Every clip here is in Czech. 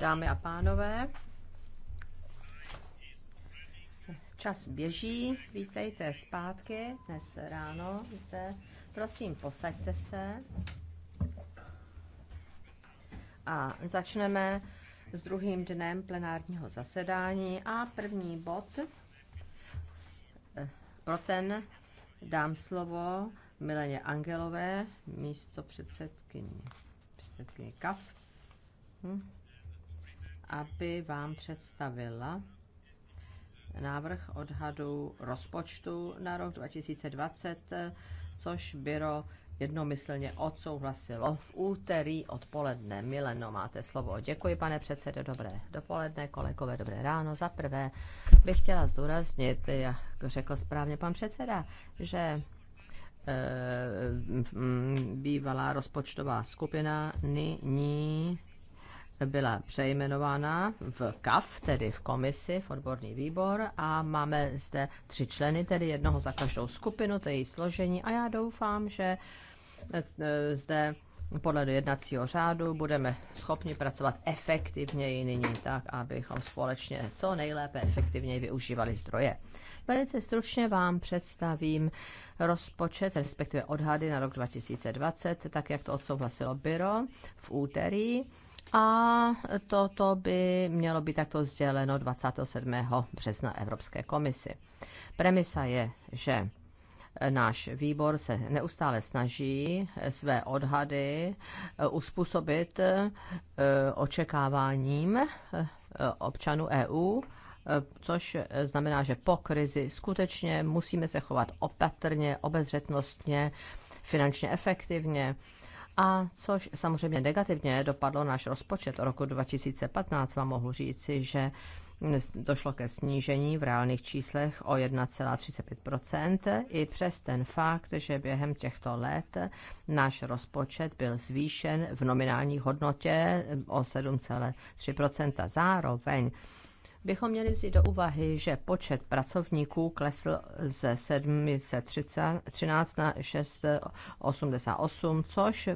Dámy a pánové, čas běží, vítejte zpátky dnes ráno zde. Prosím, posaďte se a začneme s druhým dnem plenárního zasedání a první bod eh, pro ten dám slovo Mileně Angelové, místo předsedkyně předsedkyně KAF aby vám představila návrh odhadu rozpočtu na rok 2020, což byro jednomyslně odsouhlasilo v úterý odpoledne. Mileno, máte slovo. Děkuji, pane předsedo, dobré dopoledne, kolegové, dobré ráno. Za prvé bych chtěla zdůraznit, jak řekl správně pan předseda, že eh, bývalá rozpočtová skupina nyní byla přejmenována v KAF, tedy v komisi, v odborný výbor a máme zde tři členy, tedy jednoho za každou skupinu, to je její složení a já doufám, že eh, zde podle jednacího řádu budeme schopni pracovat efektivněji nyní tak, abychom společně co nejlépe efektivněji využívali zdroje. Velice stručně vám představím rozpočet, respektive odhady na rok 2020, tak jak to odsouhlasilo Byro v úterý. A toto by mělo být takto sděleno 27. března Evropské komisi. Premisa je, že náš výbor se neustále snaží své odhady uspůsobit eh, očekáváním eh, občanů EU, eh, což znamená, že po krizi skutečně musíme se chovat opatrně, obezřetnostně, finančně efektivně a což samozřejmě negativně dopadlo náš rozpočet roku 2015, vám mohu říci, že došlo ke snížení v reálných číslech o 1,35 i přes ten fakt, že během těchto let náš rozpočet byl zvýšen v nominální hodnotě o 7,3 Zároveň bychom měli vzít do úvahy, že počet pracovníků klesl ze 713 na 688, což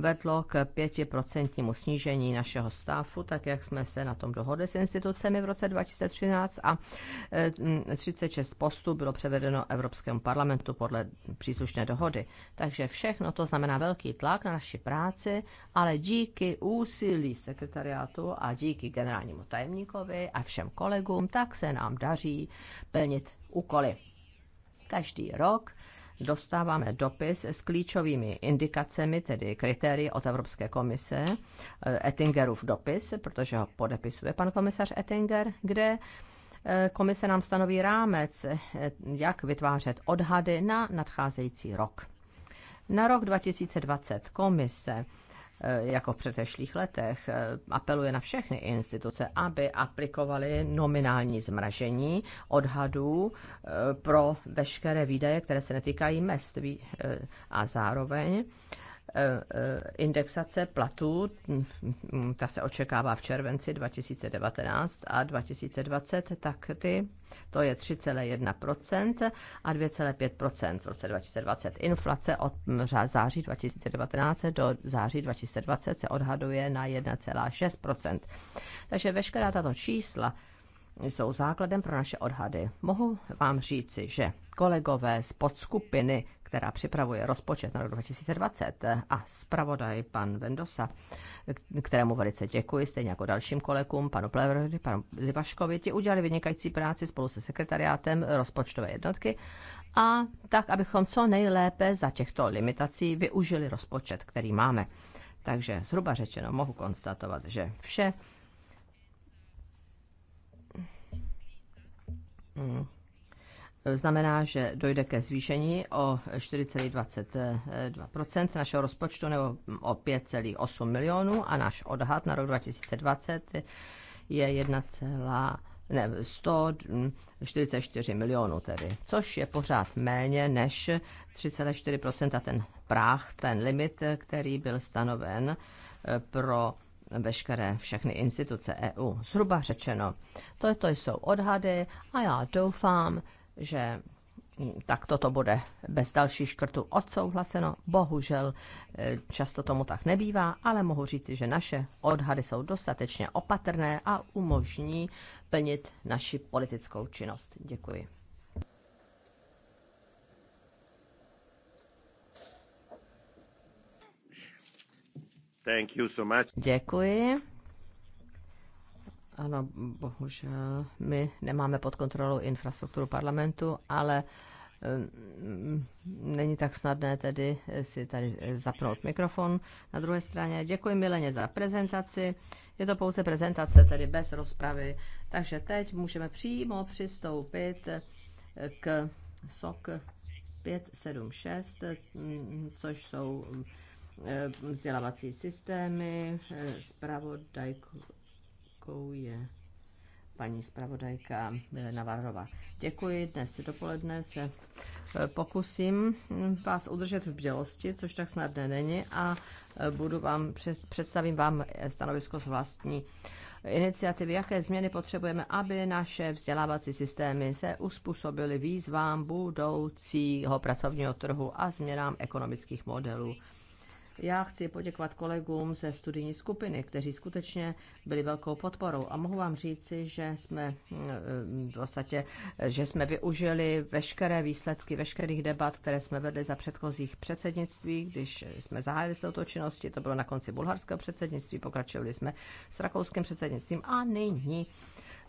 vedlo k 5% snížení našeho stavu, tak jak jsme se na tom dohodli s institucemi v roce 2013 a 36 e, postů bylo převedeno Evropskému parlamentu podle příslušné dohody. Takže všechno to znamená velký tlak na naši práci, ale díky úsilí sekretariátu a díky generálnímu tajemníkovi a všem kolegům, tak se nám daří plnit úkoly. Každý rok dostáváme dopis s klíčovými indikacemi, tedy kritérii od Evropské komise, eh, Ettingerův dopis, protože ho podepisuje pan komisař Ettinger, kde eh, komise nám stanoví rámec, eh, jak vytvářet odhady na nadcházející rok. Na rok 2020 komise Eh, jako v předešlých letech, eh, apeluje na všechny instituce, aby aplikovali nominální zmražení odhadů eh, pro veškeré výdaje, které se netýkají mest a zároveň Eh, eh, indexace platů, ta se očekává v červenci 2019 a 2020, tak ty, to je 3,1% a 2,5% v roce 2020. Inflace od září 2019 do září 2020 se odhaduje na 1,6%. Takže veškerá tato čísla jsou základem pro naše odhady. Mohu vám říci, že kolegové z podskupiny která připravuje rozpočet na rok 2020 a zpravodaj pan Vendosa, kterému velice děkuji, stejně jako dalším kolegům, panu Pleverovi, panu Libaškovi, ti udělali vynikající práci spolu se sekretariátem rozpočtové jednotky a tak, abychom co nejlépe za těchto limitací využili rozpočet, který máme. Takže zhruba řečeno mohu konstatovat, že vše hmm znamená, že dojde ke zvýšení o 4,22 našeho rozpočtu nebo o 5,8 milionů a náš odhad na rok 2020 je 1, ne, 144 milionů tedy, což je pořád méně než 3,4 ten práh, ten limit, který byl stanoven eh, pro veškeré všechny instituce EU. Zhruba řečeno, toto jsou odhady a já doufám, že mm, tak toto bude bez dalších škrtu odsouhlaseno. Bohužel e, často tomu tak nebývá, ale mohu říci, že naše odhady jsou dostatečně opatrné a umožní plnit naši politickou činnost. Děkuji. Thank you so much. Děkuji. Ano, bohužel my nemáme pod kontrolou infrastrukturu parlamentu, ale mm, není tak snadné tedy si tady zapnout mikrofon. Na druhé straně děkuji Mileně za prezentaci. Je to pouze prezentace, tedy bez rozpravy. Takže teď můžeme přímo přistoupit k SOK 576, mm, což jsou mm, e, vzdělávací systémy, e, zpravodajku Zpravodajkou je paní zpravodajka Milena Varrova. Děkuji, dnes dopoledne se eh, pokusím vás udržet v bdělosti, což tak snadné není a eh, budu vám, představím vám eh, stanovisko z vlastní iniciativy, jaké změny potřebujeme, aby naše vzdělávací systémy se uspůsobily výzvám budoucího pracovního trhu a změnám ekonomických modelů. Já chci poděkovat kolegům ze studijní skupiny, kteří skutečně byli velkou podporou a mohu vám říci, že jsme eh, v podstatě, že jsme využili veškeré výsledky veškerých debat, které jsme vedli za předchozích předsednictví, když jsme zahájili s touto činností, to bylo na konci bulharského předsednictví, pokračovali jsme s rakouským předsednictvím a nyní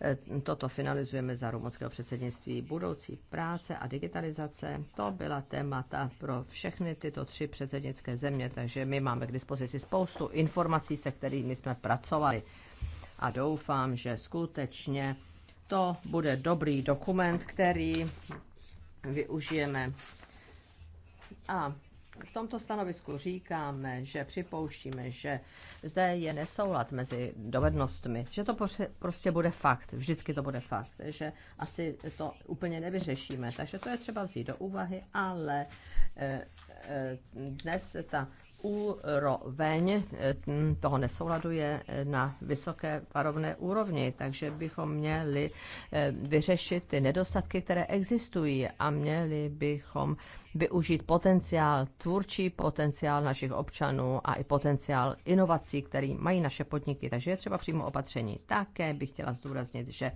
Eh, toto finalizujeme za rumunského předsednictví. Budoucí práce a digitalizace, to byla témata pro všechny tyto tři předsednické země, takže my máme k dispozici spoustu informací, se kterými jsme pracovali. A doufám, že skutečně to bude dobrý dokument, který využijeme. A v tomto stanovisku říkáme, že připouštíme, že zde je nesoulad mezi dovednostmi, že to prostě bude fakt, vždycky to bude fakt, že asi to úplně nevyřešíme, takže to je třeba vzít do úvahy, ale eh, eh, dnes ta úroveň eh, toho nesouladu je eh, na vysoké varovné úrovni, takže bychom měli eh, vyřešit ty nedostatky, které existují a měli bychom využít potenciál, tvůrčí potenciál našich občanů a i potenciál inovací, který mají naše podniky, takže je třeba přímo opatření. Také bych chtěla zdůraznit, že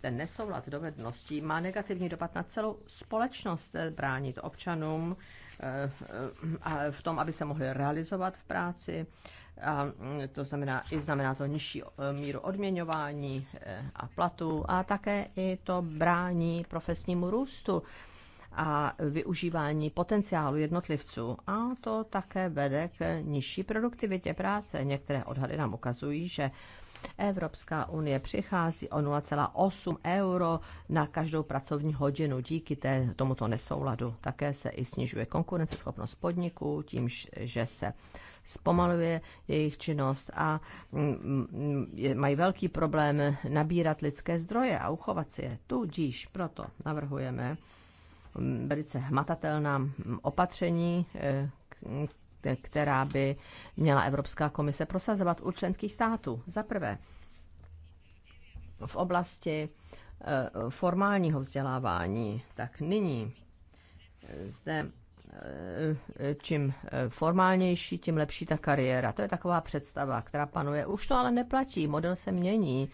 ten nesoulad dovedností má negativní dopad na celou společnost, bránit občanům, v tom, aby se mohli realizovat v práci. A to znamená, i znamená to nižší eh, míru odměňování eh, a platu a také i to brání profesnímu růstu a využívání potenciálu jednotlivců. A to také vede k nižší produktivitě práce. Některé odhady nám ukazují, že Evropská unie přichází o 0,8 euro na každou pracovní hodinu díky té, tomuto nesouladu. Také se i snižuje konkurenceschopnost podniků tím, že se zpomaluje jejich činnost a mm, mají velký problém nabírat lidské zdroje a uchovat si je. Tudíž proto navrhujeme mm, velice hmatatelná mm, opatření, eh, která by měla Evropská komise prosazovat u členských států. Za prvé, v oblasti eh, formálního vzdělávání, tak nyní eh, zde eh, čím formálnější, tím lepší ta kariéra. To je taková představa, která panuje. Už to ale neplatí, model se mění.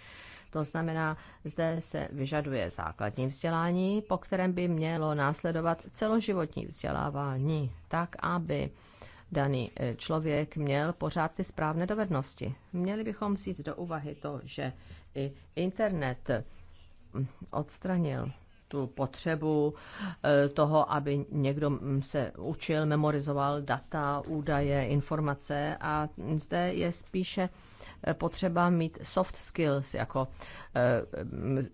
To znamená, zde se vyžaduje základní vzdělání, po kterém by mělo následovat celoživotní vzdělávání, tak aby daný eh, člověk měl pořád ty správné dovednosti. Měli bychom vzít do úvahy to, že i internet hm, odstranil tu potřebu eh, toho, aby někdo hm, se učil, memorizoval data, údaje, informace a zde je spíše potřeba mít soft skills, jako eh,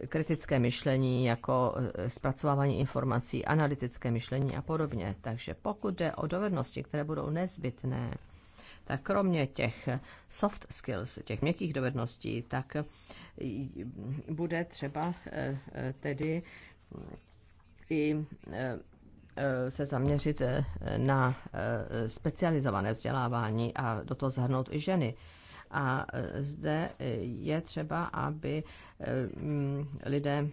kritické myšlení, jako eh, zpracovávání informací, analytické myšlení a podobně. Takže pokud jde o dovednosti, které budou nezbytné, tak kromě těch soft skills, těch měkkých dovedností, tak eh, bude třeba tedy i se zaměřit na specializované vzdělávání a do toho zahrnout i ženy. A e, zde e, je třeba, aby e, mm, lidé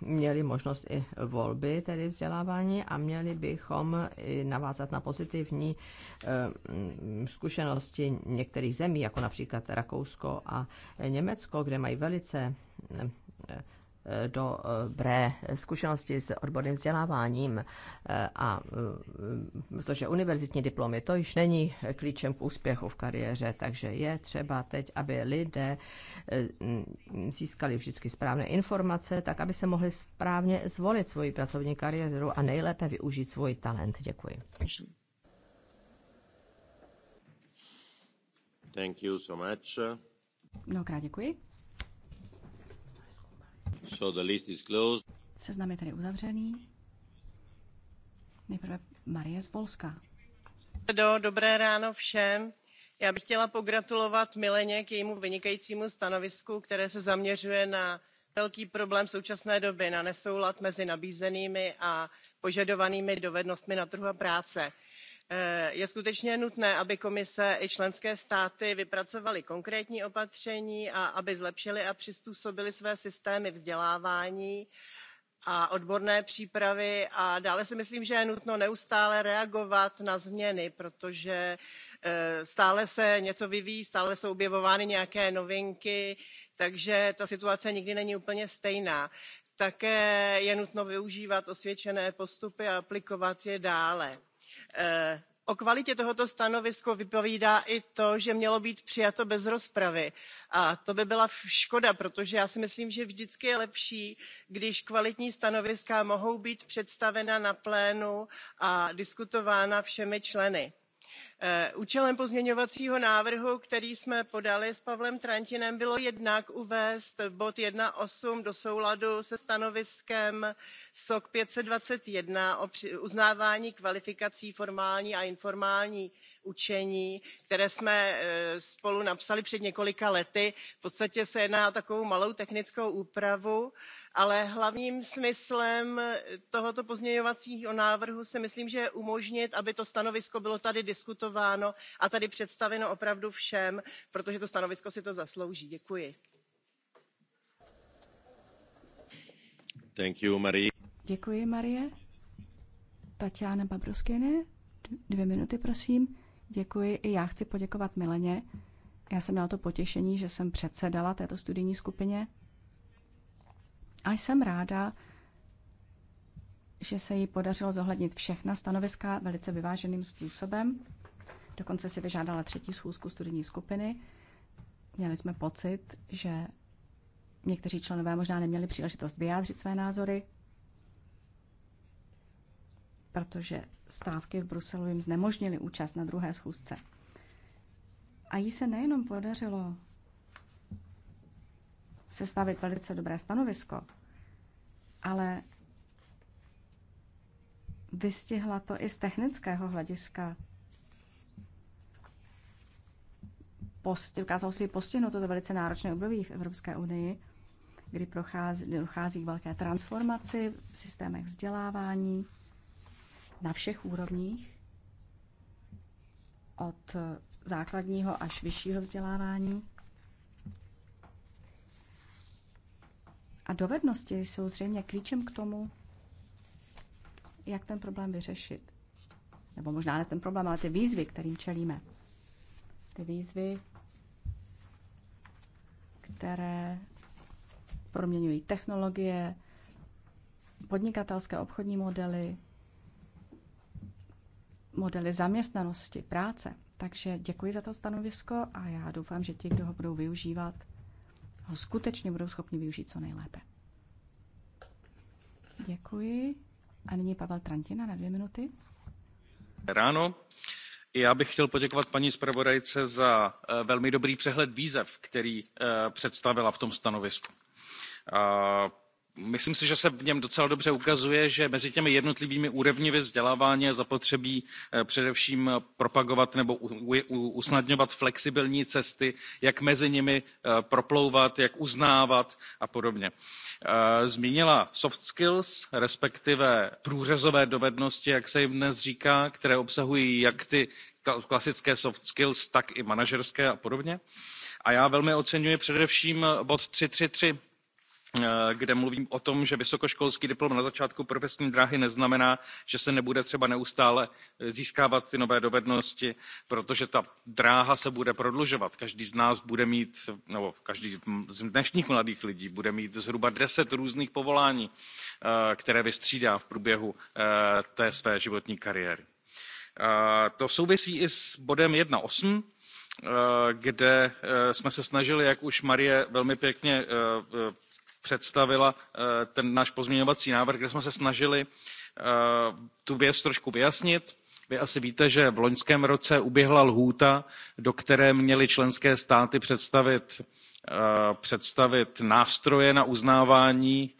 měli možnost i volby, tedy vzdělávání, a měli bychom navázat na pozitivní mm, zkušenosti některých zemí, jako například Rakousko a Německo, kde mají velice Eh, dobré zkušenosti s odborným vzděláváním eh, a eh, protože univerzitní diplomy to již není klíčem k úspěchu v kariéře, takže je třeba teď, aby lidé získali vždycky správné informace, tak aby se mohli správně zvolit svoji pracovní kariéru a nejlépe využít svůj talent. Děkuji. Thank you so much. Mnohokrát děkuji. So the list is closed. Seznam je tedy uzavřený. Nejprve Marie z Polska. Do, dobré ráno všem. Já bych chtěla pogratulovat Mileně k jejímu vynikajícímu stanovisku, které se zaměřuje na velký problém současné doby, na nesoulad mezi nabízenými a požadovanými dovednostmi na trhu práce Eh, je skutečně nutné aby komise i členské státy vypracovaly konkrétní opatření a aby zlepšily a přizpůsobily své systémy vzdělávání a odborné přípravy a dále si myslím že je nutno neustále reagovat na změny protože eh, stále se něco vyvíjí stále jsou objevovány nějaké novinky takže ta situace nikdy není úplně stejná. také je nutno využívat osvědčené postupy a aplikovat je dále Eh, o kvalitě tohoto stanoviska vypovídá i to že mělo být přijato bez rozpravy a to by byla škoda protože já si myslím že vždycky je lepší když kvalitní stanoviska mohou být představena na plénu a diskutována všemi členy. Eh, účelem pozměňovacího návrhu který jsme podali s pavlem trantinem bylo jednak uvést bod one eight do souladu se stanoviskem soc five hundred and twenty one o uznávání kvalifikací formální a informální učení které jsme eh, spolu napsali před několika lety. v podstatě se jedná o takovou malou technickou úpravu ale hlavním smyslem tohoto pozměňovacího návrhu si myslím že je umožnit aby to stanovisko bylo tady diskutováno diskutováno a tady představeno opravdu všem protože to stanovisko si to zaslouží. děkuji. Marie. Děkuji, Marie. Tatiana Babruskine, dvě minuty, prosím. Děkuji. I já chci poděkovat Mileně. Já jsem měla to potěšení, že jsem předsedala této studijní skupině. A jsem ráda, že se jí podařilo zohlednit všechna stanoviska velice vyváženým způsobem. Dokonce si vyžádala třetí schůzku studijní skupiny. Měli jsme pocit, že někteří členové možná neměli příležitost vyjádřit své názory, protože stávky v Bruselu jim znemožnily účast na druhé schůzce. A jí se nejenom podařilo sestavit velice dobré stanovisko, ale vystihla to i z technického hlediska posti, ukázalo si postihnout toto velice náročné období v Evropské unii, kdy prochází, dochází k velké transformaci v systémech vzdělávání na všech úrovních, od základního až vyššího vzdělávání. A dovednosti jsou zřejmě klíčem k tomu, jak ten problém vyřešit. Nebo možná ne ten problém, ale ty výzvy, kterým čelíme. Ty výzvy které proměňují technologie, podnikatelské obchodní modely, modely zaměstnanosti, práce. Takže děkuji za to stanovisko a já doufám, že ti, kdo ho budou využívat, ho skutečně budou schopni využít co nejlépe. Děkuji. A nyní Pavel Trantina na dvě minuty. Ráno já bych chtěl poděkovat paní zpravodajce za eh, velmi dobrý přehled výzev který eh, představila v tom stanovisku myslím si že se v něm docela dobře ukazuje že mezi těmi jednotlivými úrovněmi vzdělávání je zapotřebí eh, především propagovat nebo usnadňovat flexibilní cesty jak mezi nimi eh, proplouvat jak uznávat a podobně. Eh, zmínila soft skills respektive průřezové dovednosti jak se jim dnes říká které obsahují jak ty klasické soft skills tak i manažerské a podobně a já velmi oceňuji především bod three hundred and thirty three Eh, kde mluvím o tom že vysokoškolský diplom na začátku profesní dráhy neznamená že se nebude třeba neustále eh, získávat ty nové dovednosti protože ta dráha se bude prodlužovat každý z nás bude mít nebo každý z dnešních mladých lidí bude mít zhruba deset různých povolání eh, které vystřídá v průběhu té své životní kariéry. to souvisí i s bodem one eight kde jsme se snažili jak už marie velmi pěkně představila eh, ten náš pozměňovací návrh kde jsme se snažili eh, tu věc trošku vyjasnit. vy asi víte že v loňském roce uběhla lhůta do které měly členské státy představit eh, představit nástroje na uznávání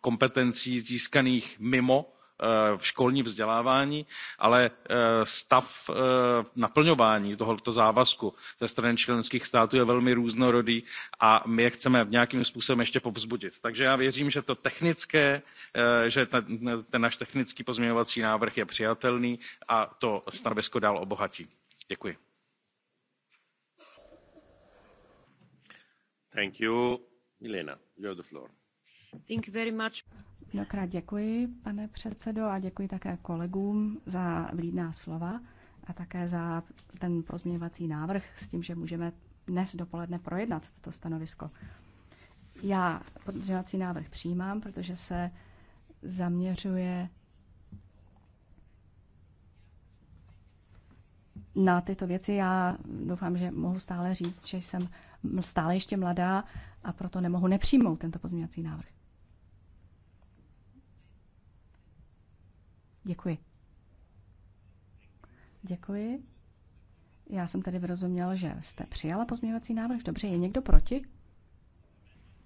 kompetencí získaných mimo Eh, v školní vzdělávání, ale eh, stav eh, naplňování tohoto závazku ze strany členských států je velmi různorodý a my je chceme nějakým způsobem ještě povzbudit. Takže já věřím, že to technické, že ten, náš technický pozměňovací návrh je přijatelný a to stanovisko dál obohatí. Děkuji. Thank you. Milena, you have the floor. Thank you very much. Mnohokrát děkuji, pane předsedo, a děkuji také kolegům za vlídná slova a také za ten pozměňovací návrh s tím, že můžeme dnes dopoledne projednat toto stanovisko. Já pozměňovací návrh přijímám, protože se zaměřuje na tyto věci. Já doufám, že mohu stále říct, že jsem stále ještě mladá a proto nemohu nepřijmout tento pozměňovací návrh. Děkuji. Děkuji. Já jsem tady vyrozuměl, že jste přijala pozměňovací návrh. Dobře, je někdo proti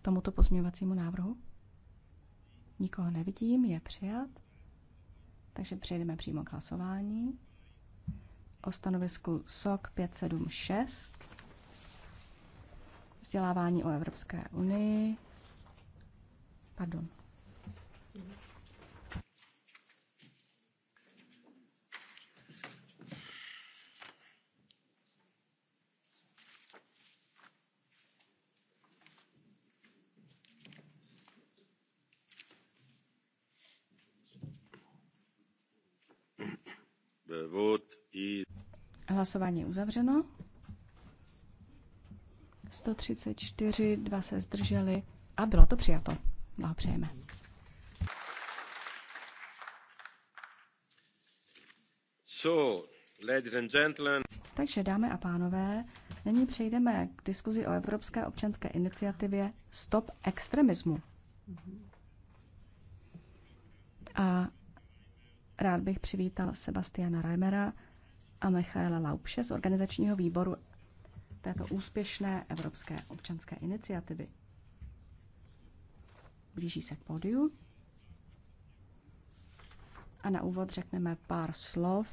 tomuto pozměňovacímu návrhu? Nikoho nevidím, je přijat. Takže přejdeme přímo k hlasování o stanovisku SOK 576, vzdělávání o Evropské unii. Pardon. Hlasování je uzavřeno. 134, dva se zdrželi a bylo to přijato. Blahopřejeme. So, ladies and gentlemen. Takže dámy a pánové, nyní přejdeme k diskuzi o Evropské občanské iniciativě Stop extremismu. A rád bych přivítal Sebastiana Reimera, a Michaela Laupše z organizačního výboru této úspěšné evropské občanské iniciativy. Blíží se k pódiu a na úvod řekneme pár slov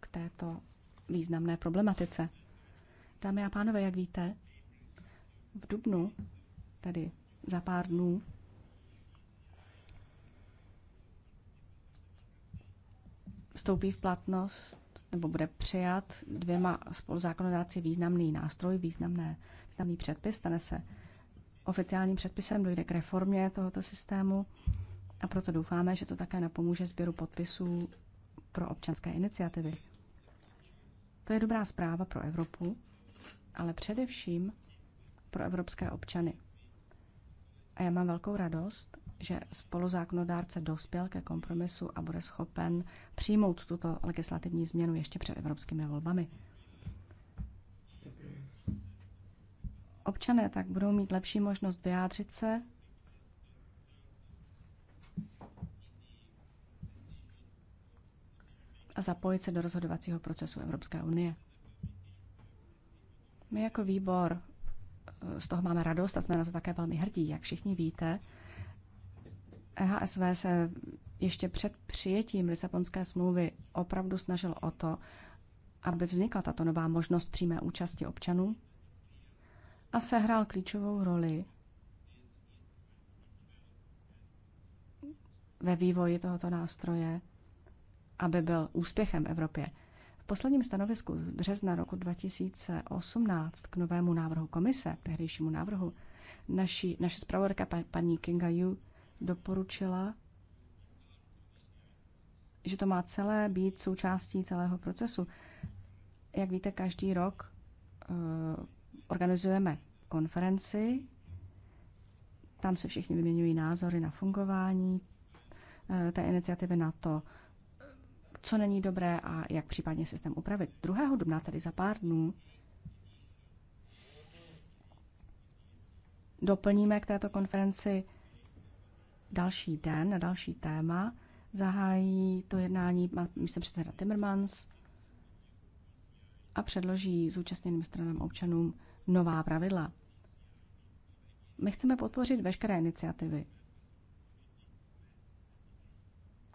k této významné problematice. Dámy a pánové, jak víte, v Dubnu, tedy za pár dnů, vstoupí v platnost nebo bude přijat dvěma spoluzákonodáci významný nástroj, významné, významný předpis, stane se oficiálním předpisem, dojde k reformě tohoto systému a proto doufáme, že to také napomůže sběru podpisů pro občanské iniciativy. To je dobrá zpráva pro Evropu, ale především pro evropské občany. A já mám velkou radost, že spoluzákonodárce dospěl ke kompromisu a bude schopen přijmout tuto legislativní změnu ještě před evropskými volbami. Občané tak budou mít lepší možnost vyjádřit se a zapojit se do rozhodovacího procesu Evropské unie. My jako výbor eh, z toho máme radost a jsme na to také velmi hrdí. Jak všichni víte, EHSV se ještě před přijetím Lisabonské smlouvy opravdu snažil o to, aby vznikla tato nová možnost přímé účasti občanů a sehrál klíčovou roli ve vývoji tohoto nástroje, aby byl úspěchem Evropě. V posledním stanovisku z března roku 2018 k novému návrhu komise, tehdejšímu návrhu, naši, naše zpravodajka paní Kinga Yu doporučila, že to má celé být součástí celého procesu. Jak víte, každý rok eh, organizujeme konferenci, tam se všichni vyměňují názory na fungování eh, té iniciativy na to, co není dobré a jak případně systém upravit. 2. dubna, tedy za pár dnů, doplníme k této konferenci další den na další téma zahájí to jednání Myslím předseda Timmermans a předloží zúčastněným stranám občanům nová pravidla. My chceme podpořit veškeré iniciativy.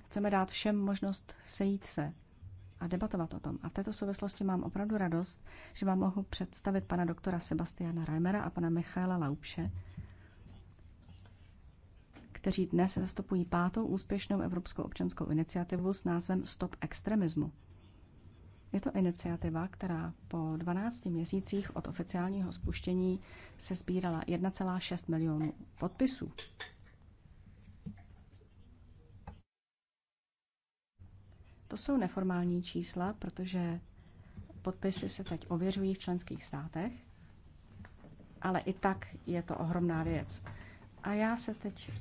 Chceme dát všem možnost sejít se a debatovat o tom. A v této souvislosti mám opravdu radost, že vám mohu představit pana doktora Sebastiana Reimera a pana Michaela Laupše, kteří dnes zastupují pátou úspěšnou evropskou občanskou iniciativu s názvem Stop extremismu. Je to iniciativa, která po 12 měsících od oficiálního spuštění se sbírala 1,6 milionů podpisů. To jsou neformální čísla, protože podpisy se teď ověřují v členských státech, ale i tak je to ohromná věc. A já se teď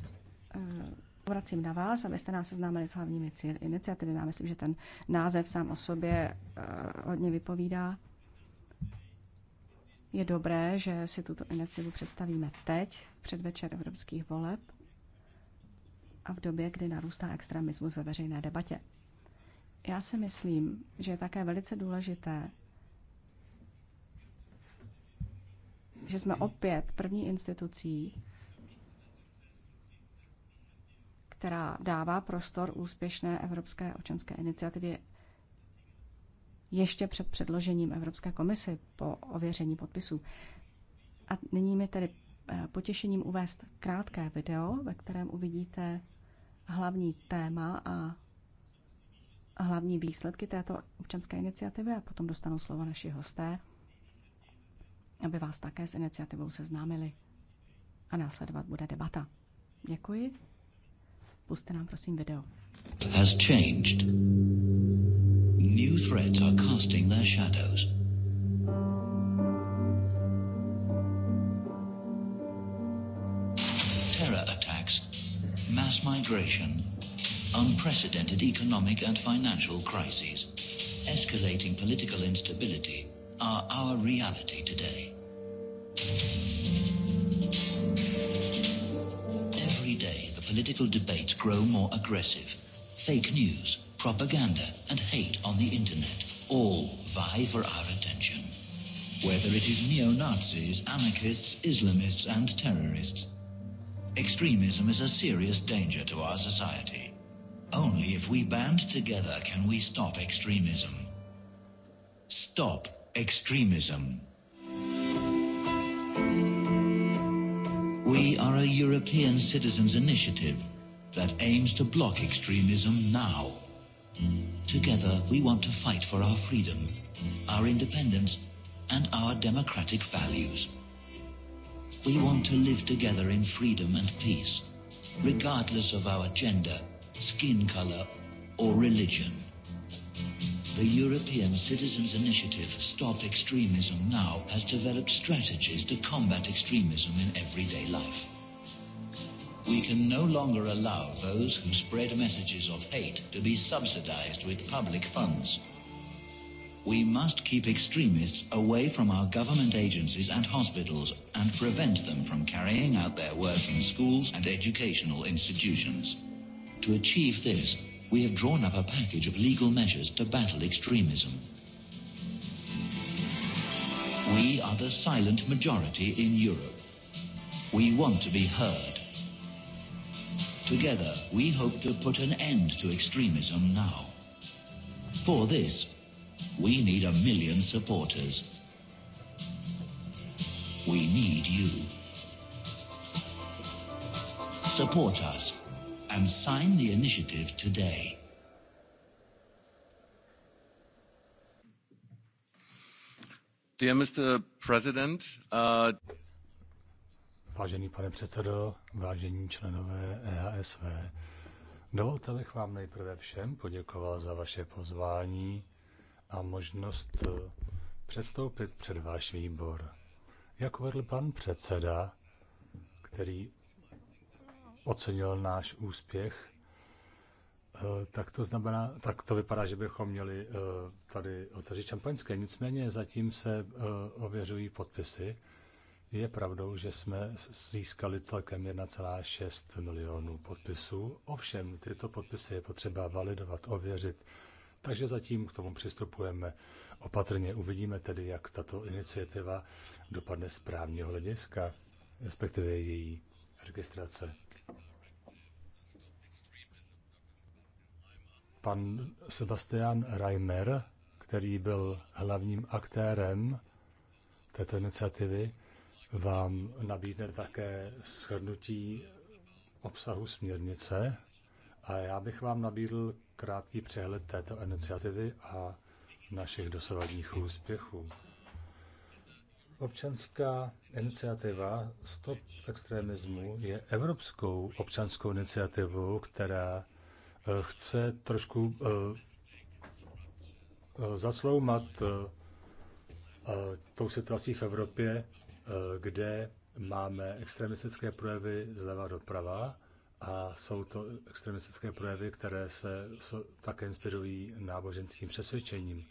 Vracím eh, na vás, abyste nás seznámili s hlavními cíly iniciativy. Já myslím, že ten název sám o sobě eh, hodně vypovídá. Je dobré, že si tuto iniciativu představíme teď, před večer evropských voleb a v době, kdy narůstá extremismus ve veřejné debatě. Já si myslím, že je také velice důležité, že jsme opět první institucí, která dává prostor úspěšné Evropské občanské iniciativě ještě před předložením Evropské komisi po ověření podpisů. A nyní mi tedy eh, potěšením uvést krátké video, ve kterém uvidíte hlavní téma a hlavní výsledky této občanské iniciativy a potom dostanou slovo naši hosté, aby vás také s iniciativou seznámili. A následovat bude debata. Děkuji. Puste nám prosím video. Has changed. New threats are casting their shadows. Terror attacks, mass migration, unprecedented economic and financial crises, escalating political instability are our reality today. political debate grow more aggressive. Fake news, propaganda, and hate on the internet all vie for our attention. Whether it is neo-Nazis, anarchists, Islamists, and terrorists, extremism is a serious danger to our society. Only if we band together can we stop extremism. Stop extremism. We are a European citizens' initiative that aims to block extremism now. Together, we want to fight for our freedom, our independence, and our democratic values. We want to live together in freedom and peace, regardless of our gender, skin color, or religion. The European Citizens Initiative Stop Extremism Now has developed strategies to combat extremism in everyday life. We can no longer allow those who spread messages of hate to be subsidized with public funds. We must keep extremists away from our government agencies and hospitals and prevent them from carrying out their work in schools and educational institutions. To achieve this, we have drawn up a package of legal measures to battle extremism. We are the silent majority in Europe. We want to be heard. Together, we hope to put an end to extremism now. For this, we need a million supporters. We need you. Support us and sign the initiative today. Dear Mr. President, uh... Vážený pane předsedo, vážení členové EHSV, dovolte bych vám nejprve všem poděkoval za vaše pozvání a možnost uh, předstoupit před váš výbor. Jak uvedl pan předseda, který ocenil náš úspěch, eh, tak to znamená, tak to vypadá, že bychom měli eh, tady otevřít šampaňské. Nicméně zatím se eh, ověřují podpisy. Je pravdou, že jsme získali celkem 1,6 milionů podpisů. Ovšem, tyto podpisy je potřeba validovat, ověřit. Takže zatím k tomu přistupujeme opatrně. Uvidíme tedy, jak tato iniciativa dopadne z právního hlediska, respektive její registrace. pan Sebastian Reimer, který byl hlavním aktérem této iniciativy, vám nabídne také shrnutí obsahu směrnice a já bych vám nabídl krátký přehled této iniciativy a našich dosavadních úspěchů. Občanská iniciativa Stop extremismu je evropskou občanskou iniciativou, která chce trošku eh, eh, zasloumat eh, tou situací v Evropě, kde máme extremistické projevy zleva doprava a jsou to extremistické projevy, které se také inspirují náboženským přesvědčením.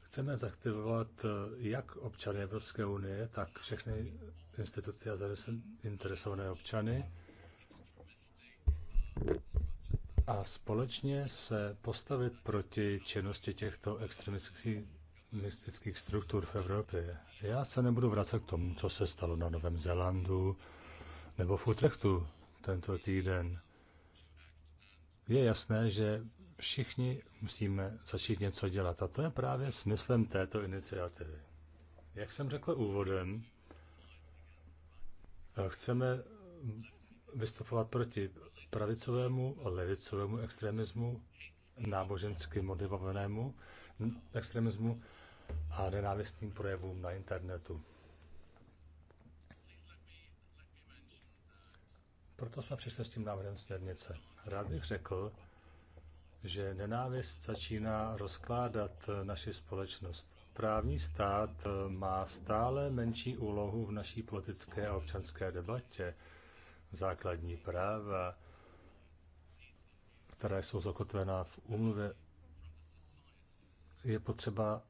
Chceme zaktivovat jak občany Evropské unie, tak všechny instituce a zainteresované občany a společně se postavit proti činnosti těchto extremistických struktur v Evropě. Já se nebudu vracet k tomu, co se stalo na Novém Zélandu nebo v Utrechtu tento týden. Je jasné, že všichni musíme začít něco dělat a to je právě smyslem této iniciativy. Jak jsem řekl úvodem, chceme vystupovat proti pravicovému, levicovému extremismu, nábožensky motivovanému extremismu a nenávistným projevům na internetu. Proto jsme přišli s tím návrhem směrnice. Rád bych řekl, že nenávist začíná rozkládat naši společnost. Právní stát má stále menší úlohu v naší politické a občanské debatě. Základní práva, která jsou zakotvená v úmluvě, je potřeba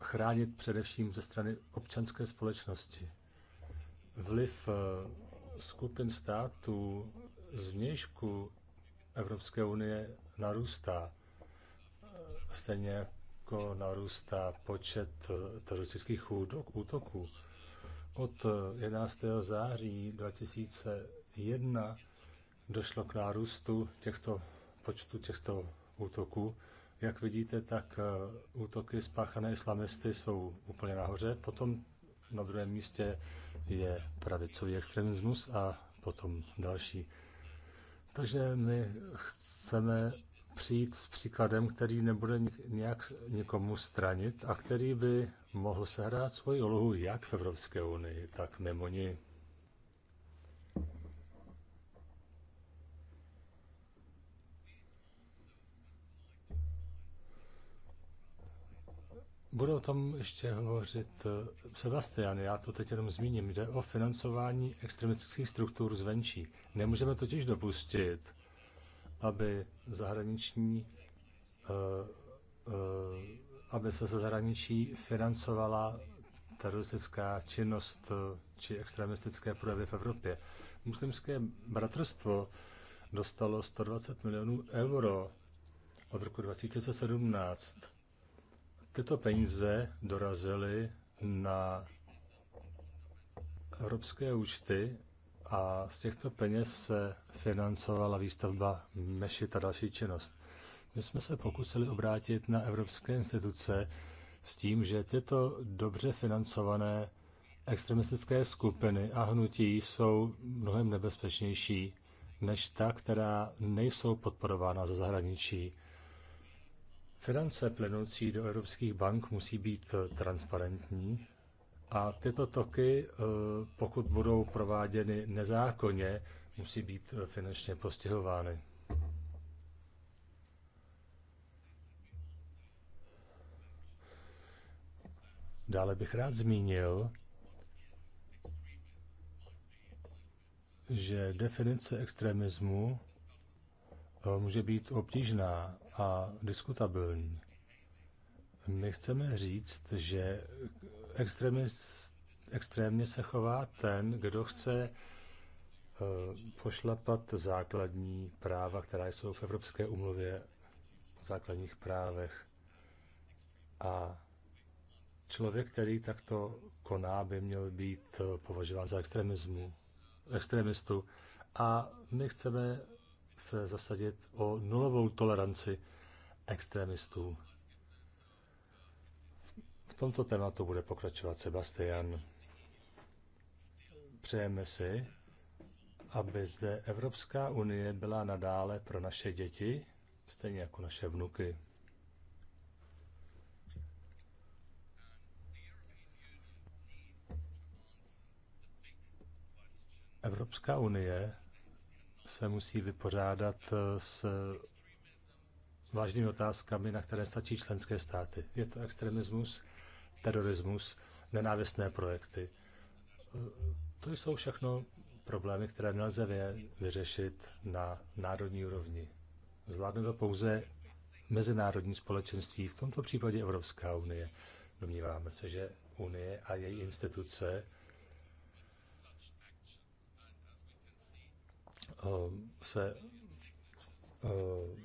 chránit především ze strany občanské společnosti. Vliv eh, skupin států zvnějšku Evropské unie narůstá. Eh, stejně jako narůstá počet eh, teroristických útoků. Od 11. září 2001 došlo k nárůstu těchto počtu těchto útoků. Jak vidíte, tak eh, útoky spáchané islamisty jsou úplně nahoře, potom na druhém místě je pravicový extremismus a potom další. Takže my chceme přijít s příkladem, který nebude nějak někomu stranit a který by mohl sehrát svoji úlohu jak v Evropské unii, tak mimo ní. Budu o tom ještě hovořit eh, Sebastian, já to teď jenom zmíním. Jde o financování extremistických struktur zvenčí. Nemůžeme totiž dopustit, aby zahraniční eh, eh, aby se zahraničí financovala teroristická činnost či extremistické projevy v Evropě. Muslimské bratrstvo dostalo 120 milionů euro od roku 2017 Tyto peníze dorazily na evropské účty a z těchto peněz se financovala výstavba mešit a další činnost. My jsme se pokusili obrátit na evropské instituce s tím, že tyto dobře financované extremistické skupiny a hnutí jsou mnohem nebezpečnější než ta, která nejsou podporována ze zahraničí. Finance plynoucí do evropských bank musí být eh, transparentní a tyto toky, eh, pokud budou prováděny nezákonně, musí být eh, finančně postihovány. Dále bych rád zmínil, že definice extremismu může být obtížná a diskutabilní. My chceme říct, že extrémně se chová ten, kdo chce eh, pošlapat základní práva, která jsou v Evropské umluvě o základních právech. A člověk, který takto koná, by měl být eh, považován za extremismu, extremistu. A my chceme se zasadit o nulovou toleranci extremistů. V tomto tématu bude pokračovat Sebastian. Přejeme si, aby zde Evropská unie byla nadále pro naše děti, stejně jako naše vnuky. Evropská unie se musí vypořádat eh, s vážnými otázkami, na které stačí členské státy. Je to extremismus, terorismus, nenávistné projekty. Eh, to jsou všechno problémy, které nelze vyřešit na národní úrovni. Zvládne to pouze mezinárodní společenství, v tomto případě Evropská unie. Domníváme se, že Unie a její instituce Eh, se eh,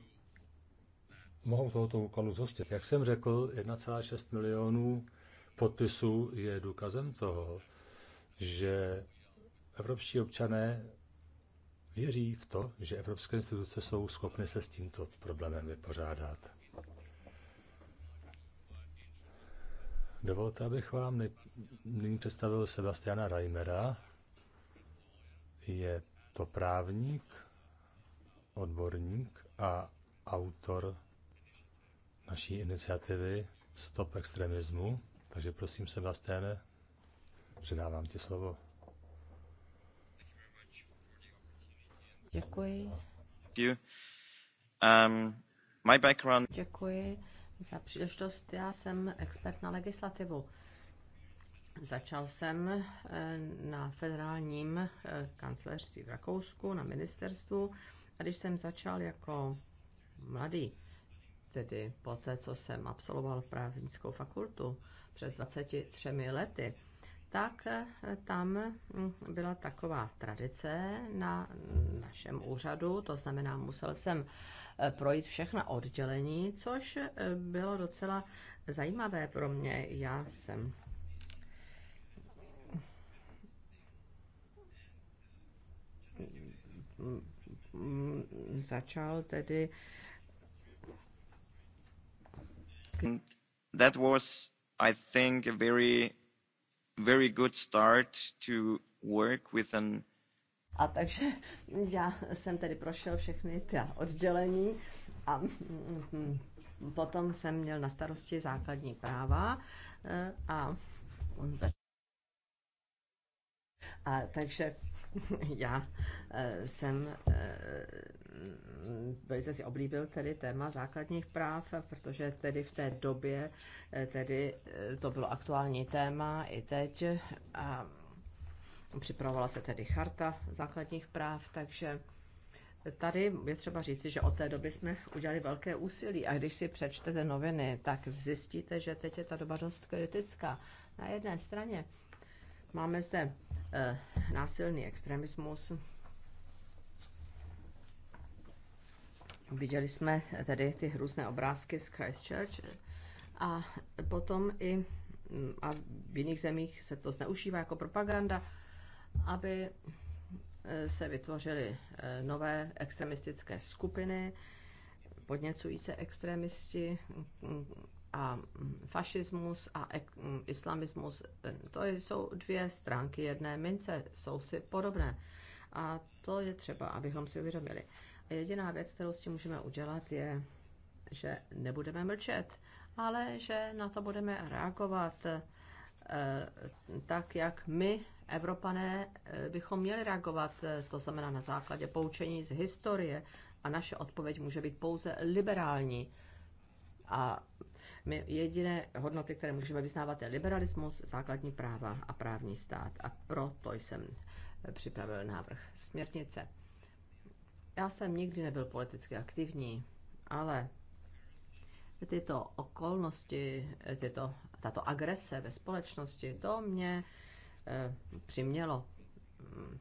mohou tohoto úkolu zhostit. Jak jsem řekl, 1,6 milionů podpisů je důkazem toho, že evropští občané věří v to, že evropské instituce jsou schopny se s tímto problémem vypořádat. Dovolte, abych vám nyní představil Sebastiana Reimera. Je to právník, odborník a autor naší iniciativy Stop extremismu. Takže prosím, Sebastiane, předávám ti slovo. Děkuji. Um, my background... Děkuji za příležitost. Já jsem expert na legislativu Začal jsem eh, na federálním eh, kancelářství v Rakousku, na ministerstvu. A když jsem začal jako mladý, tedy po té, co jsem absolvoval právnickou fakultu přes 23 lety, tak eh, tam hm, byla taková tradice na našem úřadu, to znamená, musel jsem projít všechna oddělení, což bylo docela zajímavé pro mě. Já jsem Mm, začal tedy That was, I think, a very, very good start to work with an a takže já jsem tedy prošel všechny ty oddělení a potom jsem měl na starosti základní práva eh, a on začal a takže já eh, jsem eh, velice si oblíbil tedy téma základních práv, protože tedy v té době eh, tedy to bylo aktuální téma i teď a připravovala se tedy charta základních práv, takže Tady je třeba říci, že od té doby jsme udělali velké úsilí a když si přečtete noviny, tak zjistíte, že teď je ta doba dost kritická. Na jedné straně Máme zde eh, násilný extremismus. Viděli jsme tedy ty hrůzné obrázky z Christchurch a potom i mm, a v jiných zemích se to zneužívá jako propaganda, aby eh, se vytvořily eh, nové extremistické skupiny, podněcují se extremisti, a fašismus a islamismus, eh, to jsou dvě stránky jedné mince, jsou si podobné. A to je třeba, abychom si uvědomili. A jediná věc, kterou s tím můžeme udělat, je, že nebudeme mlčet, ale že na to budeme reagovat eh, tak, jak my, Evropané, eh, bychom měli reagovat, to znamená na základě poučení z historie. A naše odpověď může být pouze liberální a my jediné hodnoty, které můžeme vyznávat, je liberalismus, základní práva a právní stát. A proto jsem připravil návrh směrnice. Já jsem nikdy nebyl politicky aktivní, ale tyto okolnosti, tyto, tato agrese ve společnosti, to mě eh, přimělo hm,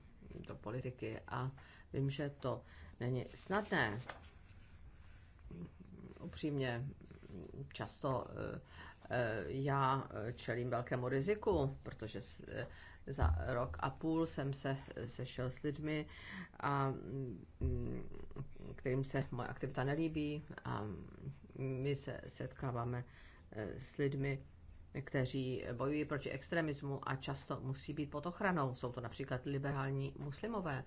do politiky a vím, že to není snadné. Upřímně často eh, eh, já eh, čelím velkému riziku, protože za rok a půl jsem se sešel s lidmi, a, mm, kterým se moje aktivita nelíbí a my se setkáváme s lidmi, kteří bojují proti extremismu a často musí být pod ochranou. Jsou to například liberální muslimové,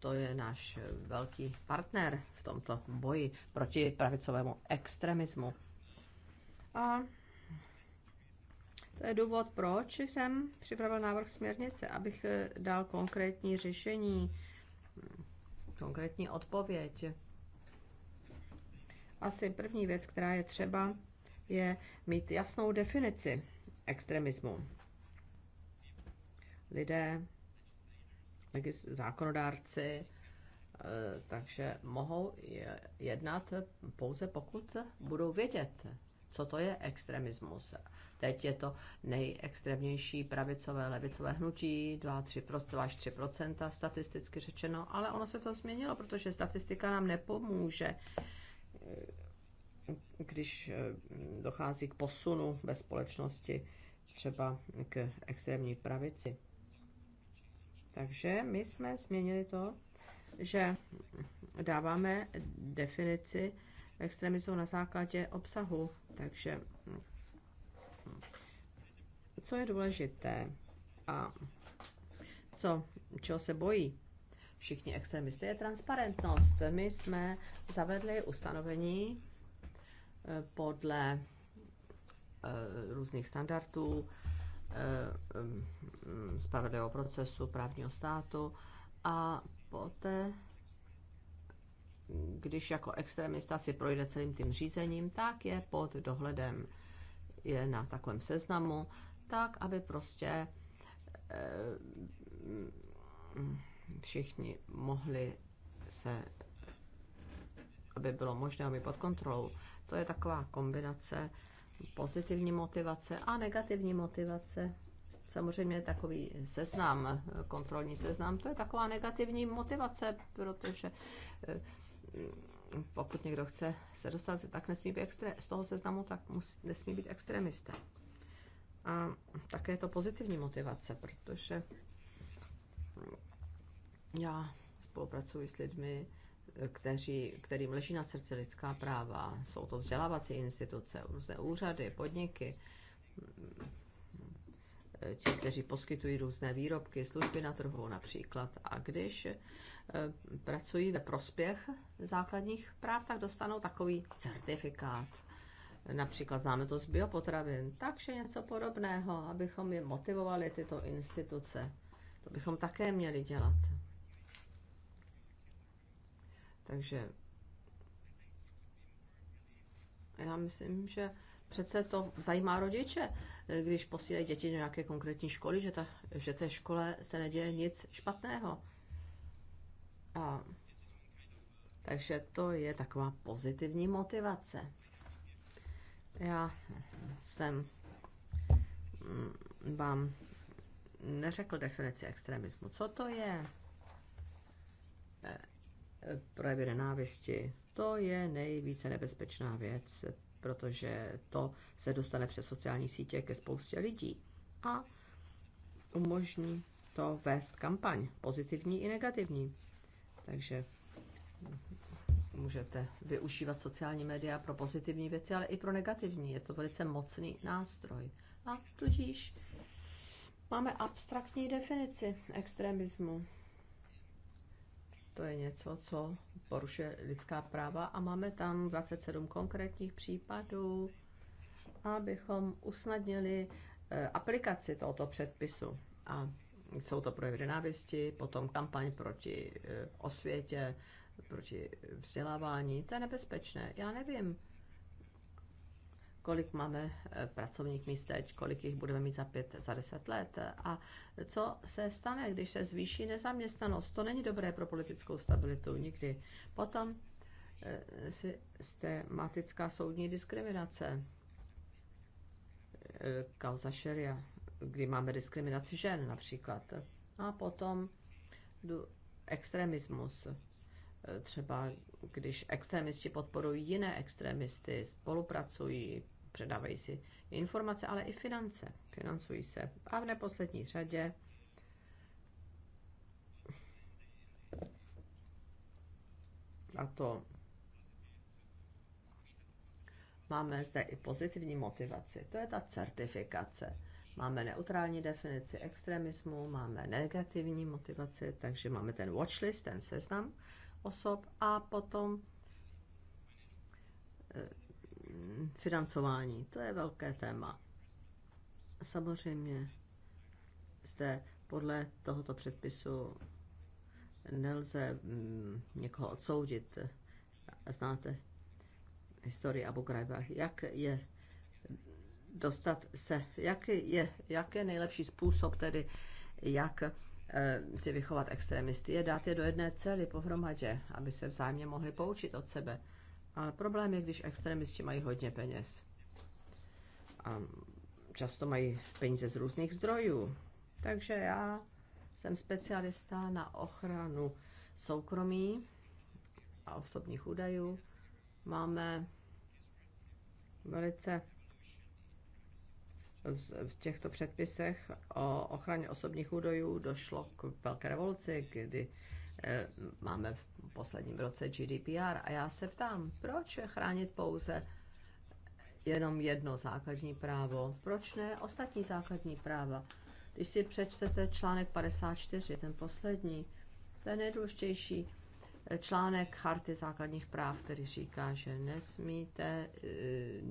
to je náš velký partner v tomto boji proti pravicovému extremismu. A to je důvod, proč jsem připravil návrh směrnice, abych dal konkrétní řešení, konkrétní odpověď. Asi první věc, která je třeba, je mít jasnou definici extremismu. Lidé zákonodárci, eh, takže mohou jednat pouze pokud budou vědět, co to je extremismus. Teď je to nejextrémnější pravicové, levicové hnutí, 2 až 3% statisticky řečeno, ale ono se to změnilo, protože statistika nám nepomůže, eh, když eh, dochází k posunu ve společnosti třeba k extrémní pravici. Takže my jsme změnili to, že dáváme definici extremismu na základě obsahu. Takže co je důležité a co, čeho se bojí všichni extremisté, je transparentnost. My jsme zavedli ustanovení eh, podle eh, různých standardů Eh, eh, spravedlivého procesu, právního státu a poté, když jako extremista si projde celým tím řízením, tak je pod dohledem, je na takovém seznamu, tak, aby prostě eh, všichni mohli se, aby bylo možné, mít pod kontrolou. To je taková kombinace pozitivní motivace a negativní motivace. Samozřejmě takový seznam, kontrolní seznam, to je taková negativní motivace, protože eh, pokud někdo chce se dostat, tak nesmí být extré, z toho seznamu, tak musí, nesmí být extremista. A také je to pozitivní motivace, protože já spolupracuji s lidmi, kteří, kterým leží na srdci lidská práva. Jsou to vzdělávací instituce, různé úřady, podniky, ti, kteří poskytují různé výrobky, služby na trhu například. A když eh, pracují ve prospěch základních práv, tak dostanou takový certifikát. Například známe to z biopotravin, takže něco podobného, abychom je motivovali tyto instituce. To bychom také měli dělat. Takže já myslím, že přece to zajímá rodiče, když posílají děti do nějaké konkrétní školy, že, ta, že té škole se neděje nic špatného. A, takže to je taková pozitivní motivace. Já jsem mm, vám neřekl definici extremismu. Co to je? projevy nenávisti. To je nejvíce nebezpečná věc, protože to se dostane přes sociální sítě ke spoustě lidí a umožní to vést kampaň, pozitivní i negativní. Takže můžete využívat sociální média pro pozitivní věci, ale i pro negativní. Je to velice mocný nástroj. A tudíž máme abstraktní definici extremismu to je něco, co porušuje lidská práva a máme tam 27 konkrétních případů, abychom usnadnili eh, aplikaci tohoto předpisu. A jsou to projevy nenávisti, potom kampaň proti eh, osvětě, proti vzdělávání. To je nebezpečné. Já nevím, kolik máme eh, pracovních teď, kolik jich budeme mít za pět, za deset let a co se stane, když se zvýší nezaměstnanost. To není dobré pro politickou stabilitu nikdy. Potom eh, systematická soudní diskriminace, eh, kauza šeria, kdy máme diskriminaci žen například. A potom extremismus, třeba když extremisti podporují jiné extremisty, spolupracují, předávají si informace, ale i finance. Financují se. A v neposlední řadě a to máme zde i pozitivní motivaci. To je ta certifikace. Máme neutrální definici extremismu, máme negativní motivaci, takže máme ten watchlist, ten seznam, osob a potom eh, financování. To je velké téma. Samozřejmě zde podle tohoto předpisu nelze mm, někoho odsoudit. Znáte historii Abu Ghraiba, Jak je dostat se, jak je, jak je nejlepší způsob tedy, jak Eh, si vychovat extremisty, je dát je do jedné cely pohromadě, aby se vzájemně mohli poučit od sebe. Ale problém je, když extremisti mají hodně peněz. A často mají peníze z různých zdrojů. Takže já jsem specialista na ochranu soukromí a osobních údajů. Máme velice v těchto předpisech o ochraně osobních údajů došlo k velké revoluci, kdy eh, máme v posledním roce GDPR a já se ptám, proč chránit pouze jenom jedno základní právo, proč ne ostatní základní práva? Když si přečtete článek 54, ten poslední, ten nejdůležitější, článek Charty základních práv, který říká, že nesmíte eh,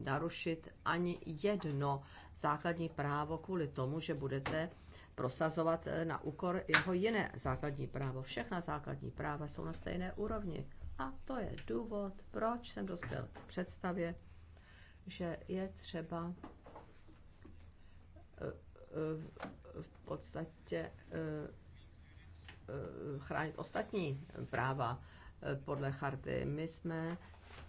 narušit ani jedno základní právo kvůli tomu, že budete prosazovat eh, na úkor jeho jiné základní právo. Všechna základní práva jsou na stejné úrovni. A to je důvod, proč jsem dospěl k představě, že je třeba eh, v podstatě Eh, chránit ostatní práva eh, podle charty. My jsme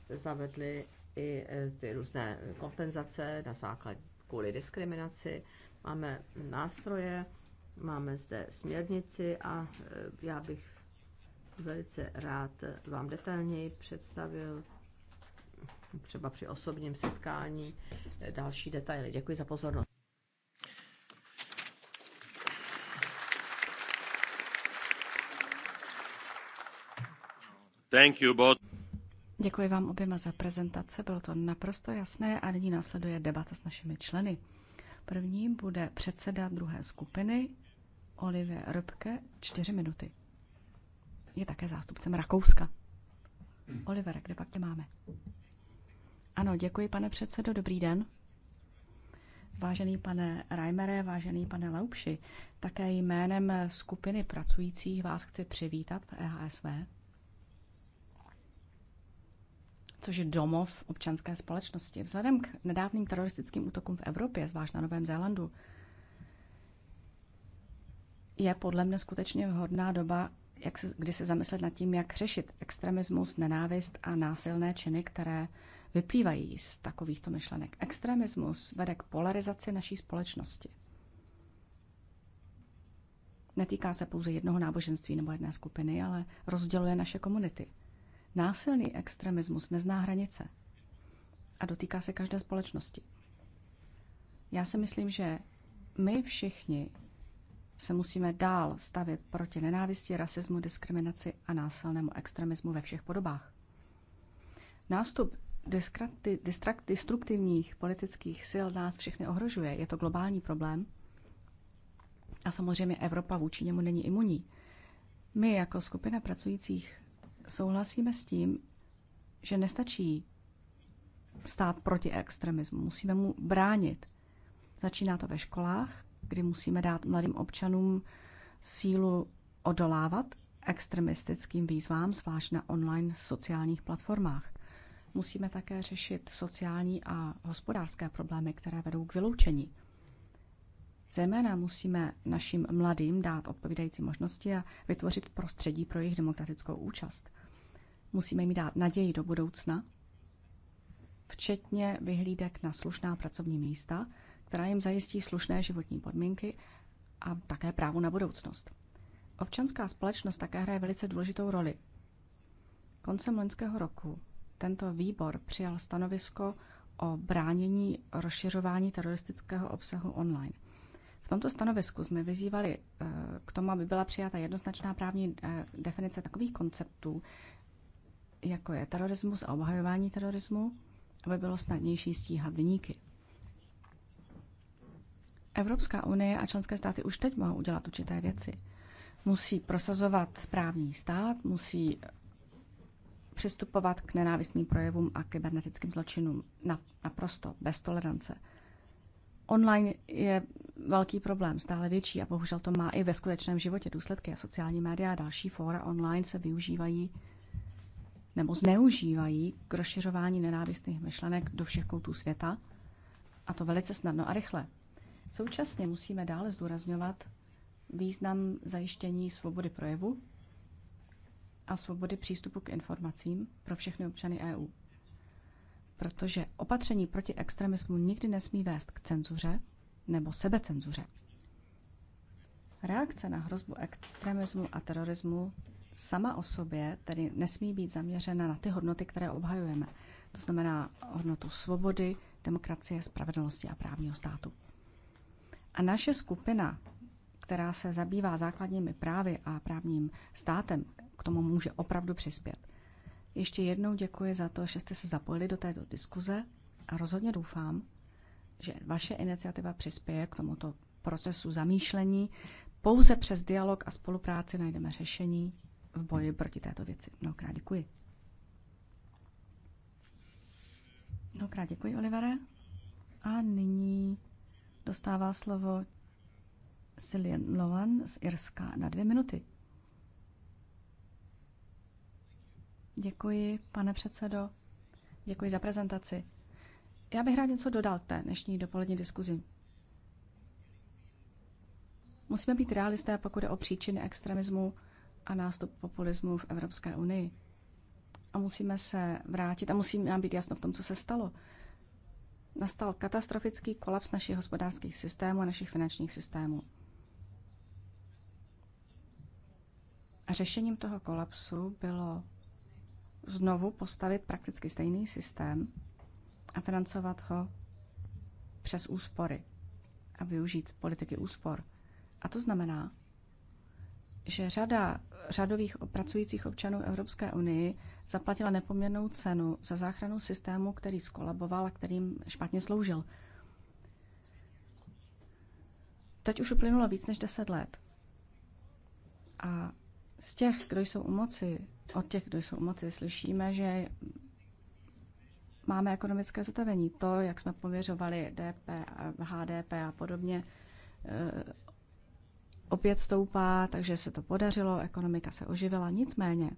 zavedli i eh, ty různé kompenzace na základ kvůli diskriminaci. Máme nástroje, máme zde směrnici a já bych velice rád vám detailněji představil třeba při osobním setkání další detaily. Děkuji za pozornost. Thank you both. Děkuji vám oběma za prezentace, bylo to naprosto jasné a nyní následuje debata s našimi členy. První bude předseda druhé skupiny Olivě Rybke, čtyři minuty. Je také zástupcem Rakouska. Olivere, kde pak tě máme? Ano, děkuji, pane předsedo, dobrý den. Vážený pane Reimere, vážený pane Laupši, také jménem skupiny pracujících vás chci přivítat v EHSV což je domov občanské společnosti. Vzhledem k nedávným teroristickým útokům v Evropě, zvlášť na Novém Zélandu, je podle mne skutečně vhodná doba, jak se, kdy se zamyslet nad tím, jak řešit extremismus, nenávist a násilné činy, které vyplývají z takovýchto myšlenek. Extremismus vede k polarizaci naší společnosti. Netýká se pouze jednoho náboženství nebo jedné skupiny, ale rozděluje naše komunity. Násilný extremismus nezná hranice a dotýká se každé společnosti. Já si myslím, že my všichni se musíme dál stavět proti nenávisti, rasismu, diskriminaci a násilnému extremismu ve všech podobách. Nástup destruktivních politických sil nás všechny ohrožuje. Je to globální problém a samozřejmě Evropa vůči němu není imunní. My jako skupina pracujících Souhlasíme s tím, že nestačí stát proti extremismu. Musíme mu bránit. Začíná to ve školách, kdy musíme dát mladým občanům sílu odolávat extremistickým výzvám, zvlášť na online sociálních platformách. Musíme také řešit sociální a hospodářské problémy, které vedou k vyloučení. Zejména musíme našim mladým dát odpovídající možnosti a vytvořit prostředí pro jejich demokratickou účast. Musíme jim dát naději do budoucna, včetně vyhlídek na slušná pracovní místa, která jim zajistí slušné životní podmínky a také právo na budoucnost. Občanská společnost také hraje velice důležitou roli. Koncem loňského roku tento výbor přijal stanovisko o bránění rozšiřování teroristického obsahu online. V tomto stanovisku jsme vyzývali eh, k tomu, aby byla přijata jednoznačná právní eh, definice takových konceptů, jako je terorismus a obhajování terorismu, aby bylo snadnější stíhat vyníky. Evropská unie a členské státy už teď mohou udělat určité věci. Musí prosazovat právní stát, musí přistupovat k nenávistným projevům a kybernetickým zločinům naprosto bez tolerance. Online je velký problém, stále větší a bohužel to má i ve skutečném životě důsledky a sociální média a další fóra online se využívají nebo zneužívají k rozšiřování nenávistných myšlenek do všech koutů světa, a to velice snadno a rychle. Současně musíme dále zdůrazňovat význam zajištění svobody projevu a svobody přístupu k informacím pro všechny občany EU. Protože opatření proti extremismu nikdy nesmí vést k cenzuře nebo sebecenzuře. Reakce na hrozbu extremismu a terorismu sama o sobě tedy nesmí být zaměřena na ty hodnoty, které obhajujeme. To znamená hodnotu svobody, demokracie, spravedlnosti a právního státu. A naše skupina, která se zabývá základními právy a právním státem, k tomu může opravdu přispět. Ještě jednou děkuji za to, že jste se zapojili do této diskuze a rozhodně doufám, že vaše iniciativa přispěje k tomuto procesu zamýšlení. Pouze přes dialog a spolupráci najdeme řešení, v boji proti této věci. Mnohokrát děkuji. Mnohokrát děkuji, Olivere. A nyní dostává slovo Cillian Lovan z Irska na dvě minuty. Děkuji, pane předsedo. Děkuji za prezentaci. Já bych rád něco dodal té dnešní dopolední diskuzi. Musíme být realisté, pokud je o příčiny extremismu a nástup populismu v Evropské unii. A musíme se vrátit a musí nám být jasno v tom, co se stalo. Nastal katastrofický kolaps našich hospodářských systémů a našich finančních systémů. A řešením toho kolapsu bylo znovu postavit prakticky stejný systém a financovat ho přes úspory a využít politiky úspor. A to znamená, že řada řadových pracujících občanů Evropské unii zaplatila nepoměrnou cenu za záchranu systému, který skolaboval a kterým špatně sloužil. Teď už uplynulo víc než 10 let. A z těch, kdo jsou u moci, od těch, kdo jsou u moci, slyšíme, že máme ekonomické zotavení. To, jak jsme pověřovali DP, HDP a podobně, eh, opět stoupá, takže se to podařilo, ekonomika se oživila. Nicméně,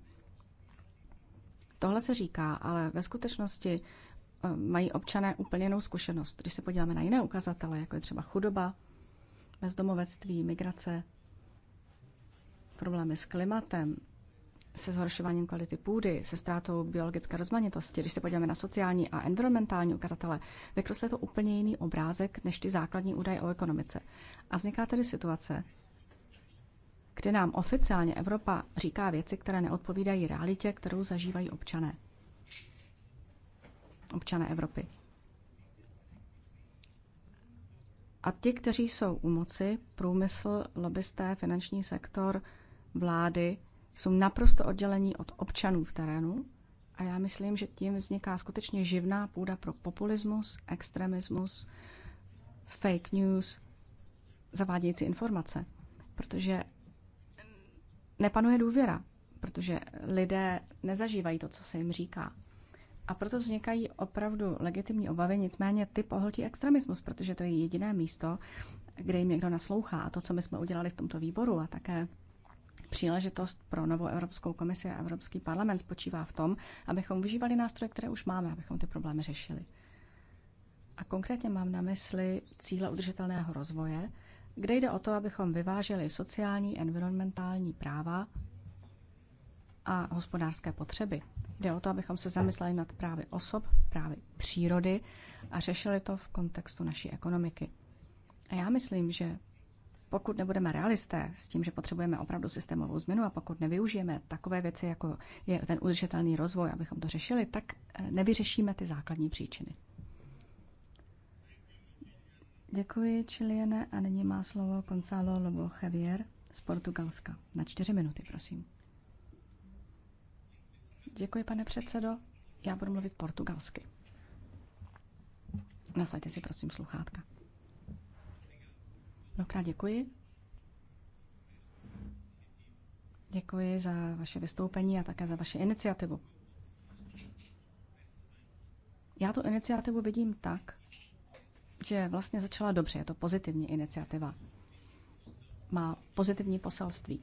tohle se říká, ale ve skutečnosti eh, mají občané úplně jinou zkušenost. Když se podíváme na jiné ukazatele, jako je třeba chudoba, bezdomovectví, migrace, problémy s klimatem, se zhoršováním kvality půdy, se ztrátou biologické rozmanitosti, když se podíváme na sociální a environmentální ukazatele, vykresluje to úplně jiný obrázek než ty základní údaje o ekonomice. A vzniká tedy situace, kdy nám oficiálně Evropa říká věci, které neodpovídají realitě, kterou zažívají občané. Občané Evropy. A ti, kteří jsou u moci, průmysl, lobbysté, finanční sektor, vlády, jsou naprosto oddělení od občanů v terénu a já myslím, že tím vzniká skutečně živná půda pro populismus, extremismus, fake news, zavádějící informace. Protože nepanuje důvěra, protože lidé nezažívají to, co se jim říká. A proto vznikají opravdu legitimní obavy, nicméně ty pohltí extremismus, protože to je jediné místo, kde jim někdo naslouchá. A to, co my jsme udělali v tomto výboru a také příležitost pro novou Evropskou komisi a Evropský parlament spočívá v tom, abychom využívali nástroje, které už máme, abychom ty problémy řešili. A konkrétně mám na mysli cíle udržitelného rozvoje, kde jde o to, abychom vyvážili sociální, environmentální práva a hospodářské potřeby. Jde o to, abychom se zamysleli nad právy osob, právy přírody a řešili to v kontextu naší ekonomiky. A já myslím, že pokud nebudeme realisté s tím, že potřebujeme opravdu systémovou změnu a pokud nevyužijeme takové věci, jako je ten udržitelný rozvoj, abychom to řešili, tak eh, nevyřešíme ty základní příčiny. Děkuji, Čiliene, a nyní má slovo Gonzalo Lobo Javier z Portugalska. Na čtyři minuty, prosím. Děkuji, pane předsedo. Já budu mluvit portugalsky. Nasaďte si, prosím, sluchátka. Mnohokrát děkuji. Děkuji za vaše vystoupení a také za vaši iniciativu. Já tu iniciativu vidím tak, že vlastně začala dobře, je to pozitivní iniciativa. Má pozitivní poselství.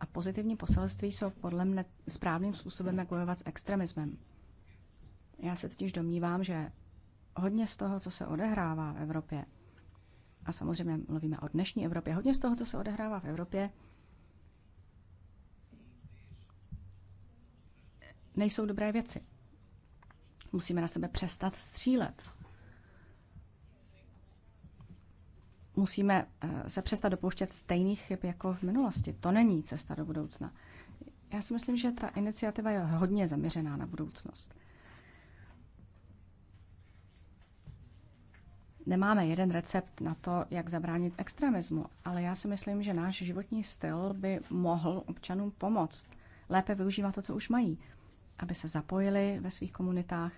A pozitivní poselství jsou podle mne správným způsobem, jak bojovat s extremismem. Já se totiž domnívám, že hodně z toho, co se odehrává v Evropě, a samozřejmě mluvíme o dnešní Evropě, hodně z toho, co se odehrává v Evropě, nejsou dobré věci. Musíme na sebe přestat střílet. Musíme eh, se přestat dopouštět stejných chyb jako v minulosti. To není cesta do budoucna. Já si myslím, že ta iniciativa je hodně zaměřená na budoucnost. Nemáme jeden recept na to, jak zabránit extremismu, ale já si myslím, že náš životní styl by mohl občanům pomoct lépe využívat to, co už mají aby se zapojili ve svých komunitách,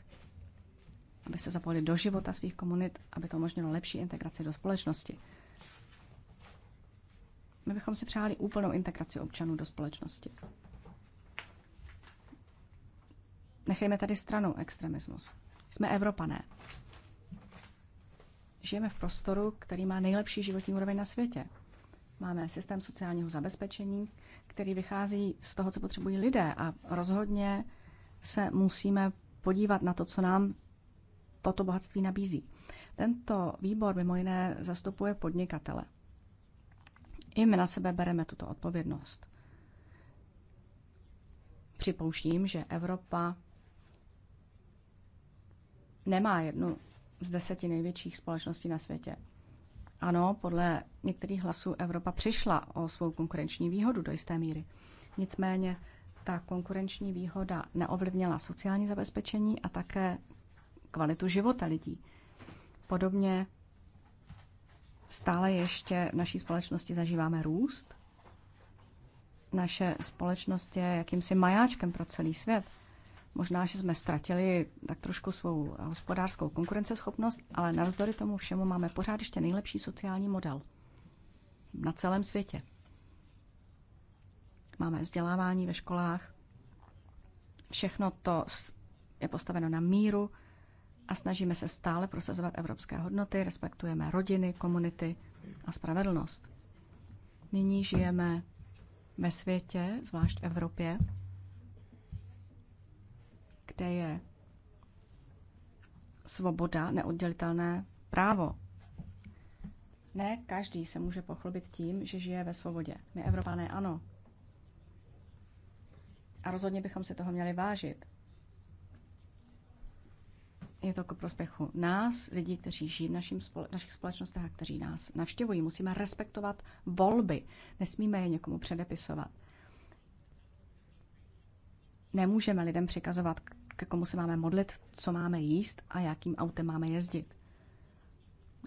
aby se zapojili do života svých komunit, aby to umožnilo lepší integraci do společnosti. My bychom si přáli úplnou integraci občanů do společnosti. Nechejme tady stranou extremismus. Jsme Evropané. Žijeme v prostoru, který má nejlepší životní úroveň na světě. Máme systém sociálního zabezpečení, který vychází z toho, co potřebují lidé a rozhodně se musíme podívat na to, co nám toto bohatství nabízí. Tento výbor mimo jiné zastupuje podnikatele. I my na sebe bereme tuto odpovědnost. Připouštím, že Evropa nemá jednu z deseti největších společností na světě. Ano, podle některých hlasů Evropa přišla o svou konkurenční výhodu do jisté míry. Nicméně ta konkurenční výhoda neovlivnila sociální zabezpečení a také kvalitu života lidí. Podobně stále ještě v naší společnosti zažíváme růst. Naše společnost je jakýmsi majáčkem pro celý svět. Možná, že jsme ztratili tak trošku svou hospodářskou konkurenceschopnost, ale navzdory tomu všemu máme pořád ještě nejlepší sociální model na celém světě máme vzdělávání ve školách. Všechno to je postaveno na míru a snažíme se stále prosazovat evropské hodnoty, respektujeme rodiny, komunity a spravedlnost. Nyní žijeme ve světě, zvlášť v Evropě, kde je svoboda neoddělitelné právo. Ne každý se může pochlubit tím, že žije ve svobodě. My Evropané ano, a rozhodně bychom si toho měli vážit. Je to k prospěchu nás, lidí, kteří žijí v našim spole- našich společnostech a kteří nás navštěvují. Musíme respektovat volby. Nesmíme je někomu předepisovat. Nemůžeme lidem přikazovat, k komu se máme modlit, co máme jíst a jakým autem máme jezdit.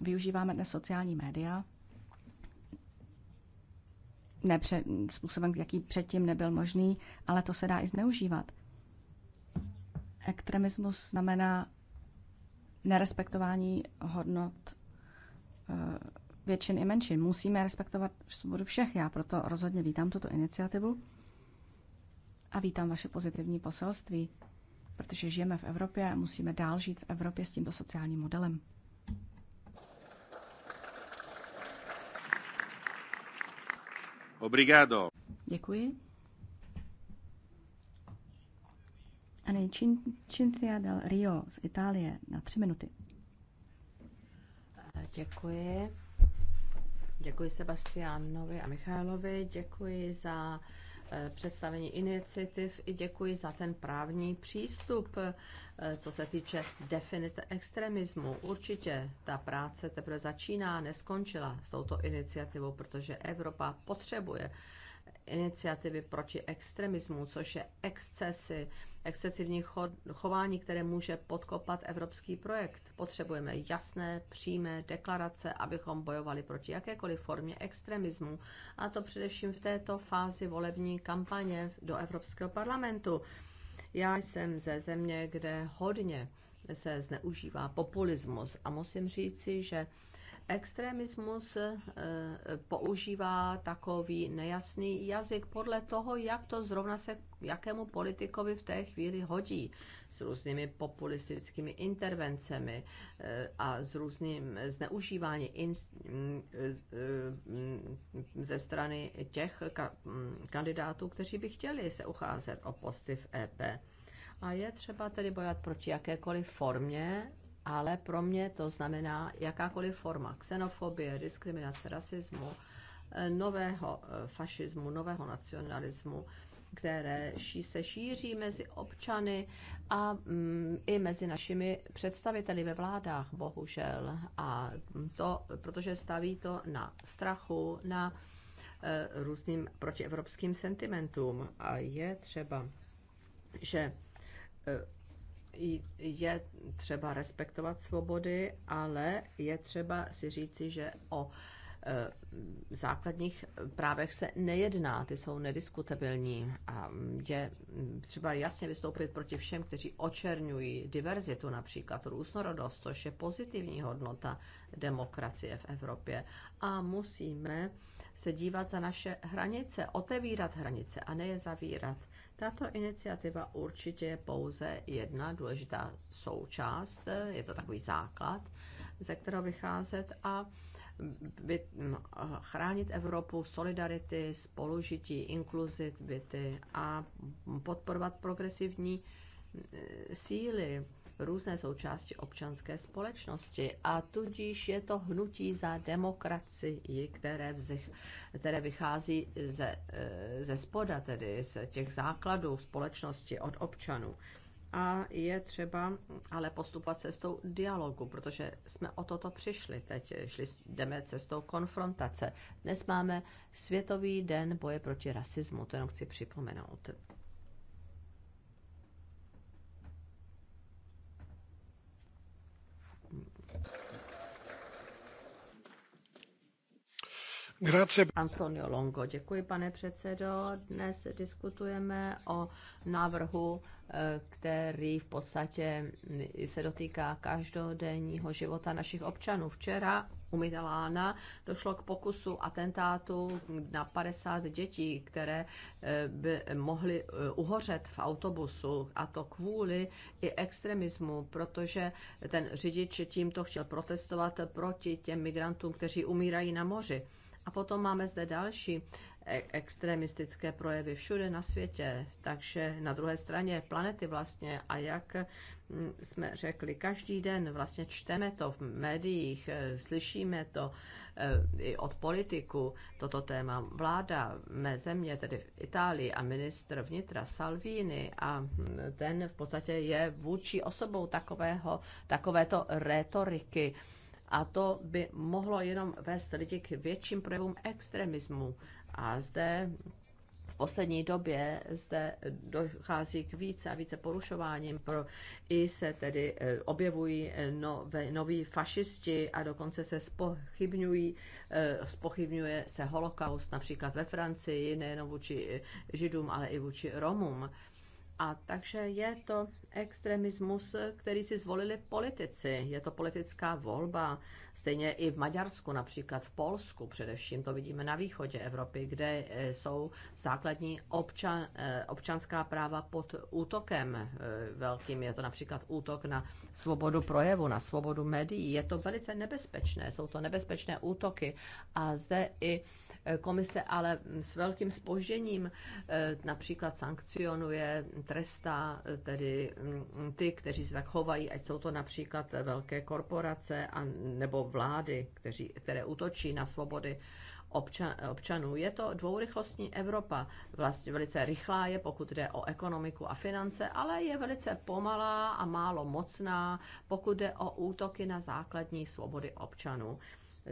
Využíváme dnes sociální média, pře- způsobem, jaký předtím nebyl možný, ale to se dá i zneužívat. Extremismus znamená nerespektování hodnot eh, většin i menšin. Musíme respektovat svobodu všech. Já proto rozhodně vítám tuto iniciativu a vítám vaše pozitivní poselství, protože žijeme v Evropě a musíme dál žít v Evropě s tímto sociálním modelem. Obrigado. Děkuji. A nyní Cinzia del Rio z Itálie na tři minuty. Děkuji. Děkuji Sebastianovi a Michalovi. Děkuji za uh, Eh, představení iniciativ i děkuji za ten právní přístup, eh, co se týče definice extremismu. Určitě ta práce teprve začíná, neskončila s touto iniciativou, protože Evropa potřebuje iniciativy proti extremismu, což je excesy, excesivní chování, které může podkopat evropský projekt. Potřebujeme jasné, přímé deklarace, abychom bojovali proti jakékoliv formě extremismu, a to především v této fázi volební kampaně do Evropského parlamentu. Já jsem ze země, kde hodně se zneužívá populismus a musím říci, že extremismus eh, používá takový nejasný jazyk podle toho, jak to zrovna se jakému politikovi v té chvíli hodí s různými populistickými intervencemi eh, a s různým zneužíváním eh, ze strany těch kandidátů, kteří by chtěli se ucházet o posty v EP. A je třeba tedy bojovat proti jakékoliv formě ale pro mě to znamená jakákoliv forma xenofobie, diskriminace, rasismu, eh, nového eh, fašismu, nového nacionalismu, které se šíří mezi občany a mm, i mezi našimi představiteli ve vládách, bohužel. A to, protože staví to na strachu, na eh, různým protievropským sentimentům. A je třeba, že je třeba respektovat svobody, ale je třeba si říci, že o e, základních právech se nejedná, ty jsou nediskutabilní a je třeba jasně vystoupit proti všem, kteří očerňují diverzitu, například různorodost, což je pozitivní hodnota demokracie v Evropě. A musíme se dívat za naše hranice, otevírat hranice a ne je zavírat. Tato iniciativa určitě je pouze jedna důležitá součást, je to takový základ, ze kterého vycházet a no, chránit Evropu solidarity, spolužití, inkluzivity a podporovat progresivní e, síly, různé součásti občanské společnosti a tudíž je to hnutí za demokracii, které, vzich, které vychází ze, eh, ze spoda, tedy z těch základů společnosti od občanů. A je třeba ale postupovat cestou dialogu, protože jsme o toto přišli teď. Šli, jdeme cestou konfrontace. Dnes máme Světový den boje proti rasismu, to jenom chci připomenout. Grazie. Antonio Longo, děkuji, pane předsedo. Dnes diskutujeme o návrhu, eh, který v podstatě se dotýká každodenního života našich občanů. Včera u Midelána došlo k pokusu atentátu na 50 dětí, které eh, by mohly eh, uhořet v autobusu a to kvůli i extremismu, protože ten řidič tímto chtěl protestovat proti těm migrantům, kteří umírají na moři. A potom máme zde další e- extremistické projevy všude na světě, takže na druhé straně planety vlastně a jak mm, jsme řekli, každý den vlastně čteme to v médiích, e- slyšíme to e- i od politiku, toto téma vláda mé země, tedy v Itálii a ministr vnitra Salvini a mm, ten v podstatě je vůči osobou takového, takovéto retoriky a to by mohlo jenom vést lidi k větším projevům extremismu. A zde v poslední době zde dochází k více a více porušováním. Pro, I se tedy eh, objevují eh, nové, noví fašisti a dokonce se spochybňují, eh, spochybňuje se holokaust například ve Francii, nejen vůči Židům, ale i vůči Romům. A takže je to extremismus, který si zvolili politici. Je to politická volba. Stejně i v Maďarsku, například v Polsku, především to vidíme na východě Evropy, kde eh, jsou základní občan, eh, občanská práva pod útokem eh, velkým. Je to například útok na svobodu projevu, na svobodu médií. Je to velice nebezpečné, jsou to nebezpečné útoky. A zde i Eh, komise ale s velkým spožděním eh, například sankcionuje, trestá eh, tedy mm, ty, kteří se tak chovají, ať jsou to například velké korporace a, nebo vlády, kteří, které útočí na svobody občan, občanů. Je to dvourychlostní Evropa. Vlastně velice rychlá je, pokud jde o ekonomiku a finance, ale je velice pomalá a málo mocná, pokud jde o útoky na základní svobody občanů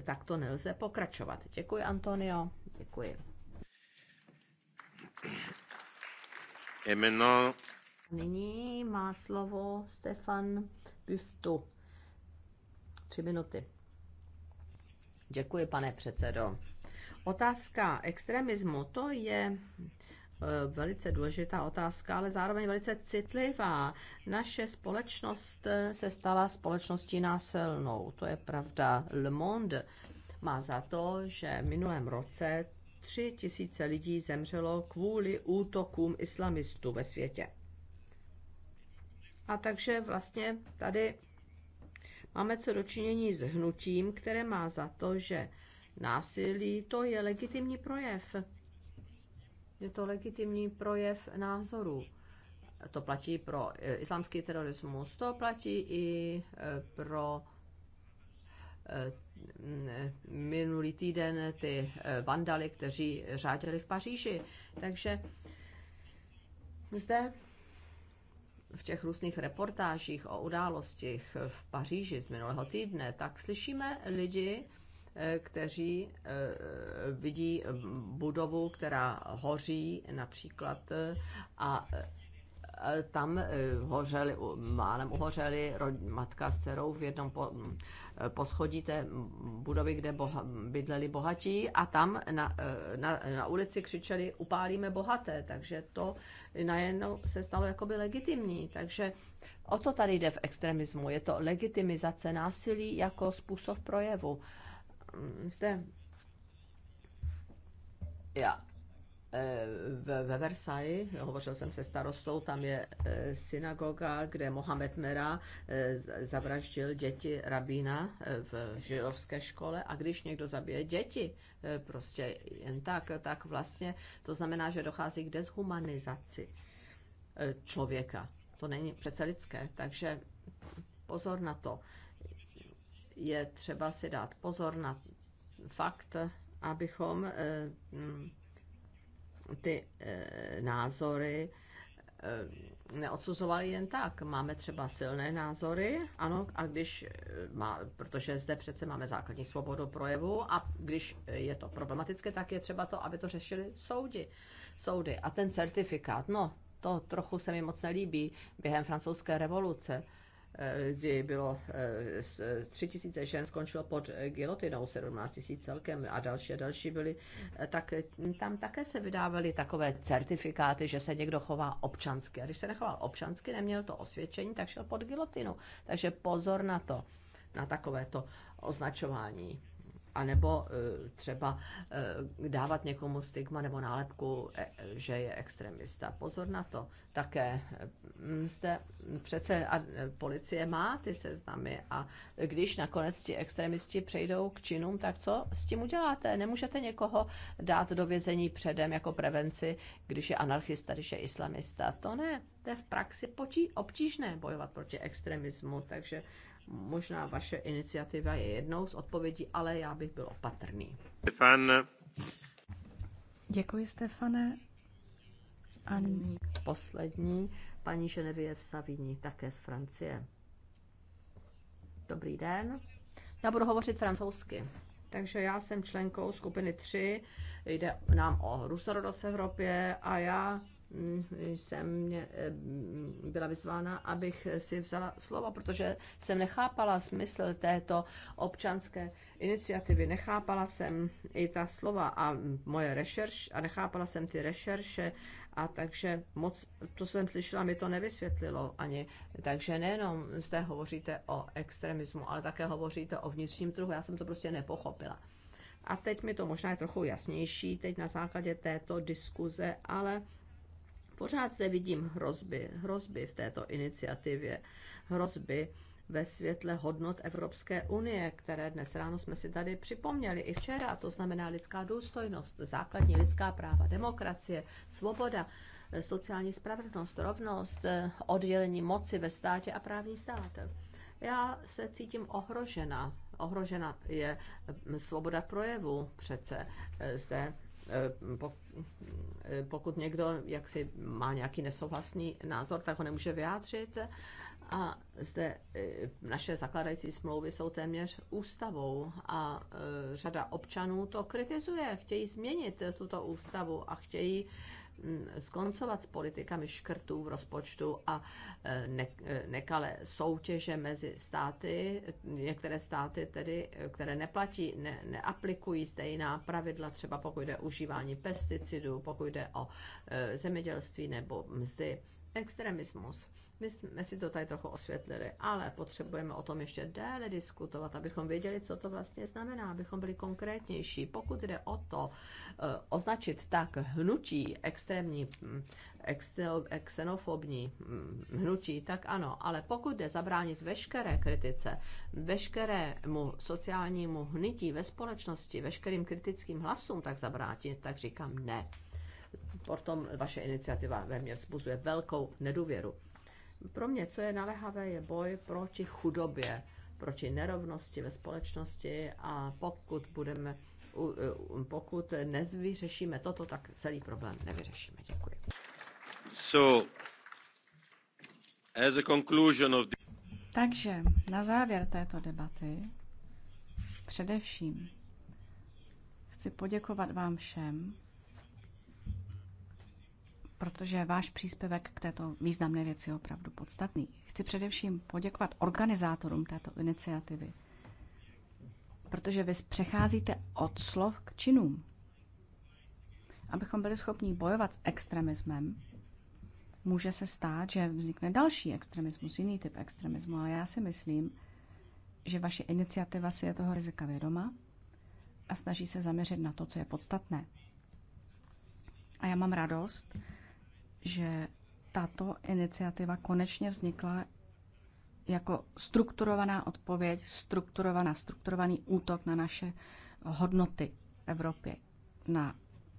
tak to nelze pokračovat. Děkuji, Antonio. Děkuji. E Nyní má slovo Stefan Büftu. Tři minuty. Děkuji, pane předsedo. Otázka extremismu, to je Eh, velice důležitá otázka, ale zároveň velice citlivá. Naše společnost eh, se stala společností násilnou, to je pravda. Le Monde má za to, že v minulém roce tři tisíce lidí zemřelo kvůli útokům islamistů ve světě. A takže vlastně tady máme co dočinění s hnutím, které má za to, že násilí to je legitimní projev je to legitimní projev názoru. To platí pro eh, islámský terorismus, to platí i eh, pro eh, mm, minulý týden ty vandaly, kteří řádili v Paříži. Takže zde v těch různých reportážích o událostích v Paříži z minulého týdne, tak slyšíme lidi, Eh, kteří eh, vidí budovu, která hoří například eh, a tam hořeli, málem uhořeli matka s dcerou v jednom po, mm, poschodí té budovy, kde boha, bydleli bohatí a tam na, na, na ulici křičeli upálíme bohaté, takže to najednou se stalo jakoby legitimní, takže o to tady jde v extremismu, je to legitimizace násilí jako způsob projevu. Uh, jste mm, já e, ve Versailles, hovořil jsem se starostou, tam je e, synagoga, kde Mohamed Mera e, zavraždil děti rabína v židovské škole a když někdo zabije děti prostě jen tak, tak vlastně to znamená, že dochází k dezhumanizaci člověka. To není přece lidské, takže pozor na to je třeba si dát pozor na fakt, abychom eh, mm, ty eh, názory eh, neodsuzovali jen tak. Máme třeba silné názory, ano, a když má, protože zde přece máme základní svobodu projevu a když je to problematické, tak je třeba to, aby to řešili soudy. soudy. A ten certifikát, no, to trochu se mi moc nelíbí během francouzské revoluce kdy bylo 3 eh, eh, tisíce žen skončilo pod gilotinou, 17 tisíc celkem a další a další byly, eh, tak mm, tam také se vydávaly takové certifikáty, že se někdo chová občansky. A když se nechoval občansky, neměl to osvědčení, tak šel pod gilotinu. Takže pozor na to, na takovéto označování anebo eh, třeba eh, dávat někomu stigma nebo nálepku, eh, že je extremista. Pozor na to. Také zde hm, hm, přece policie má ty seznamy a když nakonec ti extremisti přejdou k činům, tak co s tím uděláte? Nemůžete někoho dát do vězení předem jako prevenci, když je anarchista, když je islamista. To ne. To je v praxi obtížné bojovat proti extremismu, takže Možná vaše iniciativa je jednou z odpovědí, ale já bych byl opatrný. Stefan. Děkuji, Stefane. A nyní poslední, paní v Savíní, také z Francie. Dobrý den. Já budu hovořit francouzsky. Takže já jsem členkou skupiny 3, jde nám o různorodost v Evropě a já jsem eh, byla vyzvána, abych si vzala slova, protože jsem nechápala smysl této občanské iniciativy, nechápala jsem i ta slova a moje rešerš a nechápala jsem ty rešerše a takže moc, to jsem slyšela, mi to nevysvětlilo ani. Takže nejenom zde hovoříte o extremismu, ale také hovoříte o vnitřním trhu, já jsem to prostě nepochopila. A teď mi to možná je trochu jasnější, teď na základě této diskuze, ale Pořád se vidím hrozby, hrozby v této iniciativě, hrozby ve světle hodnot Evropské unie, které dnes ráno jsme si tady připomněli i včera, to znamená lidská důstojnost, základní lidská práva, demokracie, svoboda, sociální spravedlnost, rovnost, oddělení moci ve státě a právní stát. Já se cítím ohrožena. Ohrožena je svoboda projevu přece eh, zde Eh, eh, pokud někdo jaksi má nějaký nesouhlasný názor, tak ho nemůže vyjádřit. A zde eh, naše zakladající smlouvy jsou téměř ústavou a řada občanů to kritizuje, chtějí změnit tuto ústavu a chtějí skoncovat s politikami škrtů v rozpočtu a e, ne, e, nekalé soutěže mezi státy. Některé státy tedy, e, které neplatí, ne, neaplikují stejná pravidla, třeba pokud jde o užívání pesticidů, pokud jde o zemědělství nebo mzdy. Extremismus my jsme si to tady trochu osvětlili, ale potřebujeme o tom ještě déle diskutovat, abychom věděli, co to vlastně znamená, abychom byli konkrétnější. Pokud jde o to eh, označit tak hnutí extrémní, mm, xenofobní mm, hnutí, tak ano, ale pokud jde zabránit veškeré kritice, veškerému sociálnímu hnutí ve společnosti, veškerým kritickým hlasům, tak zabránit, tak říkám ne. Potom vaše iniciativa ve mně vzbuzuje velkou nedůvěru. Pro mě, co je naléhavé, je boj proti chudobě, proti nerovnosti ve společnosti a pokud budeme pokud nezvyřešíme toto, tak celý problém nevyřešíme. Děkuji. So, as a conclusion of the... Takže na závěr této debaty především chci poděkovat vám všem, protože váš příspěvek k této významné věci je opravdu podstatný. Chci především poděkovat organizátorům této iniciativy, protože vy přecházíte od slov k činům. Abychom byli schopni bojovat s extremismem, může se stát, že vznikne další extremismus, jiný typ extremismu, ale já si myslím, že vaše iniciativa si je toho rizika vědoma a snaží se zaměřit na to, co je podstatné. A já mám radost, že tato iniciativa konečně vznikla jako strukturovaná odpověď, strukturovaná, strukturovaný útok na naše hodnoty Evropy, na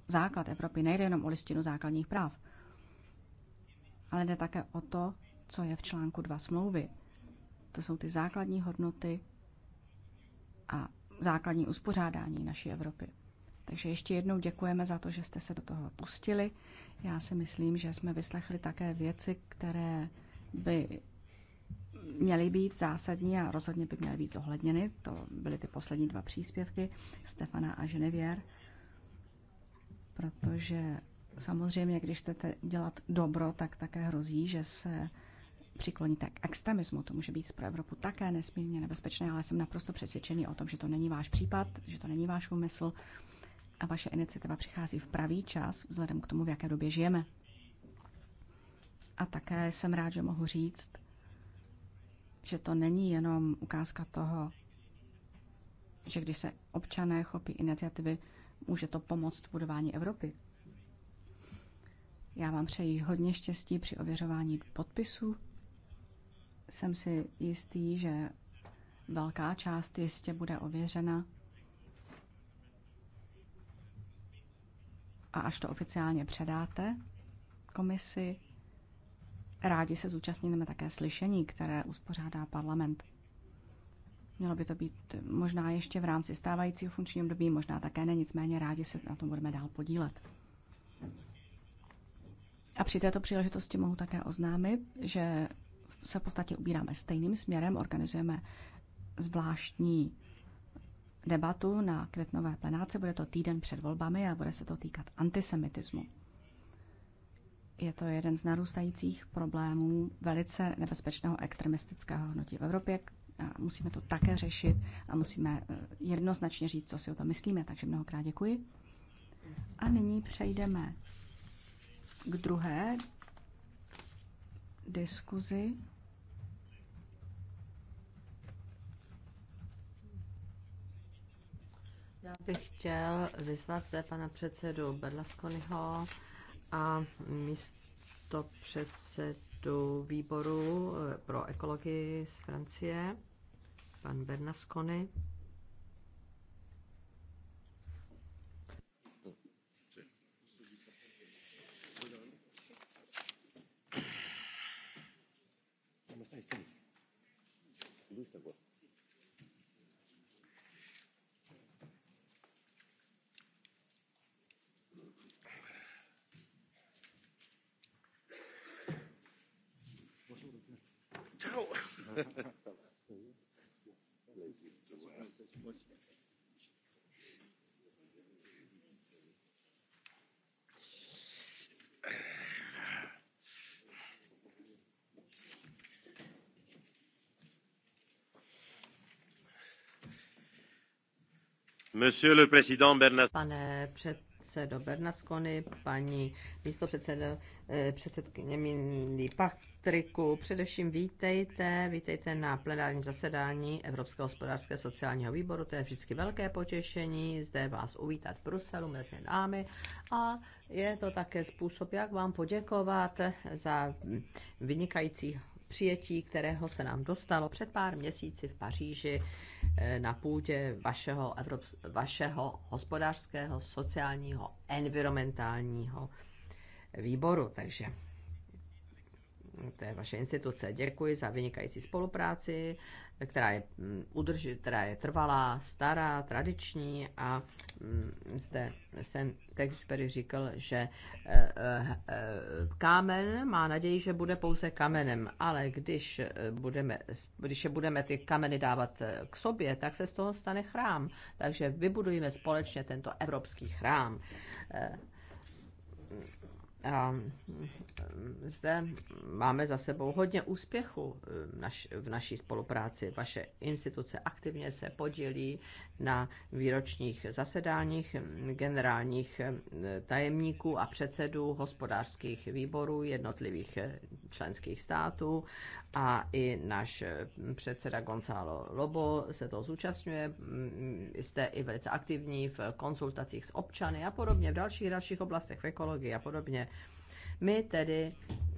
základ Evropy. Nejde jenom o listinu základních práv, ale jde také o to, co je v článku 2 smlouvy. To jsou ty základní hodnoty a základní uspořádání naší Evropy. Takže ještě jednou děkujeme za to, že jste se do toho pustili. Já si myslím, že jsme vyslechli také věci, které by měly být zásadní a rozhodně by měly být zohledněny. To byly ty poslední dva příspěvky Stefana a Genevier, protože samozřejmě, když chcete dělat dobro, tak také hrozí, že se přikloníte k extremismu. To může být pro Evropu také nesmírně nebezpečné, ale jsem naprosto přesvědčený o tom, že to není váš případ, že to není váš úmysl a vaše iniciativa přichází v pravý čas, vzhledem k tomu, v jaké době žijeme. A také jsem rád, že mohu říct, že to není jenom ukázka toho, že když se občané chopí iniciativy, může to pomoct v budování Evropy. Já vám přeji hodně štěstí při ověřování podpisů. Jsem si jistý, že velká část jistě bude ověřena a až to oficiálně předáte komisi, rádi se zúčastníme také slyšení, které uspořádá parlament. Mělo by to být možná ještě v rámci stávajícího funkčního období, možná také ne, nicméně rádi se na tom budeme dál podílet. A při této příležitosti mohu také oznámit, že se v podstatě ubíráme stejným směrem, organizujeme zvláštní debatu na květnové plenáce. Bude to týden před volbami a bude se to týkat antisemitismu. Je to jeden z narůstajících problémů velice nebezpečného extremistického hnutí v Evropě. A musíme to také řešit a musíme eh, jednoznačně říct, co si o tom myslíme. Takže mnohokrát děkuji. A nyní přejdeme k druhé diskuzi Já bych chtěl vyzvat zde pana předsedu Berlasconiho a místo předsedu výboru pro ekologii z Francie, pan Bernasconi. Monsieur le président Bernard... Pane předsedo Bernasconi, paní místopředsedo, eh, předsedkyně Mindy Patriku, především vítejte, vítejte na plenárním zasedání Evropského hospodářského sociálního výboru, to je vždycky velké potěšení, zde vás uvítat v Bruselu mezi námi a je to také způsob, jak vám poděkovat za vynikající přijetí, kterého se nám dostalo před pár měsíci v Paříži Eh, na půdě vašeho, Evrops- vašeho hospodářského, sociálního, environmentálního výboru. Takže je vaše instituce. Děkuji za vynikající spolupráci která je mm, udrži, která je trvalá, stará, tradiční a mm, zde jsem Texbury říkal, že eh, eh, kámen má naději, že bude pouze kamenem, ale když, eh, budeme, když je budeme ty kameny dávat k sobě, tak se z toho stane chrám. Takže vybudujeme společně tento evropský chrám. A eh, zde máme za sebou hodně úspěchu eh, v naší spolupráci. Vaše instituce aktivně se podílí na výročních zasedáních generálních eh, tajemníků a předsedů hospodářských výborů jednotlivých eh, členských států a i náš eh, předseda Gonzalo Lobo se to zúčastňuje. Jste i velice aktivní v konzultacích s občany a podobně, v dalších dalších oblastech, v ekologii a podobně. My tedy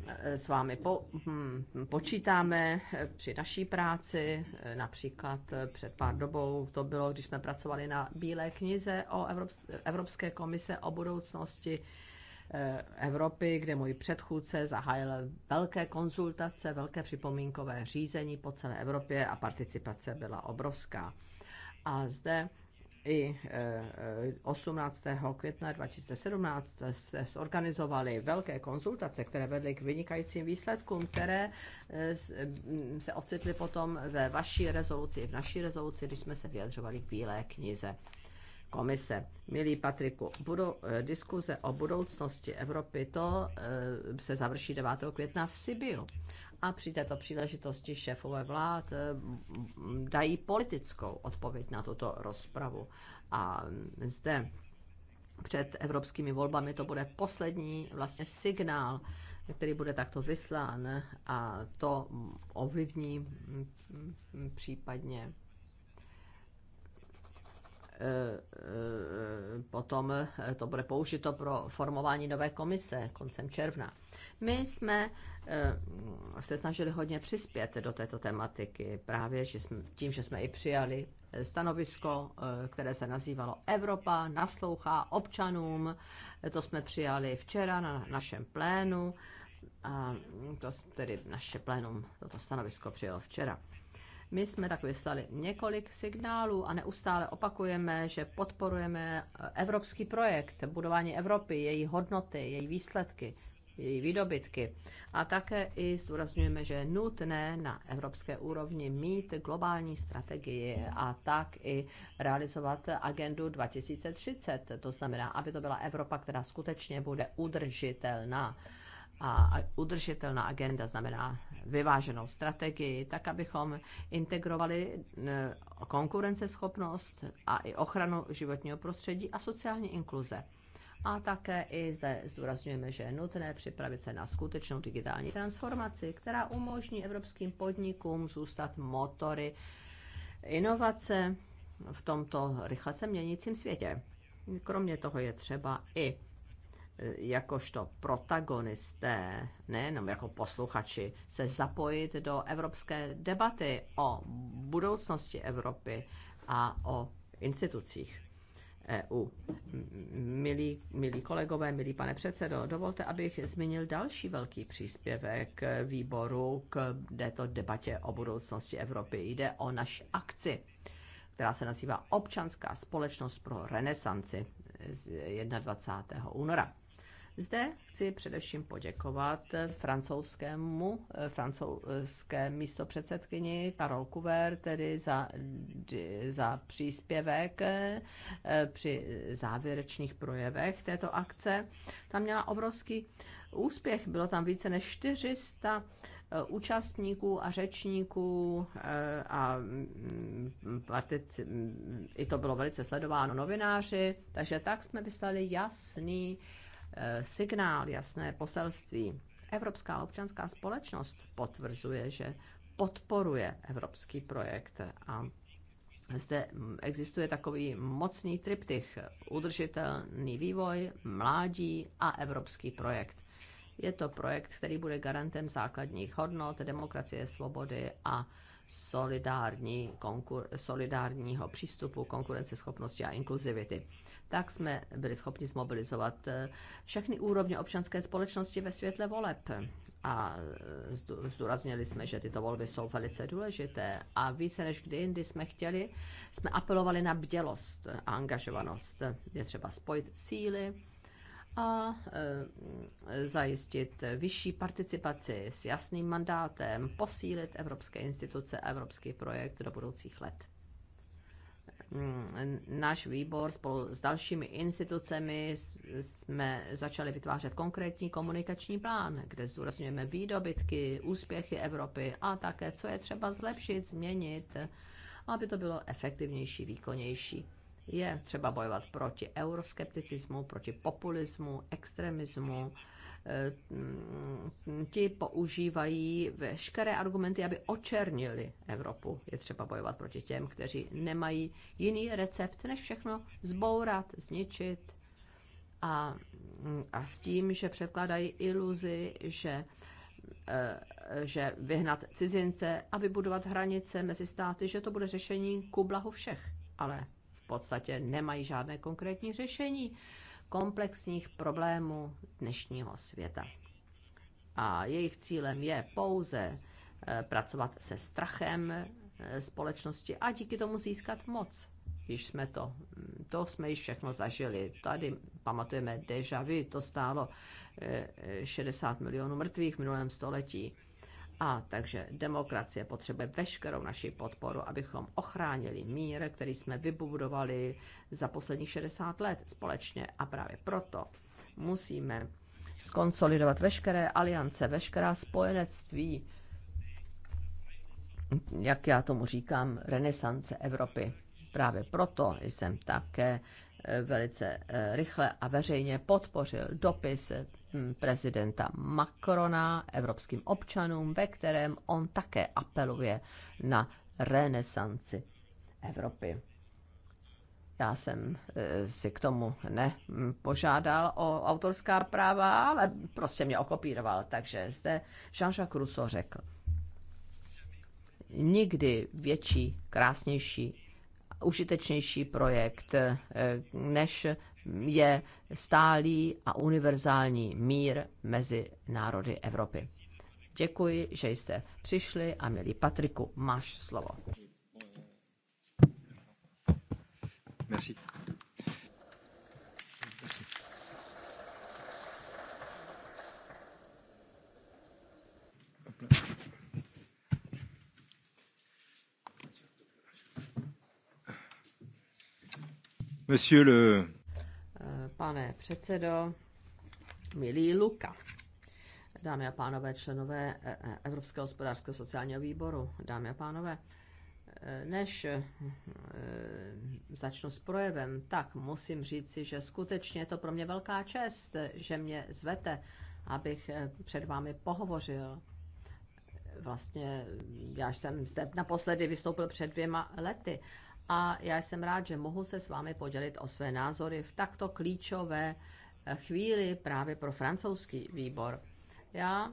Eh, s vámi po, hm, počítáme eh, při naší práci. Eh, například před pár dobou to bylo, když jsme pracovali na Bílé knize o Evropské komise o budoucnosti Evropy, kde můj předchůdce zahájil velké konzultace, velké připomínkové řízení po celé Evropě a participace byla obrovská. A zde i 18. Eh, eh, května 2017 se zorganizovaly velké konzultace, které vedly k vynikajícím výsledkům, které eh, mm, se ocitly potom ve vaší rezoluci, v naší rezoluci, když jsme se vyjadřovali k Bílé knize komise. Milý Patriku, budou, diskuze o budoucnosti Evropy, to se završí 9. května v Sibiu a při této příležitosti šéfové vlád eh, dají politickou odpověď na tuto rozpravu. A zde před evropskými volbami to bude poslední vlastně signál, který bude takto vyslán a to ovlivní mm, mm, případně Eh, eh, potom eh, to bude použito pro formování nové komise koncem června. My jsme se snažili hodně přispět do této tematiky právě že jsme, tím, že jsme i přijali stanovisko, které se nazývalo Evropa naslouchá občanům. To jsme přijali včera na našem plénu. A to tedy naše plénum toto stanovisko přijalo včera. My jsme tak vyslali několik signálů a neustále opakujeme, že podporujeme eh, evropský projekt, budování Evropy, její hodnoty, její výsledky, její výdobytky. A také i zdůrazňujeme, že je nutné na evropské úrovni mít globální strategii a tak i realizovat agendu 2030. To znamená, aby to byla Evropa, která skutečně bude udržitelná. A udržitelná agenda znamená vyváženou strategii, tak abychom integrovali eh, konkurenceschopnost a i ochranu životního prostředí a sociální inkluze. A také i zde zdůrazňujeme, že je nutné připravit se na skutečnou digitální transformaci, která umožní evropským podnikům zůstat motory inovace v tomto rychle se měnícím světě. Kromě toho je třeba i jakožto protagonisté, nejenom jako posluchači, se zapojit do evropské debaty o budoucnosti Evropy a o institucích EU. Milí, milí kolegové, milí pane předsedo, dovolte, abych zmínil další velký příspěvek výboru k této debatě o budoucnosti Evropy. Jde o naši akci, která se nazývá Občanská společnost pro renesanci z 21. února. Zde chci především poděkovat francouzskému, eh, francouzské místopředsedkyni Karol Kuver, tedy za, za příspěvek eh, při závěrečných projevech této akce. Tam měla obrovský úspěch, bylo tam více než 400 eh, účastníků a řečníků a mm, partic- i to bylo velice sledováno novináři, takže tak jsme vyslali jasný Eh, signál, jasné poselství. Evropská občanská společnost potvrzuje, že podporuje evropský projekt a zde existuje takový mocný triptych udržitelný vývoj, mládí a evropský projekt. Je to projekt, který bude garantem základních hodnot, demokracie, svobody a solidární, konkur, solidárního přístupu, konkurenceschopnosti a inkluzivity. Tak jsme byli schopni zmobilizovat eh, všechny úrovně občanské společnosti ve světle voleb. A eh, zdůraznili jsme, že tyto volby jsou velice důležité a více než kdy jindy jsme chtěli, jsme apelovali na bdělost a angažovanost. Je třeba spojit síly, a e, zajistit vyšší participaci s jasným mandátem, posílit evropské instituce a evropský projekt do budoucích let. Mm, náš výbor spolu s dalšími institucemi jsme začali vytvářet konkrétní komunikační plán, kde zdůrazňujeme výdobytky, úspěchy Evropy a také, co je třeba zlepšit, změnit, aby to bylo efektivnější, výkonnější. Je třeba bojovat proti euroskepticismu, proti populismu, extremismu. Eh, mm, ti používají veškeré argumenty, aby očernili Evropu. Je třeba bojovat proti těm, kteří nemají jiný recept, než všechno zbourat, zničit. A, mm, a s tím, že předkládají iluzi, že eh, že vyhnat cizince a vybudovat hranice mezi státy, že to bude řešení ku blahu všech. Ale podstatě nemají žádné konkrétní řešení komplexních problémů dnešního světa. A jejich cílem je pouze eh, pracovat se strachem eh, společnosti a díky tomu získat moc. Když jsme to, mm, to jsme již všechno zažili. Tady pamatujeme deja vu, to stálo 60 eh, milionů mrtvých v minulém století. A takže demokracie potřebuje veškerou naši podporu, abychom ochránili mír, který jsme vybudovali za posledních 60 let společně. A právě proto musíme skonsolidovat veškeré aliance, veškerá spojenectví, jak já tomu říkám, renesance Evropy. Právě proto jsem také eh, velice eh, rychle a veřejně podpořil dopis Mm, prezidenta Macrona evropským občanům, ve kterém on také apeluje na renesanci Evropy. Já jsem eh, si k tomu nepožádal o autorská práva, ale prostě mě okopíroval. Takže zde Jean-Jacques Rousseau řekl, nikdy větší, krásnější, užitečnější projekt, eh, než je stálý a univerzální mír mezi národy Evropy. Děkuji, že jste přišli a milí Patriku, máš slovo. Merci. Merci. Monsieur le pane předsedo, milý Luka, dámy a pánové, členové eh, eh, Evropského hospodářského sociálního výboru, dámy a pánové, eh, než začnu s projevem, tak musím říci, že skutečně je to pro mě velká čest, že mě zvete, abych před vámi pohovořil. Vlastně já jsem zde naposledy vystoupil před dvěma lety a já jsem rád, že mohu se s vámi podělit o své názory v takto klíčové eh, chvíli právě pro francouzský výbor. Já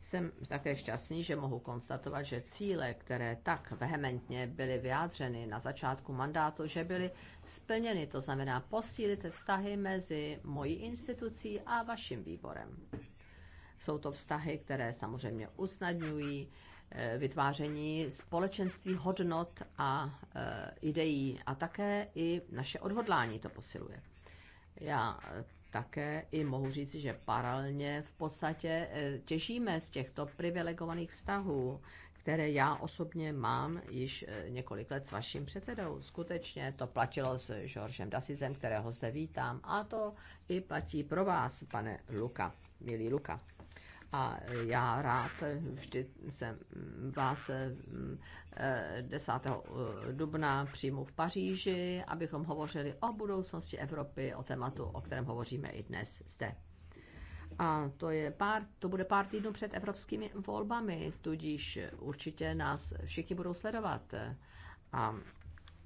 jsem také šťastný, že mohu konstatovat, že cíle, které tak vehementně byly vyjádřeny na začátku mandátu, že byly splněny, to znamená posílit vztahy mezi mojí institucí a vaším výborem. Jsou to vztahy, které samozřejmě usnadňují Eh, vytváření společenství hodnot a eh, ideí a také i naše odhodlání to posiluje. Já eh, také i mohu říct, že paralelně v podstatě těžíme z těchto privilegovaných vztahů, které já osobně mám již několik let s vaším předsedou. Skutečně to platilo s Georgem Dasizem, kterého zde vítám, a to i platí pro vás, pane Luka, milý Luka a já rád vždy jsem vás 10. Mm, eh, eh, dubna přijmu v Paříži, abychom hovořili o budoucnosti Evropy, o tématu, o kterém hovoříme i dnes zde. A to, je pár, to bude pár týdnů před evropskými volbami, tudíž určitě nás všichni budou sledovat. A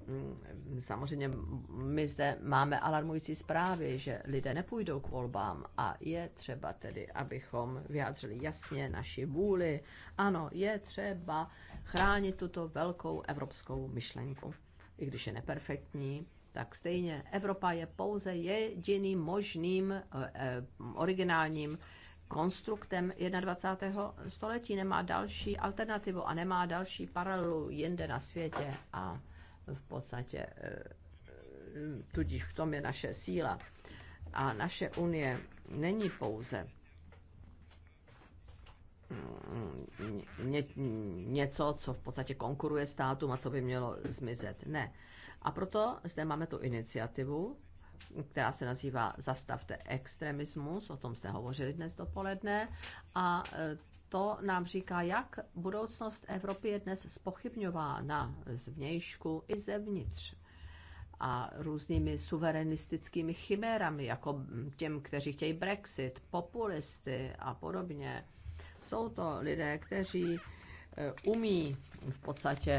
Mm, samozřejmě my zde máme alarmující zprávy, že lidé nepůjdou k volbám a je třeba tedy, abychom vyjádřili jasně naši vůli. Ano, je třeba chránit tuto velkou evropskou myšlenku. I když je neperfektní, tak stejně Evropa je pouze jediným možným eh, eh, originálním konstruktem 21. století, nemá další alternativu a nemá další paralelu jinde na světě. A v podstatě eh, tudíž v tom je naše síla. A naše unie není pouze mm, mm, něco, co v podstatě konkuruje státům a co by mělo zmizet. Ne. A proto zde máme tu iniciativu, která se nazývá Zastavte extremismus, o tom jste hovořili dnes dopoledne, a eh, to nám říká, jak budoucnost Evropy je dnes spochybňována zvnějšku i zevnitř a různými suverenistickými chimérami, jako těm, kteří chtějí Brexit, populisty a podobně. Jsou to lidé, kteří Eh, umí v podstatě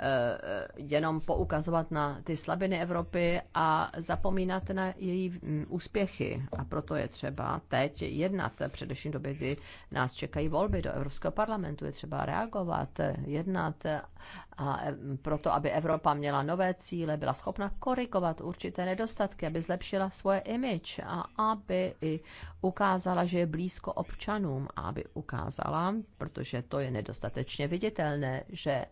eh, jenom poukazovat na ty slabiny Evropy a zapomínat na její mm, úspěchy. A proto je třeba teď jednat, především v době, kdy nás čekají volby do Evropského parlamentu. Je třeba reagovat, jednat a eh, proto, aby Evropa měla nové cíle, byla schopna korigovat určité nedostatky, aby zlepšila svoje image a aby i ukázala, že je blízko občanům a aby ukázala, protože to je nedostatečně viditelné, že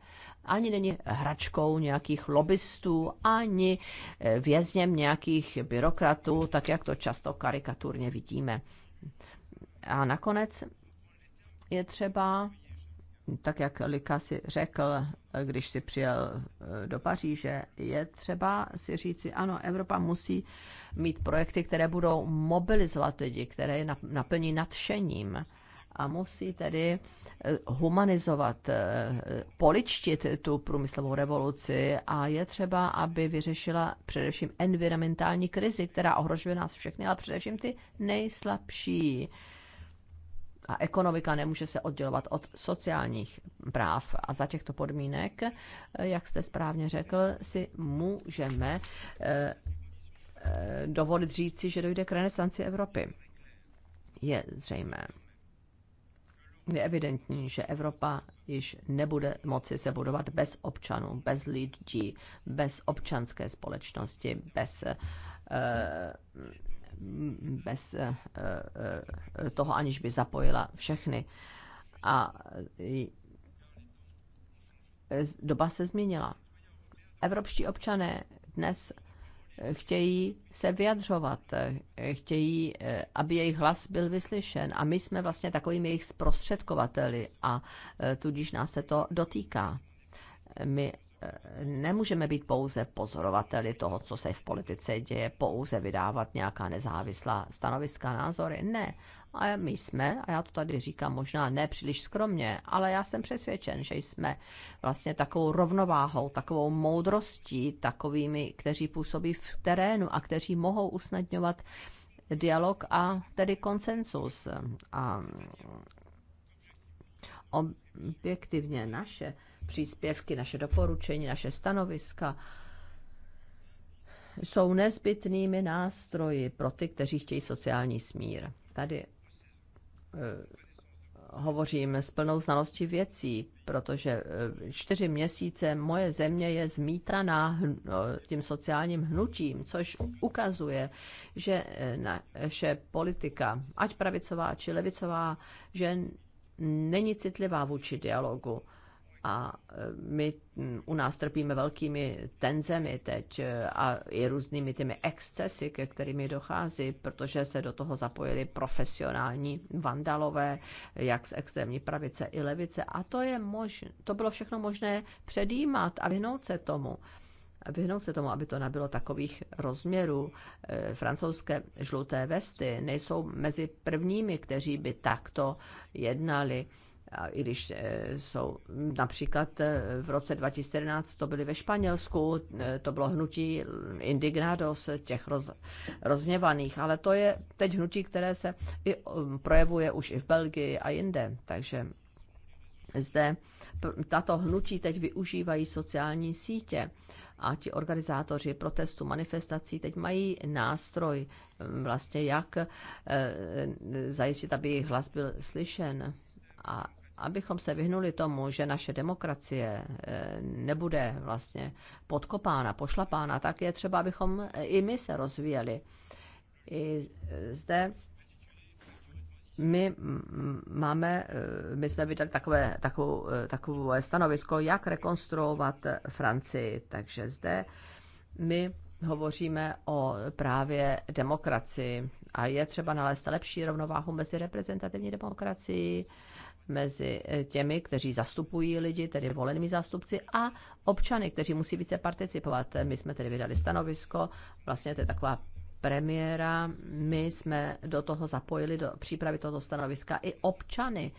ani není hračkou nějakých lobbystů, ani eh, vězněm nějakých byrokratů, tak jak to často karikaturně vidíme. A nakonec je třeba tak jak Lika si řekl, když si přijel eh, do Paříže, je třeba si říci, ano, Evropa musí mít projekty, které budou mobilizovat lidi, které je naplní nadšením a musí tedy eh, humanizovat, eh, poličtit tu průmyslovou revoluci a je třeba, aby vyřešila především environmentální krizi, která ohrožuje nás všechny, ale především ty nejslabší a ekonomika nemůže se oddělovat od sociálních práv. A za těchto podmínek, eh, jak jste správně řekl, si můžeme eh, eh, dovolit říci, že dojde k renesanci Evropy. Je zřejmé. Je evidentní, že Evropa již nebude moci se budovat bez občanů, bez lidí, bez občanské společnosti, bez bez eh, eh, eh, toho, aniž by zapojila všechny. A doba se změnila. Evropští občané dnes chtějí se vyjadřovat, chtějí, aby jejich hlas byl vyslyšen a my jsme vlastně takovými jejich zprostředkovateli a tudíž nás se to dotýká. My nemůžeme být pouze pozorovateli toho, co se v politice děje, pouze vydávat nějaká nezávislá stanoviska, názory. Ne. A my jsme, a já to tady říkám možná ne příliš skromně, ale já jsem přesvědčen, že jsme vlastně takovou rovnováhou, takovou moudrostí, takovými, kteří působí v terénu a kteří mohou usnadňovat dialog a tedy konsensus. A objektivně naše příspěvky, naše doporučení, naše stanoviska jsou nezbytnými nástroji pro ty, kteří chtějí sociální smír. Tady eh, hovořím s plnou znalostí věcí, protože eh, čtyři měsíce moje země je zmítaná no, tím sociálním hnutím, což ukazuje, že eh, naše politika, ať pravicová či levicová, že není citlivá vůči dialogu a e, my u nás trpíme velkými tenzemi teď e, a i různými těmi excesy, ke kterými dochází, protože se do toho zapojili profesionální vandalové, jak z extrémní pravice i levice. A to, je možné, to bylo všechno možné předjímat a vyhnout se tomu vyhnout se tomu, aby to nabilo takových rozměrů. E, francouzské žluté vesty nejsou mezi prvními, kteří by takto jednali a i když e, jsou například e, v roce 2011 to byly ve Španělsku, e, to bylo hnutí indignados těch roz, rozněvaných, ale to je teď hnutí, které se i projevuje už i v Belgii a jinde, takže zde tato hnutí teď využívají sociální sítě a ti organizátoři protestů, manifestací teď mají nástroj vlastně, jak zajistit, aby jejich hlas byl slyšen a abychom se vyhnuli tomu, že naše demokracie eh, nebude vlastně podkopána, pošlapána, tak je třeba, abychom eh, i my se rozvíjeli. I zde my máme, eh, my jsme vydali takové, takovou, takové stanovisko, jak rekonstruovat Francii. Takže zde my hovoříme o právě demokracii a je třeba nalézt lepší rovnováhu mezi reprezentativní demokracií, mezi e, těmi, kteří zastupují lidi, tedy volenými zástupci, a občany, kteří musí více participovat. My jsme tedy vydali stanovisko, vlastně to je taková premiéra. My jsme do toho zapojili, do přípravy tohoto stanoviska, i občany.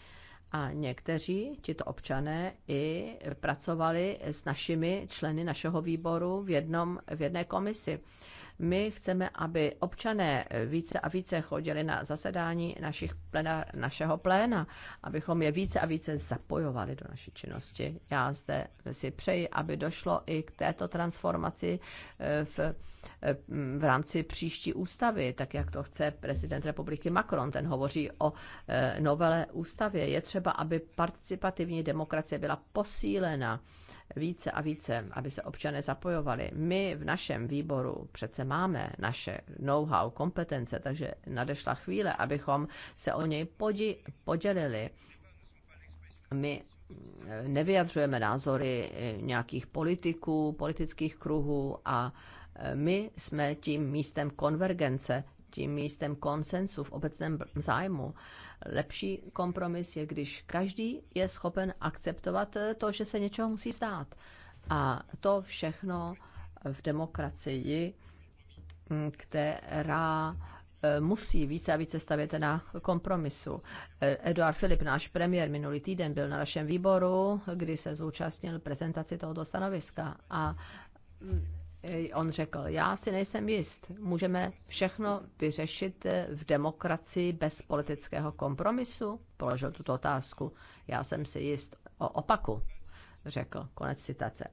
A někteří, tito občané, i pracovali s našimi členy našeho výboru v, jednom, v jedné komisi. My chceme, aby občané více a více chodili na zasedání našich plena, našeho pléna, abychom je více a více zapojovali do naší činnosti. Já zde si přeji, aby došlo i k této transformaci eh, v, eh, v rámci příští ústavy, tak jak to chce prezident republiky Macron. Ten hovoří o eh, novele ústavě. Je třeba, aby participativní demokracie byla posílena více a více, aby se občané zapojovali. My v našem výboru přece máme naše know-how, kompetence, takže nadešla chvíle, abychom se o něj podi- podělili. My eh, nevyjadřujeme názory eh, nějakých politiků, politických kruhů a eh, my jsme tím místem konvergence, tím místem konsensu v obecném zájmu lepší kompromis je, když každý je schopen akceptovat to, že se něčeho musí vzdát. A to všechno v demokracii, mm, která e, musí více a více stavět na kompromisu. E, Eduard Filip, náš premiér, minulý týden byl na našem výboru, kdy se zúčastnil prezentaci tohoto stanoviska a mm, Eh, on řekl, já si nejsem jist, můžeme všechno vyřešit eh, v demokracii bez politického kompromisu? Položil tuto otázku. Já jsem si jist o opaku, řekl. Konec citace.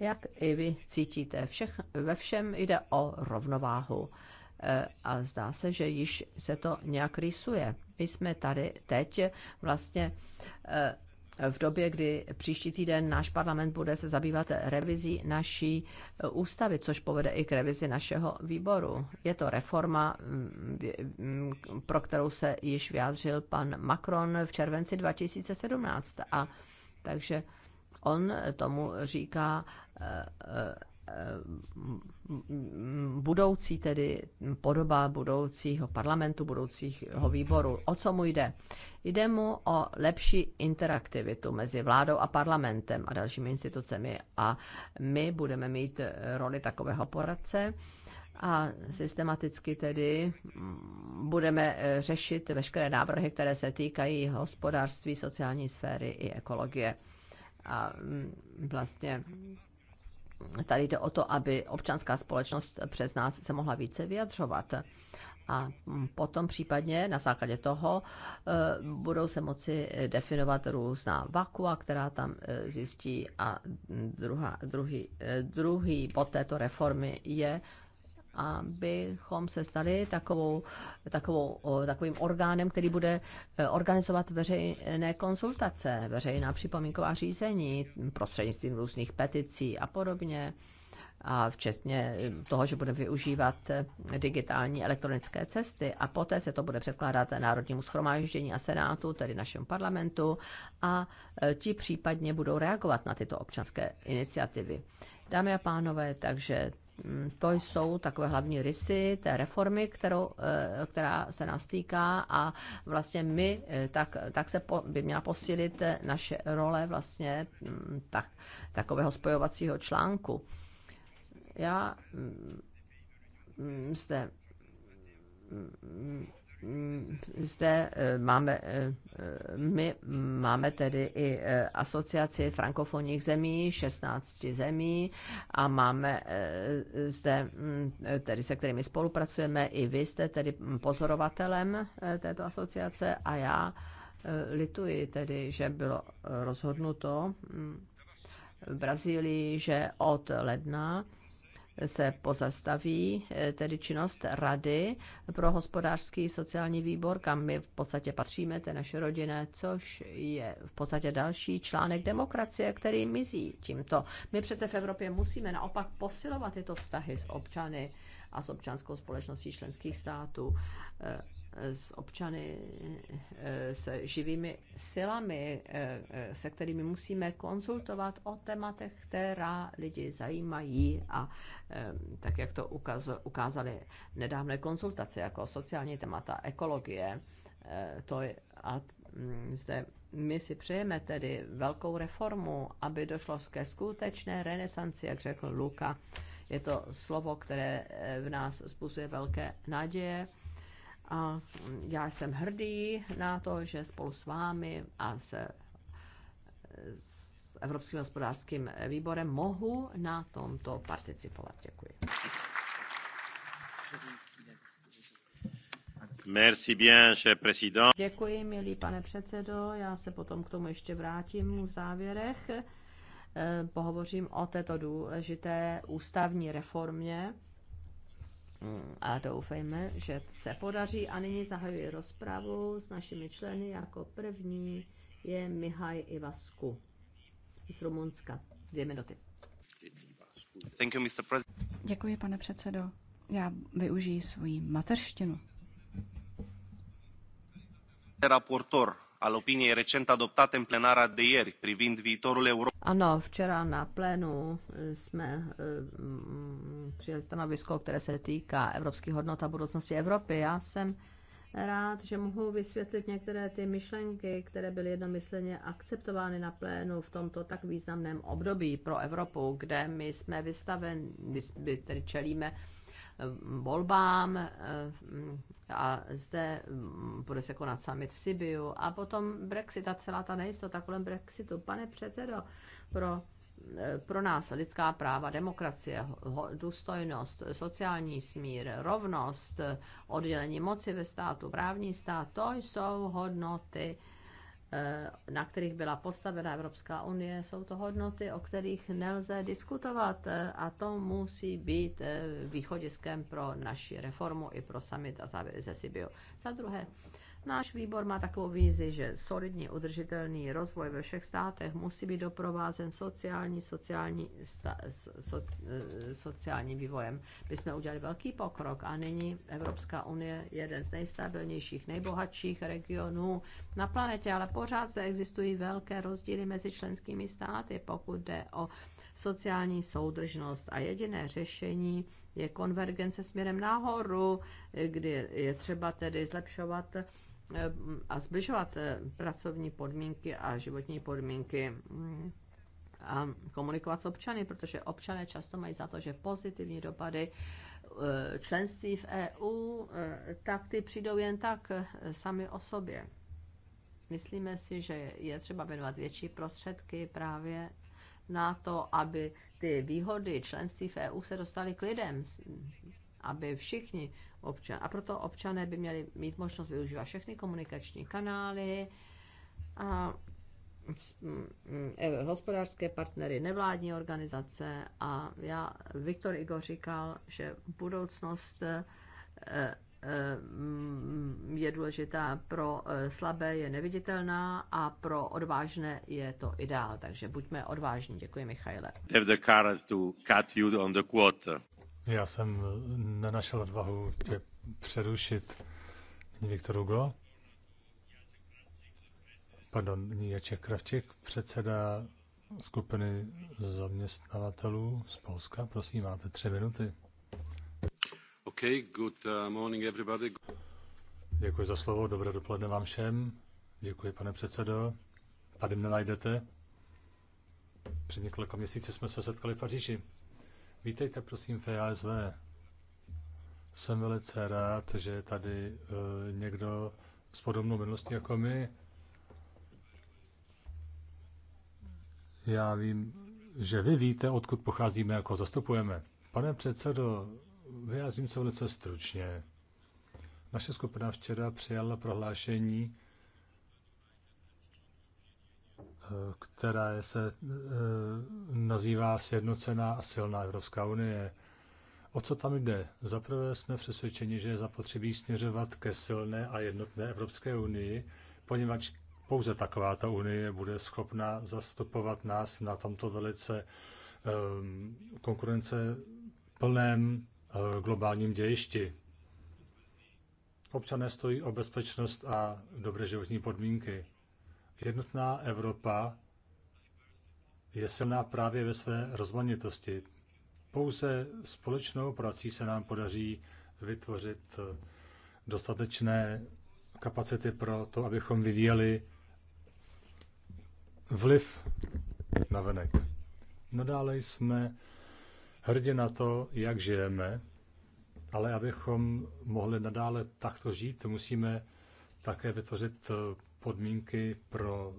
Jak i vy cítíte, všech, ve všem jde o rovnováhu. Eh, a zdá se, že již se to nějak rýsuje. My jsme tady teď vlastně v době, kdy příští týden náš parlament bude se zabývat revizí naší eh, ústavy, což povede i k revizi našeho výboru. Je to reforma, mm, mm, pro kterou se již vyjádřil pan Macron v červenci 2017. A takže on tomu říká eh, eh, budoucí tedy podoba budoucího parlamentu, budoucího výboru. O co mu jde? Jde mu o lepší interaktivitu mezi vládou a parlamentem a dalšími institucemi a my budeme mít roli takového poradce a systematicky tedy budeme řešit veškeré návrhy, které se týkají hospodářství, sociální sféry i ekologie. A vlastně tady jde o to, aby občanská společnost přes nás se mohla více vyjadřovat. A potom případně na základě toho eh, budou se moci definovat různá vakua, která tam eh, zjistí. A druhá, druhý, eh, druhý bod této reformy je abychom se stali takovou, takovou, takovým orgánem, který bude e, organizovat veřejné konzultace, veřejná připomínková řízení prostřednictvím různých peticí a podobně a včetně e, toho, že bude využívat e, digitální elektronické cesty a poté se to bude předkládat Národnímu schromáždění a Senátu, tedy našemu parlamentu a ti případně budou reagovat na tyto občanské iniciativy. Dámy a pánové, takže to jsou takové hlavní rysy té reformy, kterou, eh, která se nás týká a vlastně my, eh, tak, tak se po, by měla posílit eh, naše role vlastně mm, tak, takového spojovacího článku. Já jste mm, mm, Mm, zde eh, máme, eh, eh, my máme tedy i asociaci frankofonních zemí, 16 zemí a máme zde, mm, tedy se kterými spolupracujeme, i vy jste tedy pozorovatelem této asociace a já lituji tedy, že bylo rozhodnuto mm, v Brazílii, že od ledna se pozastaví eh, tedy činnost Rady pro hospodářský sociální výbor, kam my v podstatě patříme, to je naše rodina, což je v podstatě další článek demokracie, který mizí tímto. My přece v Evropě musíme naopak posilovat tyto vztahy s občany a s občanskou společností členských států eh, s občany, eh, s živými silami, eh, eh, se kterými musíme konzultovat o tématech, která lidi zajímají a tak, jak to ukázali nedávné konzultace, jako sociální témata, ekologie, to je, a hm, zde my si přejeme tedy velkou reformu, aby došlo ke skutečné renesanci, jak řekl Luka. Je to slovo, které v nás způsobuje velké naděje a já jsem hrdý na to, že spolu s vámi a se, s Evropským hospodářským výborem mohu na tomto participovat. Děkuji. Merci bien, président. Děkuji, milý pane předsedo. Já se potom k tomu ještě vrátím v závěrech. Eh, pohovořím o této důležité ústavní reformě a doufejme, že se podaří. A nyní zahajuji rozpravu s našimi členy. Jako první je Mihaj Ivasku z Rumunska. Dvě minuty. Thank you, Mr. President. Děkuji, pane předsedo. Já využiji svoji mateřštinu. Raportor al opiniei recent adoptate în plenara de ieri privind viitorul Europei. Ano, včera na plénu eh, jsme eh, mm, přijeli stanovisko, které se týká evropských hodnot a budoucnosti Evropy. Já jsem rád, že mohu vysvětlit některé ty myšlenky, které byly jednomyslně akceptovány na plénu v tomto tak významném období pro Evropu, kde my jsme vystaveni, tedy čelíme Eh, volbám eh, a zde mm, bude se konat summit v Sibiu a potom Brexit a celá ta nejistota kolem Brexitu. Pane předsedo, pro eh, pro nás lidská práva, demokracie, důstojnost, sociální smír, rovnost, oddělení moci ve státu, právní stát, to jsou hodnoty, Eh, na kterých byla postavena Evropská unie, jsou to hodnoty, o kterých nelze diskutovat eh, a to musí být eh, východiskem pro naši reformu i pro summit a závěry ze Sibiu. Za druhé, Náš výbor má takovou vizi, že solidně udržitelný rozvoj ve všech státech musí být doprovázen sociální, sociální, sta, so, eh, sociální vývojem. My jsme udělali velký pokrok a nyní Evropská unie je jeden z nejstabilnějších, nejbohatších regionů na planetě, ale pořád zde existují velké rozdíly mezi členskými státy, pokud jde o sociální soudržnost a jediné řešení je konvergence směrem nahoru, kdy je třeba tedy zlepšovat a zbližovat eh, pracovní podmínky a životní podmínky mm, a komunikovat s občany, protože občané často mají za to, že pozitivní dopady eh, členství v EU, eh, tak ty přijdou jen tak sami o sobě. Myslíme si, že je třeba věnovat větší prostředky právě na to, aby ty výhody členství v EU se dostaly k lidem, aby všichni občan. A proto občané by měli mít možnost využívat všechny komunikační kanály a mm, mm, hospodářské partnery, nevládní organizace a já, Viktor Igor říkal, že budoucnost eh, eh, mm, je důležitá pro eh, slabé, je neviditelná a pro odvážné je to ideál. Takže buďme odvážní. Děkuji, Michaile. Have the courage to cut you on the já jsem nenašel odvahu tě přerušit. Nyní Viktor Hugo. Pardon, nyní Jaček Kravčík, předseda skupiny zaměstnavatelů z Polska. Prosím, máte tři minuty. Okay, good uh, morning everybody. Děkuji za slovo, dobré dopoledne vám všem. Děkuji, pane předsedo. Tady mne najdete. Před několika měsíci jsme se setkali v Paříži. Vítejte prosím v e ASV. Jsem velice rád, že je tady e, někdo s podobnou minulostí jako my. Já vím, že vy víte, odkud pocházíme, jako zastupujeme. Pane předsedo, vyjádřím se velice stručně. Naše skupina včera přijala prohlášení která se eh, nazývá Sjednocená a silná Evropská unie. O co tam jde? Zaprvé jsme přesvědčeni, že je zapotřebí směřovat ke silné a jednotné Evropské unii, poněvadž pouze taková ta unie bude schopna zastupovat nás na tomto velice um, konkurence plném uh, globálním dějišti. Občané stojí o bezpečnost a dobré životní podmínky. Jednotná Evropa je silná právě ve své rozmanitosti. Pouze společnou prací se nám podaří vytvořit eh, dostatečné kapacity pro to, abychom vyvíjeli vliv na venek. Nadále jsme hrdě na to, jak žijeme, ale abychom mohli nadále takto žít, musíme také vytvořit eh, podmínky pro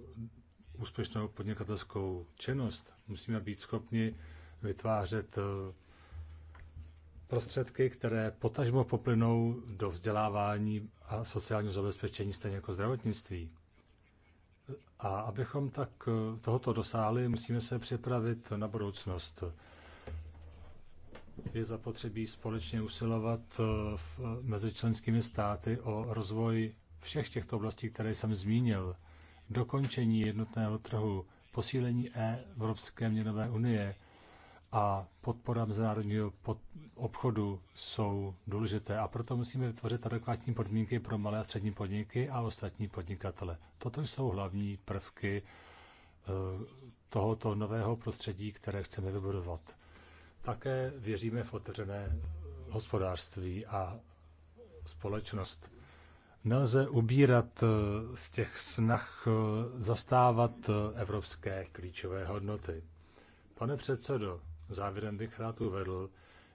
úspěšnou podnikatelskou činnost. Musíme být schopni vytvářet eh, prostředky, které potažmo poplynou do vzdělávání a sociálního zabezpečení, stejně jako zdravotnictví. A abychom tak eh, tohoto dosáhli, musíme se připravit na budoucnost. Je zapotřebí společně usilovat eh, mezi členskými státy o rozvoj všech těchto oblastí, které jsem zmínil, dokončení jednotného trhu, posílení Evropské měnové unie a podpora mezinárodního pod obchodu jsou důležité a proto musíme vytvořit adekvátní podmínky pro malé a střední podniky a ostatní podnikatele. Toto jsou hlavní prvky eh, tohoto nového prostředí, které chceme vybudovat. Také věříme v otevřené hospodářství a společnost nelze ubírat eh, z těch snah eh, zastávat eh, evropské klíčové hodnoty. Pane předsedo, závěrem bych rád uvedl,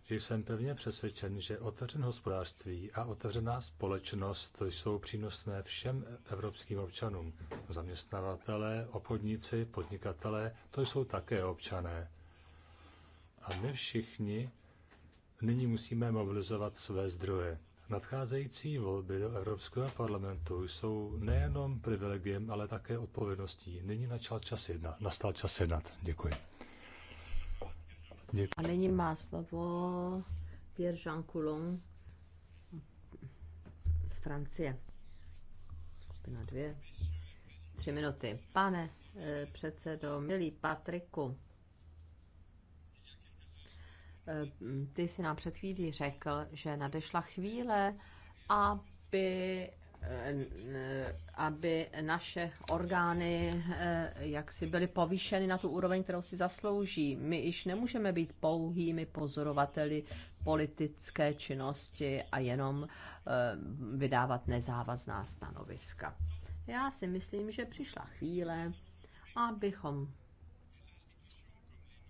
že jsem pevně přesvědčen, že otevřené hospodářství a otevřená společnost jsou přínosné všem evropským občanům. Zaměstnavatelé, obchodníci, podnikatelé, to jsou také občané. A my všichni nyní musíme mobilizovat své zdroje. Nadcházející volby do Evropského parlamentu jsou nejenom privilegiem, ale také odpovědností. Nyní načal čas jedna, nastal čas jednat. Děkuji. Děkuji. A nyní má slovo Pierre Jean Coulon z Francie. Skupina dvě. Tři minuty. Pane eh, předsedo, milý Patriku, Eh, ty si nám před chvílí řekl, že nadešla chvíle, aby eh, aby naše orgány eh, jaksi byly povýšeny na tu úroveň, kterou si zaslouží. My již nemůžeme být pouhými pozorovateli politické činnosti a jenom vydávat nezávazná stanoviska. Já si myslím, že přišla chvíle, abychom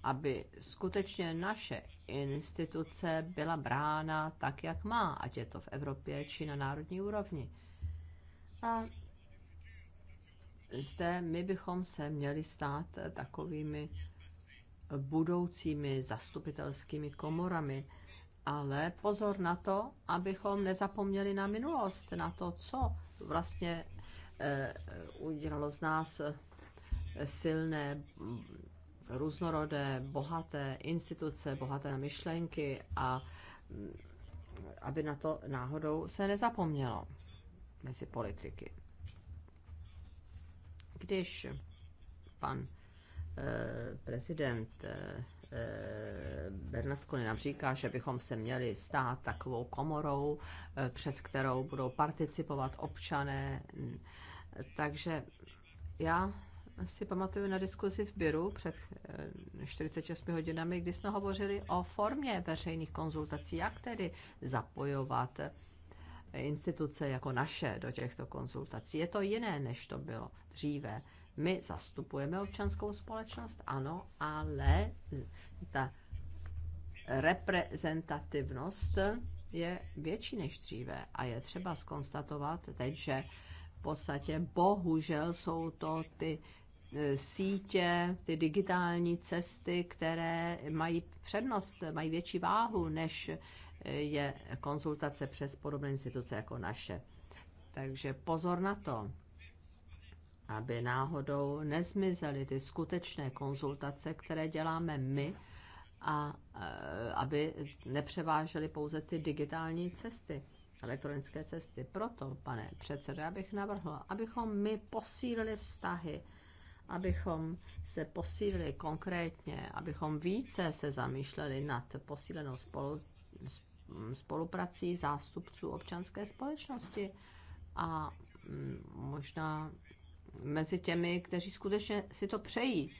aby skutečně naše instituce byla brána tak, jak má, ať je to v Evropě či na národní úrovni. A zde my bychom se měli stát takovými budoucími zastupitelskými komorami. Ale pozor na to, abychom nezapomněli na minulost, na to, co vlastně eh, udělalo z nás silné různorodé, bohaté instituce, bohaté na myšlenky a mm, aby na to náhodou se nezapomnělo mezi politiky. Když pan eh, prezident eh, eh Bernasconi nám říká, že bychom se měli stát takovou komorou, eh, přes kterou budou participovat občané. Takže já si pamatuju na diskuzi v Biru před 46 eh, hodinami, kdy jsme hovořili o formě veřejných konzultací, jak tedy zapojovat instituce jako naše do těchto konzultací. Je to jiné, než to bylo dříve. My zastupujeme občanskou společnost, ano, ale ta reprezentativnost je větší než dříve a je třeba skonstatovat teď, že v podstatě bohužel jsou to ty E, sítě, ty digitální cesty, které mají přednost, mají větší váhu, než e, je konzultace přes podobné instituce jako naše. Takže pozor na to, aby náhodou nezmizely ty skutečné konzultace, které děláme my, a e, aby nepřevážely pouze ty digitální cesty, elektronické cesty. Proto, pane předsedo, já bych navrhl, abychom my posílili vztahy abychom se posílili konkrétně, abychom více se zamýšleli nad posílenou spolu, spoluprací zástupců občanské společnosti a mm, možná mezi těmi, kteří skutečně si to přejí,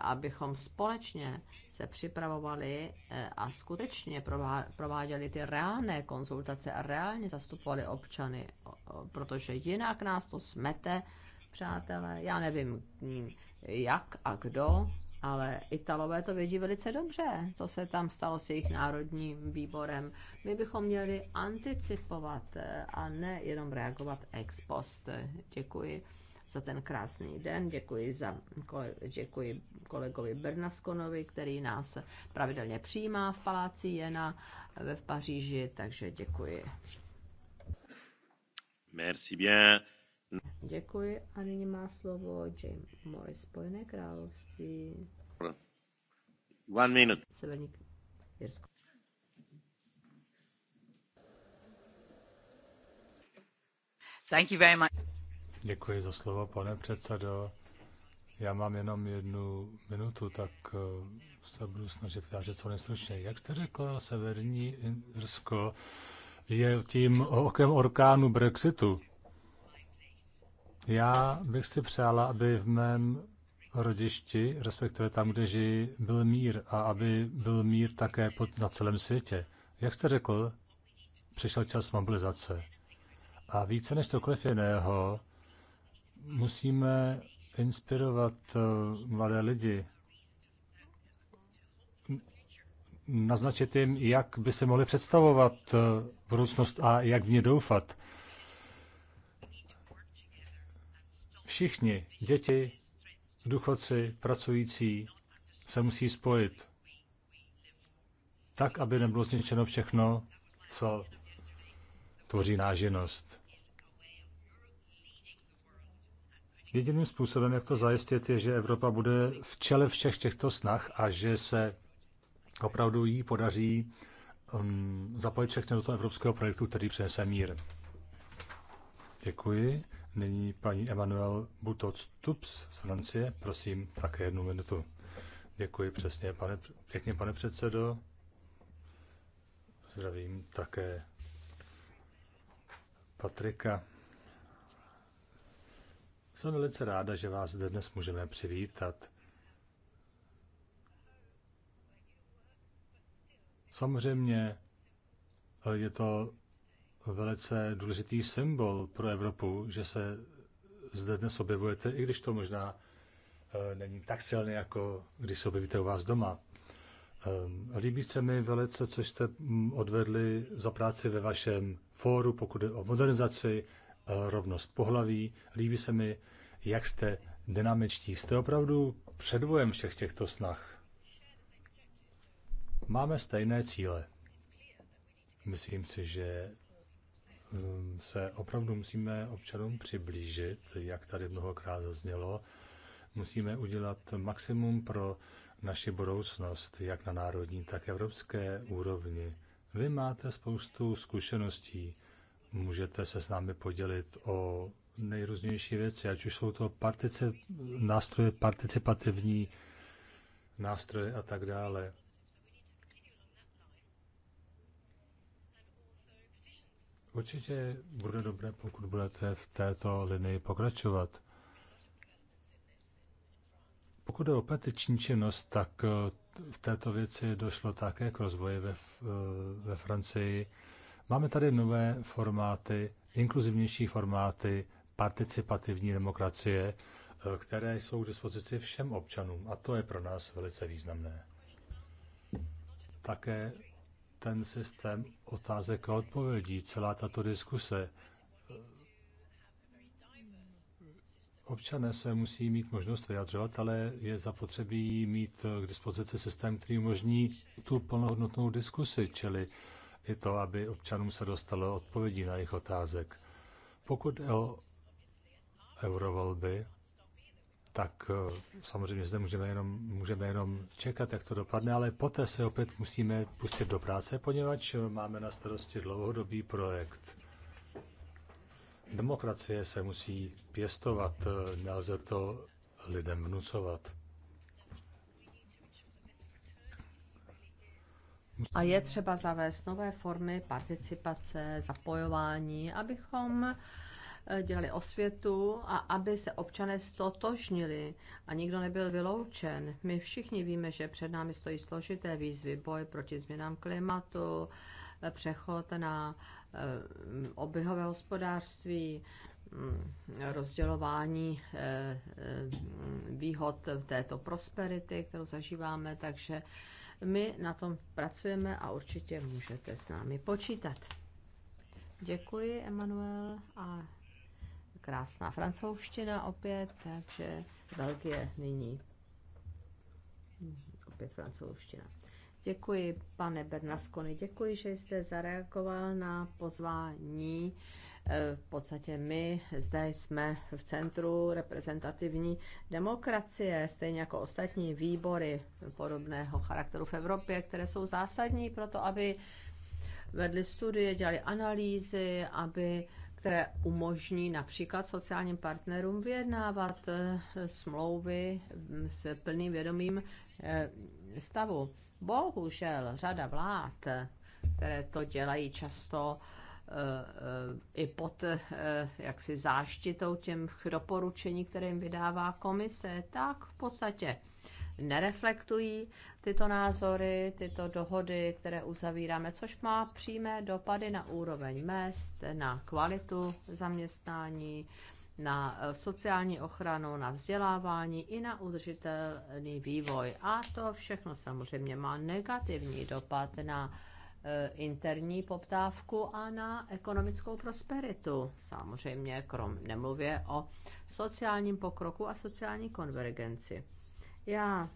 abychom společně se připravovali e, a skutečně prováděli ty reálné konzultace a reálně zastupovali občany, protože jinak nás to smete přátelé. Já nevím, hm, jak a kdo, ale Italové to vědí velice dobře, co se tam stalo s jejich národním výborem. My bychom měli anticipovat eh, a ne jenom reagovat ex post. Děkuji za ten krásný den, děkuji, za, děkuji kolegovi Bernaskonovi, který nás pravidelně přijímá v paláci Jena ve v Paříži, takže děkuji. Merci bien. Děkuji a nyní má slovo James. Morris, Spojené království. One minute. Severní Jirsko. Thank you very much. Děkuji za slovo, pane předsedo. Já mám jenom jednu minutu, tak eh, se budu snažit vyjádřit co nejstručněji. Jak jste řekl, Severní Irsko je tím okem orkánu Brexitu. Já bych si přála, aby v mém rodišti, respektive tam, kde žijí, byl mír a aby byl mír také pod, na celém světě. Jak jste řekl, přišel čas mobilizace. A více než to jiného, musíme inspirovat eh, mladé lidi, naznačit jim, jak by se mohli představovat eh, budoucnost a jak v ně doufat. Všichni, děti, důchodci, pracující, se musí spojit tak, aby nebylo zničeno všechno, co tvoří náženost. Jediným způsobem, jak to zajistit, je, že Evropa bude v čele všech těchto snah a že se opravdu jí podaří um, zapojit všechny do toho evropského projektu, který přinese mír. Děkuji. Nyní paní Emmanuel Butoc Tups z Francie, prosím, také jednu minutu. Děkuji přesně, pane, pěkně pane předsedo. Zdravím také Patrika. Jsem velice ráda, že vás zde dnes můžeme přivítat. Samozřejmě je to velice důležitý symbol pro Evropu, že se zde dnes objevujete, i když to možná eh, není tak silné, jako když se objevíte u vás doma. Ehm, líbí se mi velice, co jste mm, odvedli za práci ve vašem fóru, pokud je o modernizaci, eh, rovnost pohlaví. Líbí se mi, jak jste dynamičtí. Jste opravdu předvojem všech těchto snah. Máme stejné cíle. Myslím si, že Ehm, se opravdu musíme občanům přiblížit, jak tady mnohokrát zaznělo. Musíme udělat maximum pro naši budoucnost, jak na národní, tak evropské úrovni. Vy máte spoustu zkušeností, můžete se s námi podělit o nejrůznější věci, ať už jsou to partici- nástroje participativní, nástroje a tak dále. Určitě bude dobré, pokud budete v této linii pokračovat. Pokud je o petiční činnost, tak eh, v této věci došlo také k rozvoji ve, eh, ve Francii. Máme tady nové formáty, inkluzivnější formáty participativní demokracie, eh, které jsou k dispozici všem občanům a to je pro nás velice významné. Také ten systém otázek a odpovědí, celá tato diskuse. Občané se musí mít možnost vyjadřovat, ale je zapotřebí mít k dispozici systém, který umožní tu plnohodnotnou diskusi, čili i to, aby občanům se dostalo odpovědí na jejich otázek. Pokud o eurovolby, tak eh, samozřejmě zde můžeme jenom, můžeme jenom čekat, jak to dopadne, ale poté se opět musíme pustit do práce, poněvadž máme na starosti dlouhodobý projekt. Demokracie se musí pěstovat, eh, nelze to lidem vnucovat. A je třeba zavést nové formy participace, zapojování, abychom Eh, dělali osvětu a aby se občané stotožnili a nikdo nebyl vyloučen. My všichni víme, že před námi stojí složité výzvy, boj proti změnám klimatu, eh, přechod na eh, oběhové hospodářství, mm, rozdělování výhod této prosperity, kterou zažíváme, takže my na tom pracujeme a určitě můžete s námi počítat. Děkuji, Emanuel, a krásná francouzština opět, takže Belgie nyní opět francouzština. Děkuji, pane Bernaskony, děkuji, že jste zareagoval na pozvání. E, v podstatě my zde jsme v centru reprezentativní demokracie, stejně jako ostatní výbory podobného charakteru v Evropě, které jsou zásadní pro to, aby vedli studie, dělali analýzy, aby které umožní například sociálním partnerům vyjednávat eh, smlouvy mm, s plným vědomím eh, stavu. Bohužel řada vlád, které to dělají často eh, i pod jaksi záštitou těm doporučení, které jim vydává komise, tak v podstatě nereflektují tyto názory, tyto dohody, které uzavíráme, což má přímé dopady na úroveň mest, na kvalitu zaměstnání, na eh, sociální ochranu, na vzdělávání i na udržitelný vývoj. A to všechno samozřejmě má negativní dopad na eh, interní poptávku a na ekonomickou prosperitu. Samozřejmě krom nemluvě o sociálním pokroku a sociální konvergenci. Já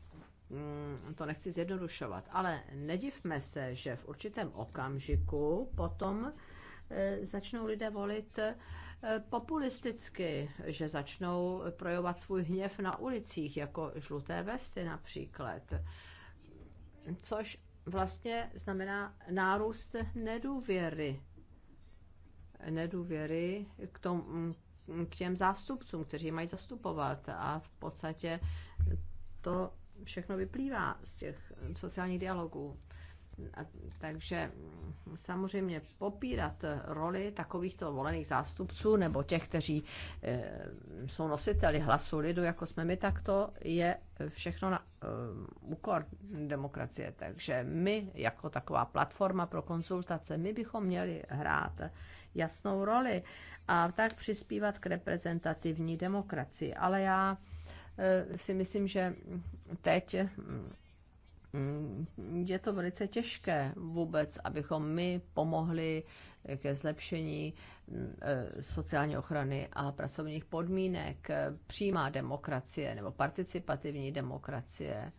mm, to nechci zjednodušovat, ale nedivme se, že v určitém okamžiku potom e, začnou lidé volit e, populisticky, že začnou projevovat svůj hněv na ulicích, jako žluté vesty například. Což vlastně znamená nárůst nedůvěry. Nedůvěry k, tom, k těm zástupcům, kteří mají zastupovat. A v podstatě to všechno vyplývá z těch eh, sociálních dialogů. A, takže mm, samozřejmě popírat eh, roli takovýchto volených zástupců nebo těch, kteří e, jsou nositeli hlasu lidu, jako jsme my, tak to je všechno na e, úkor demokracie. Takže my, jako taková platforma pro konzultace, my bychom měli hrát jasnou roli a tak přispívat k reprezentativní demokracii. Ale já Eh, si myslím, že teď mm, je to velice těžké vůbec, abychom my pomohli ke zlepšení mm, eh, sociální ochrany a pracovních podmínek, eh, přímá demokracie nebo participativní demokracie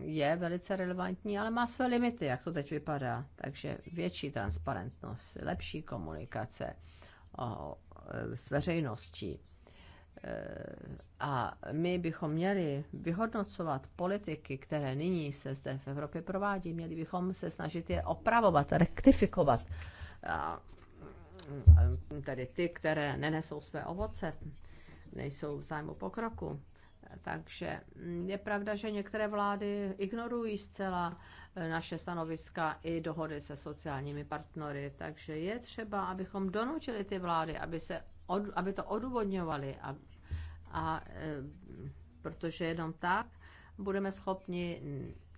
je velice relevantní, ale má své limity, jak to teď vypadá. Takže větší transparentnost, lepší komunikace s veřejností Eh, a my bychom měli vyhodnocovat politiky, které nyní se zde v Evropě provádí, měli bychom se snažit je opravovat, rektifikovat. A eh, tedy ty, které nenesou své ovoce, nejsou v zájmu pokroku. Takže je pravda, že některé vlády ignorují zcela eh, naše stanoviska i dohody se sociálními partnery, takže je třeba, abychom donutili ty vlády, aby se od, aby to odůvodňovali. A, a e, protože jenom tak budeme schopni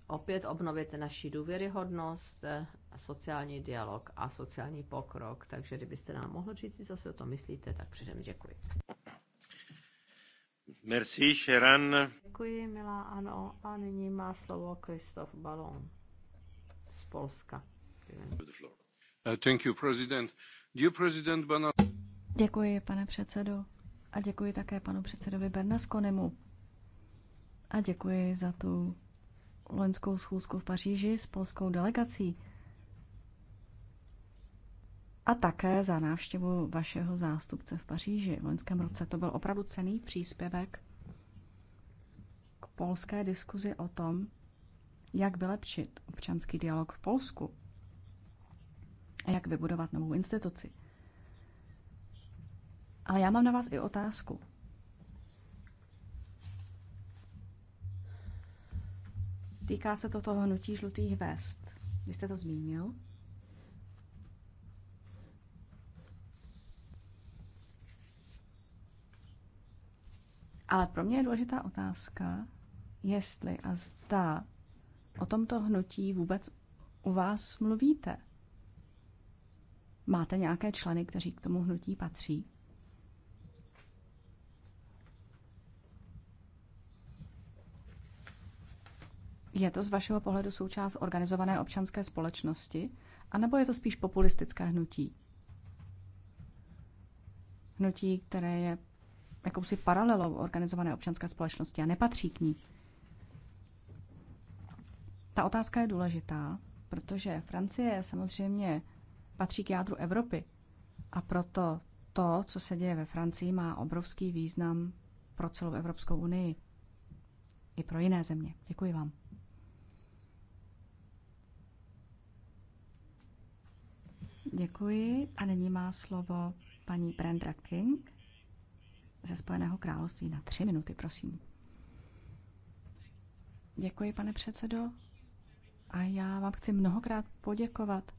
opět obnovit naši důvěryhodnost, e, sociální dialog a sociální pokrok. Takže kdybyste nám mohl říct, co si o tom myslíte, tak předem děkuji. Merci, Sharon. Děkuji, milá ano. A nyní má slovo Kristof Balon z Polska. Uh, thank you, President. Dear President Banal. Děkuji, pane předsedo. A děkuji také panu předsedovi Bernasconemu. A děkuji za tu loňskou schůzku v Paříži s polskou delegací. A také za návštěvu vašeho zástupce v Paříži. V loňském roce to byl opravdu cený příspěvek k polské diskuzi o tom, jak vylepšit občanský dialog v Polsku a jak vybudovat novou instituci. Ale já mám na vás i otázku. Týká se to toho hnutí žlutých vest. Vy jste to zmínil. Ale pro mě je důležitá otázka, jestli a zda o tomto hnutí vůbec u vás mluvíte. Máte nějaké členy, kteří k tomu hnutí patří? Je to z vašeho pohledu součást organizované občanské společnosti, anebo je to spíš populistické hnutí? Hnutí, které je jakousi paralelou organizované občanské společnosti a nepatří k ní. Ta otázka je důležitá, protože Francie samozřejmě patří k jádru Evropy a proto to, co se děje ve Francii, má obrovský význam pro celou Evropskou unii i pro jiné země. Děkuji vám. Děkuji a nyní má slovo paní Brenda King ze Spojeného království na tři minuty, prosím. Děkuji, pane předsedo. A já vám chci mnohokrát poděkovat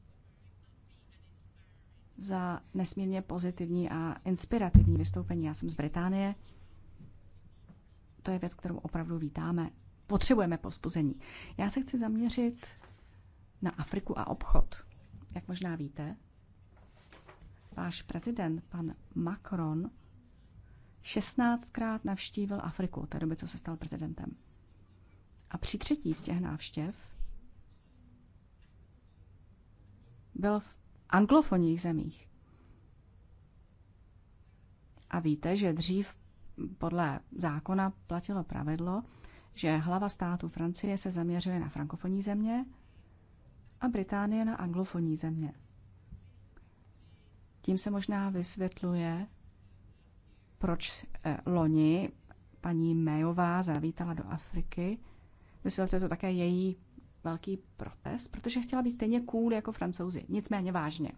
za nesmírně pozitivní a inspirativní vystoupení. Já jsem z Británie. To je věc, kterou opravdu vítáme. Potřebujeme povzbuzení. Já se chci zaměřit na Afriku a obchod. Jak možná víte, váš prezident, pan Macron, 16krát navštívil Afriku té doby, co se stal prezidentem. A při třetí z těch návštěv byl v anglofonních zemích. A víte, že dřív podle zákona platilo pravidlo, že hlava státu Francie se zaměřuje na frankofonní země a Británie na anglofonní země. Tím se možná vysvětluje, proč eh, loni paní Mayová zavítala do Afriky. Vysvětluje to také její velký protest, protože chtěla být stejně cool jako francouzi, nicméně vážně.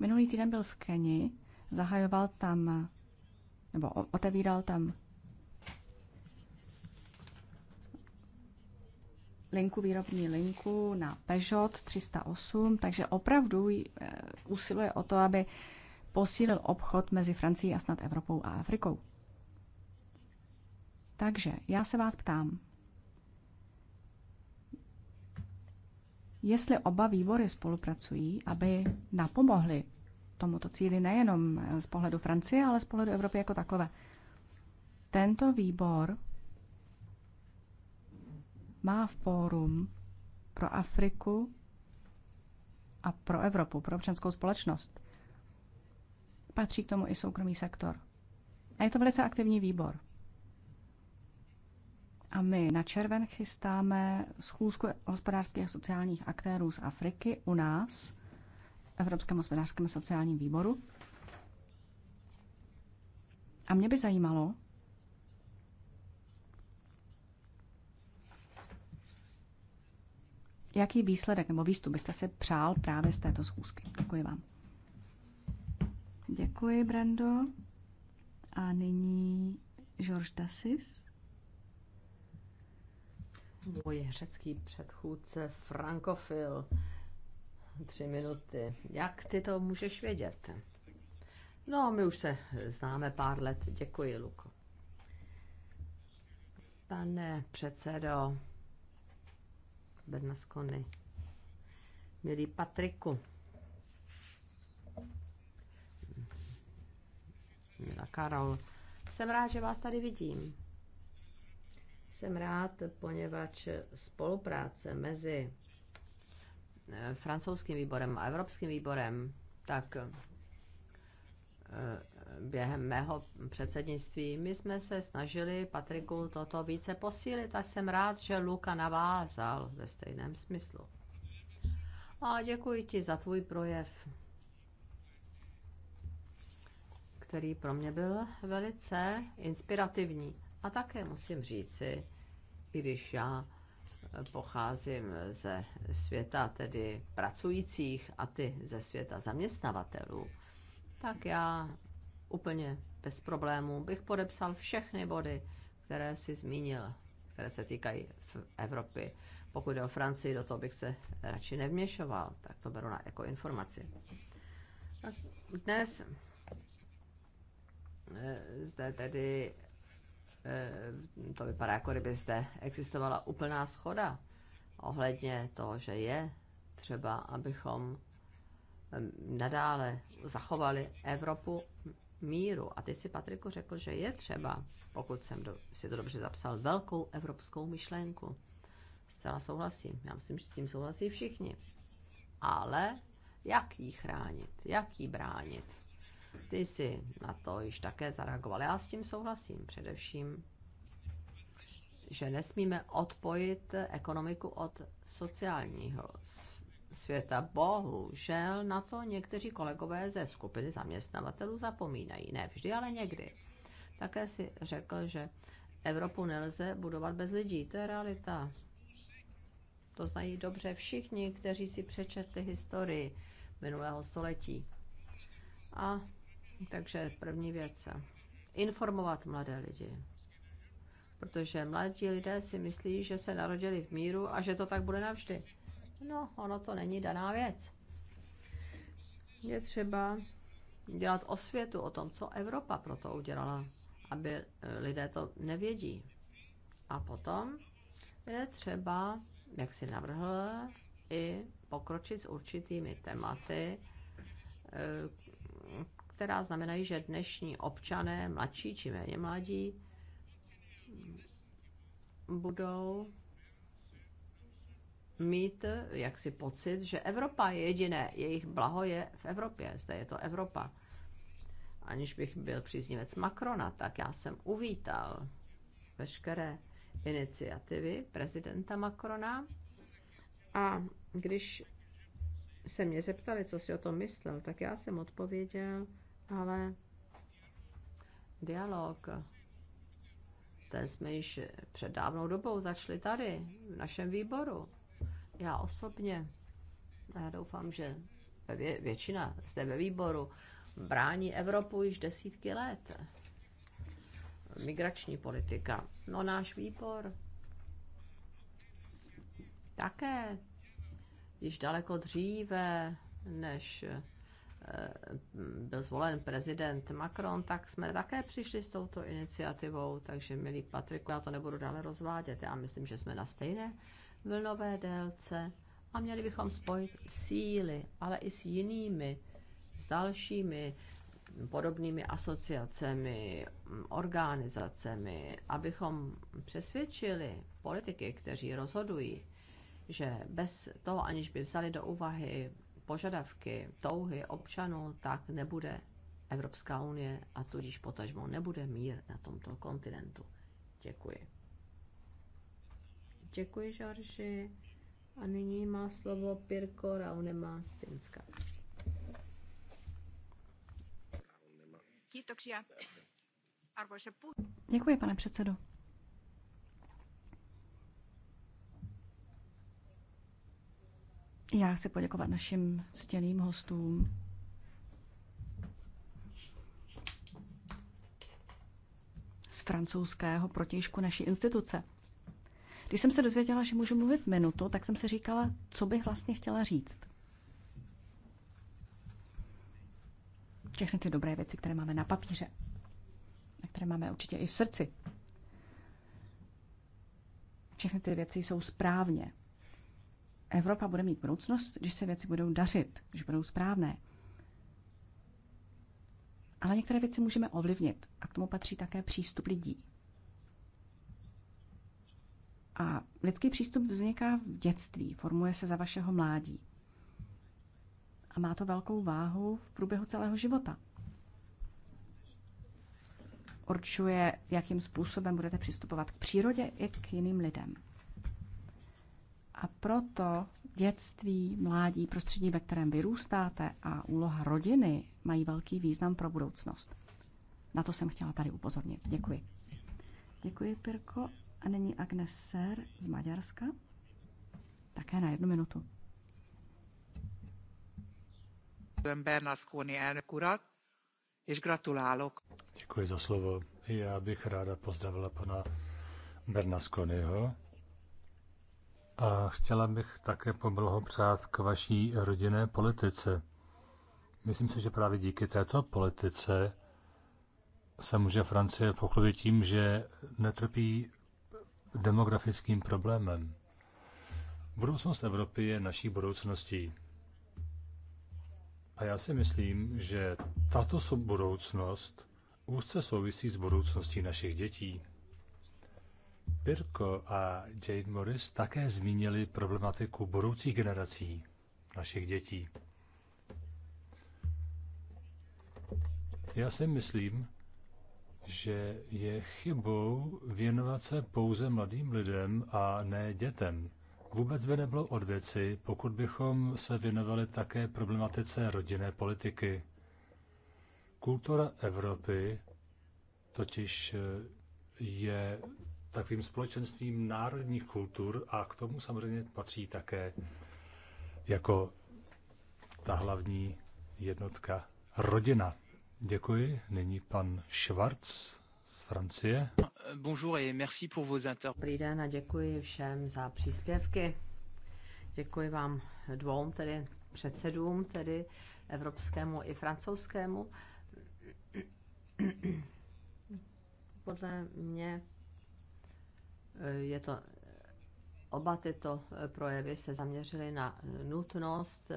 Minulý týden byl v Keni, zahajoval tam, nebo otevíral tam linku, výrobní linku na Peugeot 308, takže opravdu eh, usiluje o to, aby posílil obchod mezi Francií a snad Evropou a Afrikou. Takže já se vás ptám, jestli oba výbory spolupracují, aby napomohli tomuto cíli nejenom z pohledu Francie, ale z pohledu Evropy jako takové. Tento výbor má fórum pro Afriku a pro Evropu, pro občanskou společnost. Patří k tomu i soukromý sektor. A je to velice aktivní výbor. A my na červen chystáme schůzku hospodářských a sociálních aktérů z Afriky u nás, v Evropském hospodářském a sociálním výboru. A mě by zajímalo, Jaký výsledek nebo výstup byste si přál právě z této schůzky? Děkuji vám. Děkuji, Brando. A nyní George Dasis. Můj řecký předchůdce Frankofil. Tři minuty. Jak ty to můžeš vědět? No, my už se známe pár let. Děkuji, Luko. Pane předsedo, Bernasconi. Milý Patriku. Milá Karol. Jsem rád, že vás tady vidím. Jsem rád, poněvadž spolupráce mezi eh, francouzským výborem a evropským výborem, tak eh, během mého předsednictví. My jsme se snažili Patriku toto více posílit a jsem rád, že Luka navázal ve stejném smyslu. A děkuji ti za tvůj projev, který pro mě byl velice inspirativní. A také musím říci, i když já pocházím ze světa tedy pracujících a ty ze světa zaměstnavatelů, tak já úplně bez problémů bych podepsal všechny body, které si zmínil, které se týkají v Evropy. Pokud jde o Francii, do toho bych se radši nevměšoval, tak to beru na, jako informaci. Tak dnes eh, zde tedy eh, to vypadá, jako kdyby zde existovala úplná schoda ohledně toho, že je třeba, abychom eh, nadále zachovali Evropu míru. A ty si, Patriku, řekl, že je třeba, pokud jsem do, si to dobře zapsal, velkou evropskou myšlenku. Zcela souhlasím. Já myslím, že s tím souhlasí všichni. Ale jak ji chránit? Jak ji bránit? Ty jsi na to již také zareagoval. Já s tím souhlasím. Především, že nesmíme odpojit ekonomiku od sociálního světa. Bohu, že na to někteří kolegové ze skupiny zaměstnavatelů zapomínají. Ne vždy, ale někdy. Také si řekl, že Evropu nelze budovat bez lidí. To je realita. To znají dobře všichni, kteří si přečetli historii minulého století. A takže první věc. Informovat mladé lidi. Protože mladí lidé si myslí, že se narodili v míru a že to tak bude navždy. No, ono to není daná věc. Je třeba dělat osvětu o tom, co Evropa pro to udělala, aby eh, lidé to nevědí. A potom je třeba, jak si navrhl, i pokročit s určitými tématy, eh, která znamenají, že dnešní občané, mladší či méně mladí, budou mít eh, jaksi pocit, že Evropa je jediné, jejich blaho je v Evropě, zde je to Evropa. Aniž bych byl příznivec Macrona, tak já jsem uvítal veškeré iniciativy prezidenta Macrona a když se mě zeptali, co si o tom myslel, tak já jsem odpověděl, ale dialog, ten jsme již před dávnou dobou začali tady, v našem výboru. Já osobně, já doufám, že vě, většina zde ve výboru brání Evropu již desítky let. Migrační politika. No náš výbor také již daleko dříve, než eh, byl zvolen prezident Macron, tak jsme také přišli s touto iniciativou, takže milý Patriku, já to nebudu dále rozvádět. Já myslím, že jsme na stejné vlnové délce a měli bychom spojit síly, ale i s jinými, s dalšími podobnými asociacemi, organizacemi, abychom přesvědčili politiky, kteří rozhodují, že bez toho, aniž by vzali do úvahy požadavky, touhy občanů, tak nebude Evropská unie a tudíž potažmo nebude mír na tomto kontinentu. Děkuji. Děkuji, Žorži. A nyní má slovo Pirko Raunema z Finska. Děkuji, pane předsedo. Já chci poděkovat našim stěným hostům. Z francouzského protižku naší instituce – když jsem se dozvěděla, že můžu mluvit minutu, tak jsem se říkala, co bych vlastně chtěla říct. Všechny ty dobré věci, které máme na papíře, a které máme určitě i v srdci. Všechny ty věci jsou správně. Evropa bude mít budoucnost, když se věci budou dařit, když budou správné. Ale některé věci můžeme ovlivnit a k tomu patří také přístup lidí. A lidský přístup vzniká v dětství, formuje se za vašeho mládí. A má to velkou váhu v průběhu celého života. Určuje, jakým způsobem budete přistupovat k přírodě i k jiným lidem. A proto dětství, mládí, prostředí, ve kterém vyrůstáte a úloha rodiny mají velký význam pro budoucnost. Na to jsem chtěla tady upozornit. Děkuji. Děkuji, Pirko. A není Agnes Ser z Maďarska. Také na jednu minutu. Děkuji za slovo. Já bych ráda pozdravila pana Bernasconiho a chtěla bych také poblahopřát k vaší rodinné politice. Myslím si, že právě díky této politice se může Francie pochlubit tím, že netrpí demografickým problémem. Budoucnost Evropy je naší budoucností. A já si myslím, že tato budoucnost úzce souvisí s budoucností našich dětí. Pirko a Jane Morris také zmínili problematiku budoucích generací našich dětí. Já si myslím, že je chybou věnovat se pouze mladým lidem a ne dětem. Vůbec by nebylo od věci, pokud bychom se věnovali také problematice rodinné politiky. Kultura Evropy totiž eh, je takovým společenstvím národních kultur a k tomu samozřejmě patří také jako ta hlavní jednotka rodina. Děkuji. Nyní pan Schwarz z Francie. Bonjour et merci pour vos inter... Dobrý den a děkuji všem za příspěvky. Děkuji vám dvou, tedy předsedům, tedy evropskému i francouzskému. Podle mě eh, je to eh, Oba tyto eh, projevy se zaměřily na nutnost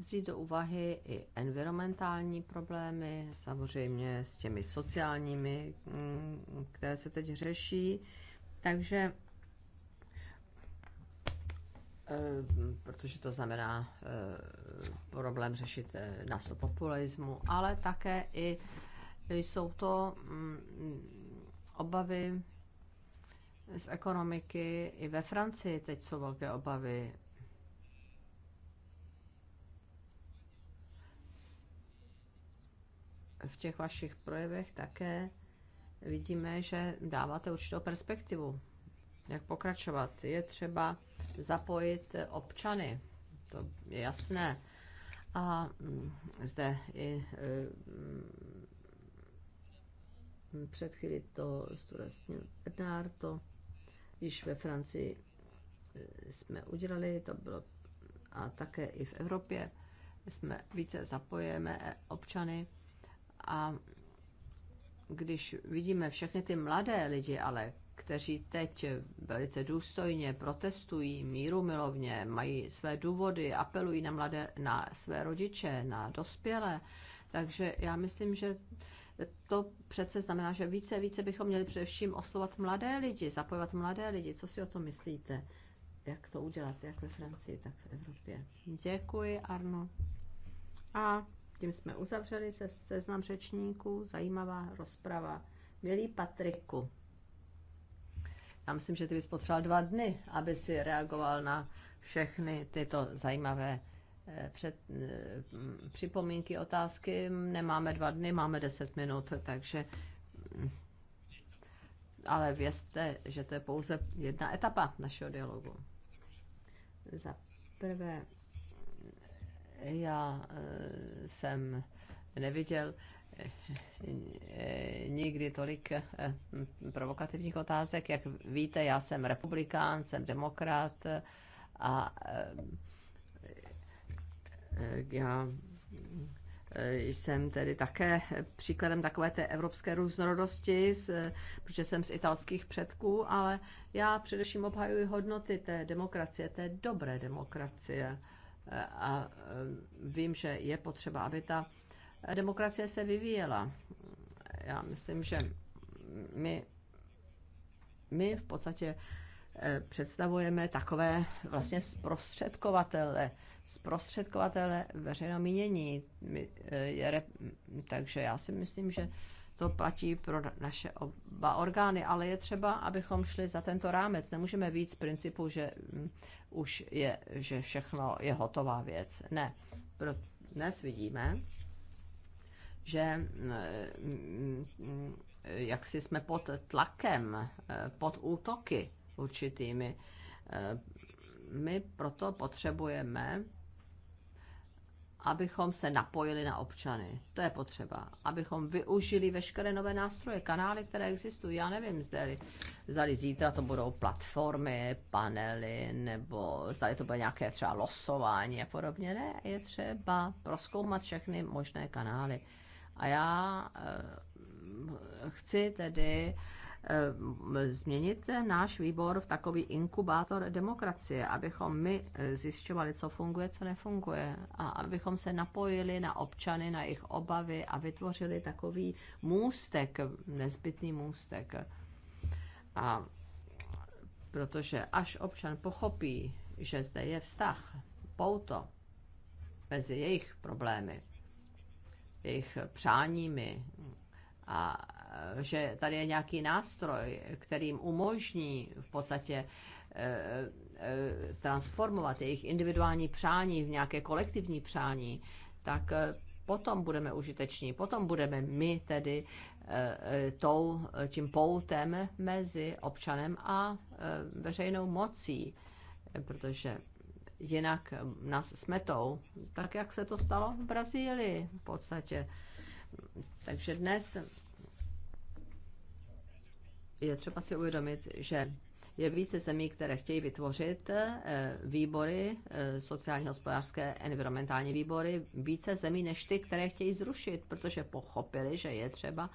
vzít do úvahy i environmentální problémy, samozřejmě s těmi sociálními, mm, které se teď řeší. Takže eh, protože to znamená eh, problém řešit eh, na populismu, ale také i jsou to mm, obavy z ekonomiky. I ve Francii teď jsou velké obavy v těch vašich projevech také vidíme, že dáváte určitou perspektivu, jak pokračovat. Je třeba zapojit občany, to je jasné. A mm, zde i mm, před chvíli to zdůraznil Bernard, to již ve Francii e, jsme udělali, to bylo a také i v Evropě jsme více zapojeme občany a když vidíme všechny ty mladé lidi, ale kteří teď velice důstojně protestují, míru milovně, mají své důvody, apelují na, mladé, na své rodiče, na dospělé. Takže já myslím, že to přece znamená, že více a více bychom měli především oslovat mladé lidi, zapojovat mladé lidi. Co si o tom myslíte? Jak to udělat, jak ve Francii, tak v Evropě? Děkuji, Arno. A tím jsme uzavřeli se seznam řečníků. Zajímavá rozprava. Milý Patriku, já myslím, že ty bys potřeboval dva dny, aby si reagoval na všechny tyto zajímavé eh, před, eh, připomínky, otázky. Nemáme dva dny, máme deset minut, takže mm, ale vězte, že to je pouze jedna etapa našeho dialogu. Za prvé já eh, jsem neviděl eh, nikdy tolik eh, provokativních otázek. Jak víte, já jsem republikán, jsem demokrat a já jsem tedy také příkladem takové té evropské různorodosti, protože jsem z italských předků, ale já především obhajuji hodnoty té demokracie, té dobré demokracie a e, vím, že je potřeba, aby ta demokracie se vyvíjela. Já myslím, že my, my v podstatě e, představujeme takové vlastně zprostředkovatele, zprostředkovatele veřejného mínění. E, takže já si myslím, že to platí pro naše oba orgány, ale je třeba, abychom šli za tento rámec. Nemůžeme víc z principu, že mm, už je, že všechno je hotová věc. Ne. Pro dnes vidíme, že mm, mm, jak si jsme pod tlakem, eh, pod útoky určitými. Eh, my proto potřebujeme abychom se napojili na občany. To je potřeba. Abychom využili veškeré nové nástroje, kanály, které existují. Já nevím, zdali, zdali zítra to budou platformy, panely, nebo zdali to bude nějaké třeba losování a podobně. Ne, je třeba proskoumat všechny možné kanály. A já eh, chci tedy Eh, změnit náš výbor v takový inkubátor demokracie, abychom my eh, zjišťovali, co funguje, co nefunguje a abychom se napojili na občany, na jejich obavy a vytvořili takový můstek, nezbytný můstek. A protože až občan pochopí, že zde je vztah, pouto mezi jejich problémy, jejich přáními a že tady je nějaký nástroj, kterým umožní v podstatě eh, eh, transformovat jejich individuální přání v nějaké kolektivní přání, tak eh, potom budeme užiteční, potom budeme my tedy tou, tím poutem mezi občanem a veřejnou mocí, protože jinak nás smetou, tak jak se to stalo v Brazílii v podstatě. Takže dnes je třeba si uvědomit, že je více zemí, které chtějí vytvořit eh, výbory, eh, sociálně, hospodářské, environmentální výbory, více zemí než ty, které chtějí zrušit, protože pochopili, že je třeba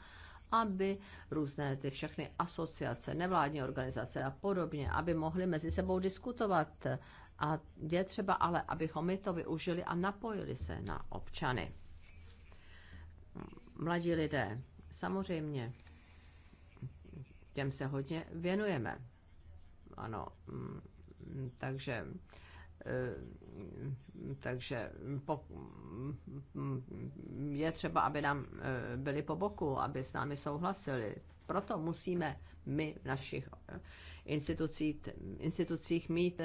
aby různé ty všechny asociace, nevládní organizace a podobně, aby mohly mezi sebou diskutovat. A je třeba ale, abychom my to využili a napojili se na občany. Mladí lidé, samozřejmě, těm se hodně věnujeme. Ano, mm, takže eh, takže mm, je třeba, aby nám eh, byli po boku, aby s námi souhlasili. Proto musíme my v našich eh, institucích, institucích mít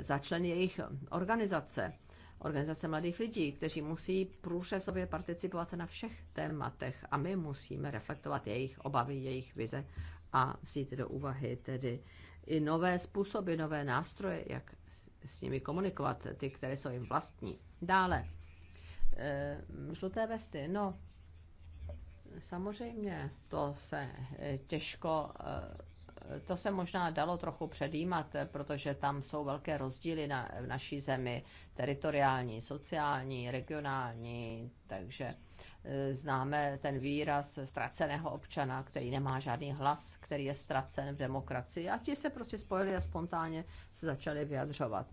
začlen jejich organizace organizace mladých lidí, kteří musí průřezově participovat na všech tématech a my musíme reflektovat jejich obavy, jejich vize a vzít do úvahy tedy i nové způsoby, nové nástroje, jak s nimi komunikovat, ty, které jsou jim vlastní. Dále, e, žluté vesty, no, samozřejmě, to se eh, těžko eh, to se možná dalo trochu předjímat, protože tam jsou velké rozdíly na, v naší zemi, teritoriální, sociální, regionální, takže e, známe ten výraz ztraceného občana, který nemá žádný hlas, který je ztracen v demokracii a ti se prostě spojili a spontánně se začali vyjadřovat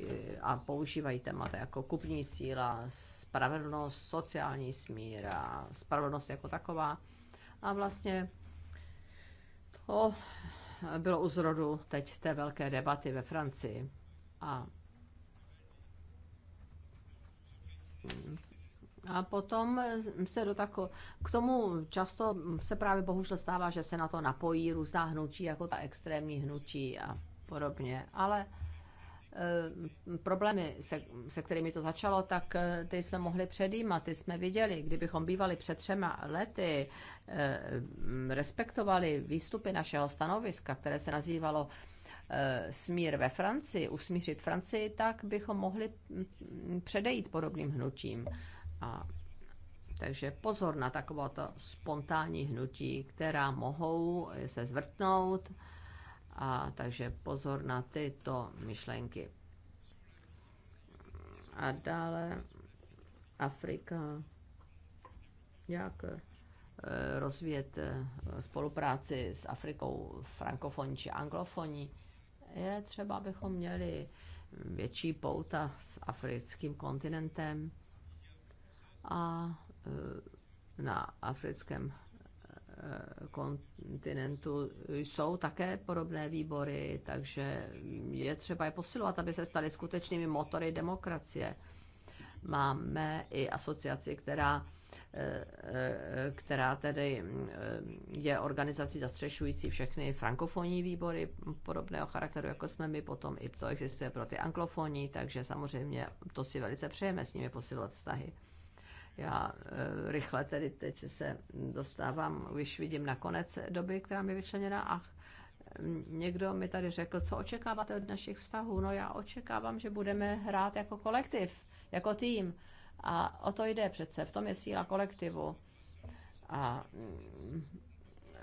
e, a používají témata jako kupní síla, spravedlnost, sociální smír a spravedlnost jako taková a vlastně to bylo u zrodu teď té velké debaty ve Francii. A, a potom se do tako, k tomu často se právě bohužel stává, že se na to napojí různá hnutí, jako ta extrémní hnutí a podobně. Ale Eh, problémy, se, se kterými to začalo, tak eh, ty jsme mohli předjímat, ty jsme viděli. Kdybychom bývali před třema lety, eh, respektovali výstupy našeho stanoviska, které se nazývalo smír ve Francii, usmířit Francii, tak bychom mohli předejít podobným hnutím. A takže pozor na takovéto spontánní hnutí, která mohou se zvrtnout a takže pozor na tyto myšlenky. A dále Afrika. Jak eh, rozvíjet eh, spolupráci s Afrikou frankofonní či anglofonní? Je třeba, abychom měli větší pouta s africkým kontinentem a eh, na africkém kontinentu jsou také podobné výbory, takže je třeba je posilovat, aby se staly skutečnými motory demokracie. Máme i asociaci, která, eh, eh, která tedy eh, je organizací zastřešující všechny frankofonní výbory podobného charakteru, jako jsme my, potom i to existuje pro ty anglofonní, takže samozřejmě to si velice přejeme s nimi posilovat vztahy. Já e, rychle tedy teď se dostávám, když vidím na konec doby, která mi vyčleněna a někdo mi tady řekl, co očekáváte od našich vztahů. No já očekávám, že budeme hrát jako kolektiv, jako tým. A o to jde přece, v tom je síla kolektivu. A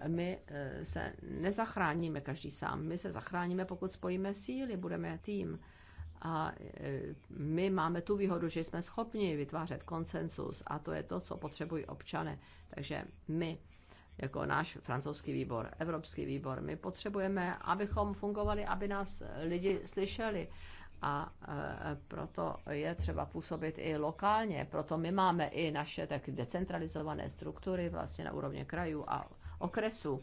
my e, se nezachráníme každý sám, my se zachráníme, pokud spojíme síly, budeme tým. A e, my máme tu výhodu, že jsme schopni vytvářet konsensus a to je to, co potřebují občané. Takže my, jako náš francouzský výbor, evropský výbor, my potřebujeme, abychom fungovali, aby nás lidi slyšeli. A e, proto je třeba působit i lokálně. Proto my máme i naše tak decentralizované struktury vlastně na úrovni krajů a okresů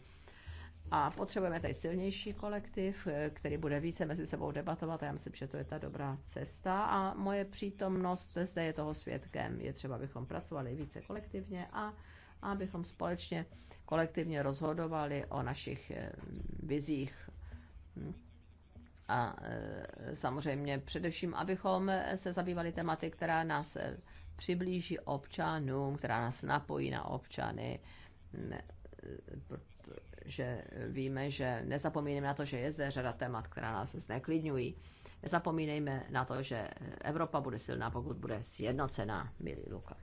a potřebujeme tady silnější kolektiv, eh, který bude více mezi sebou debatovat a já myslím, že to je ta dobrá cesta. A moje přítomnost zde je toho svědkem. Je třeba, abychom pracovali více kolektivně a abychom společně kolektivně rozhodovali o našich eh, vizích a eh, samozřejmě především, abychom se zabývali tématy, která nás přiblíží občanům, která nás napojí na občany, že víme, že nezapomínejme na to, že je zde řada témat, která nás zneklidňují. Nezapomínejme na to, že Evropa bude silná, pokud bude sjednocená, milý Luka.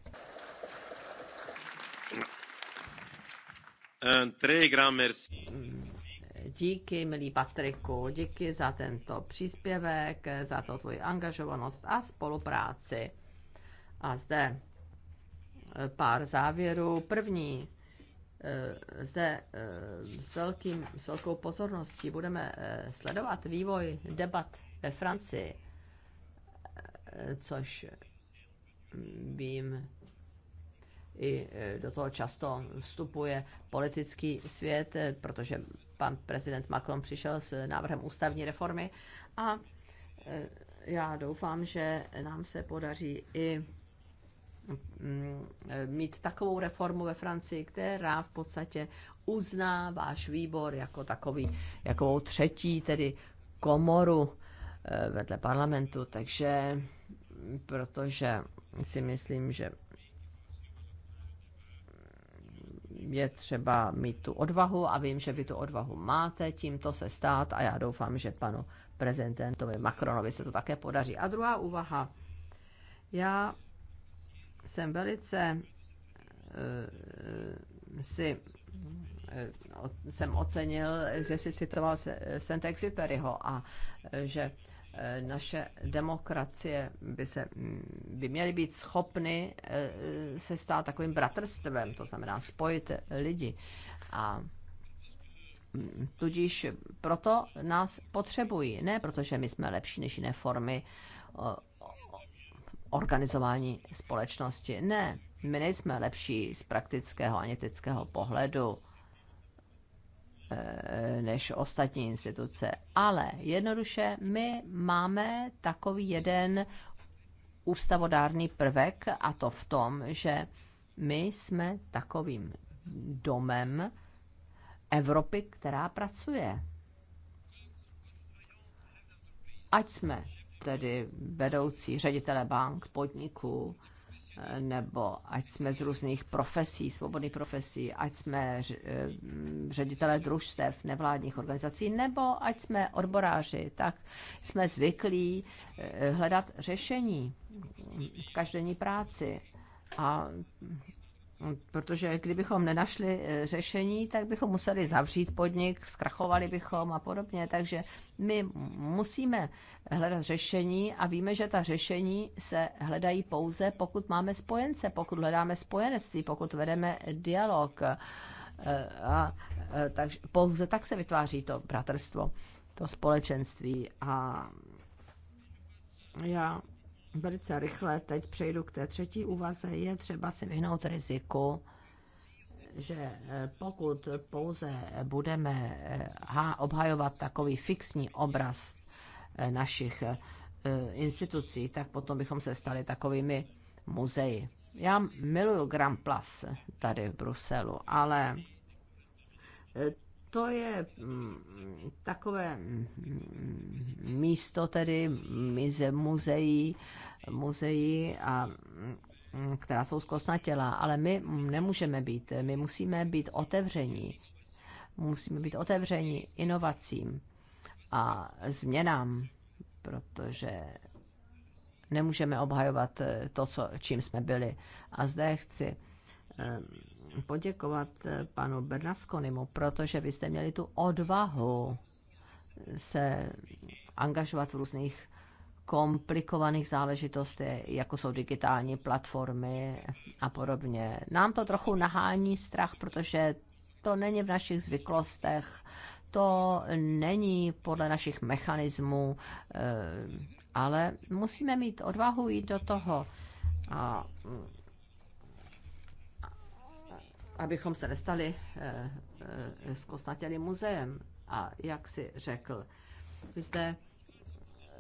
Eh, mm, díky, milý Patriku, díky za tento příspěvek, za to tvoji angažovanost a spolupráci. A zde eh, pár závěrů. První, Eh, zde eh, s, velkým, s velkou pozorností budeme eh, sledovat vývoj debat ve Francii, což mm, vím, i do toho často vstupuje politický svět, protože pan prezident Macron přišel s návrhem ústavní reformy a já doufám, že nám se podaří i Mm, mít takovou reformu ve Francii, která v podstatě uzná váš výbor jako takový, jako třetí tedy komoru eh, vedle parlamentu, takže protože si myslím, že je třeba mít tu odvahu a vím, že vy tu odvahu máte tímto se stát a já doufám, že panu prezidentovi Macronovi se to také podaří. A druhá úvaha. Já jsem velice eh, eh, si eh, jsem ocenil, že si citoval Saint-Exupéryho a že naše demokracie by, se, mm, by měly být schopny se stát takovým bratrstvem, to znamená spojit lidi. A mm, tudíž proto nás potřebují. Ne protože my jsme lepší než jiné formy organizování společnosti. Ne, my nejsme lepší z praktického ani etického pohledu eh, než ostatní instituce. Ale jednoduše my máme takový jeden ústavodárný prvek a to v tom, že my jsme takovým domem Evropy, která pracuje. Ať jsme tedy vedoucí ředitele bank, podniků, eh, nebo ať jsme z různých profesí, svobodných profesí, ať jsme eh, ředitele družstev, nevládních organizací, nebo ať jsme odboráři, tak jsme zvyklí eh, hledat řešení v každodenní práci. A protože kdybychom nenašli eh, řešení, tak bychom museli zavřít podnik, zkrachovali bychom a podobně. Takže my musíme hledat řešení a víme, že ta řešení se hledají pouze, pokud máme spojence, pokud hledáme spojenectví, pokud vedeme dialog. Eh, a, eh, takže pouze tak se vytváří to bratrstvo, to společenství. A já velice rychle teď přejdu k té třetí úvaze, je třeba si vyhnout riziku, že eh, pokud pouze budeme eh, obhajovat takový fixní obraz eh, našich institucí, tak potom bychom se stali takovými muzeji. Já miluju Grand Place tady v Bruselu, ale to je mm, takové mm, místo tedy mize muzeí, muzeí a mm, která jsou těla, ale my nemůžeme být, my musíme být otevření, musíme být otevření inovacím a změnám, protože nemůžeme obhajovat to, co, čím jsme byli. A zde chci eh, poděkovat eh, panu Bernasconimu, protože vy jste měli tu odvahu se angažovat v různých komplikovaných záležitostech, jako jsou digitální platformy a podobně. Nám to trochu nahání strach, protože to není v našich zvyklostech, to není podle našich mechanismů, eh, ale musíme mít odvahu jít do toho. A mm, abychom se nestali eh, eh, zkostnatělým muzeem. A jak si řekl, zde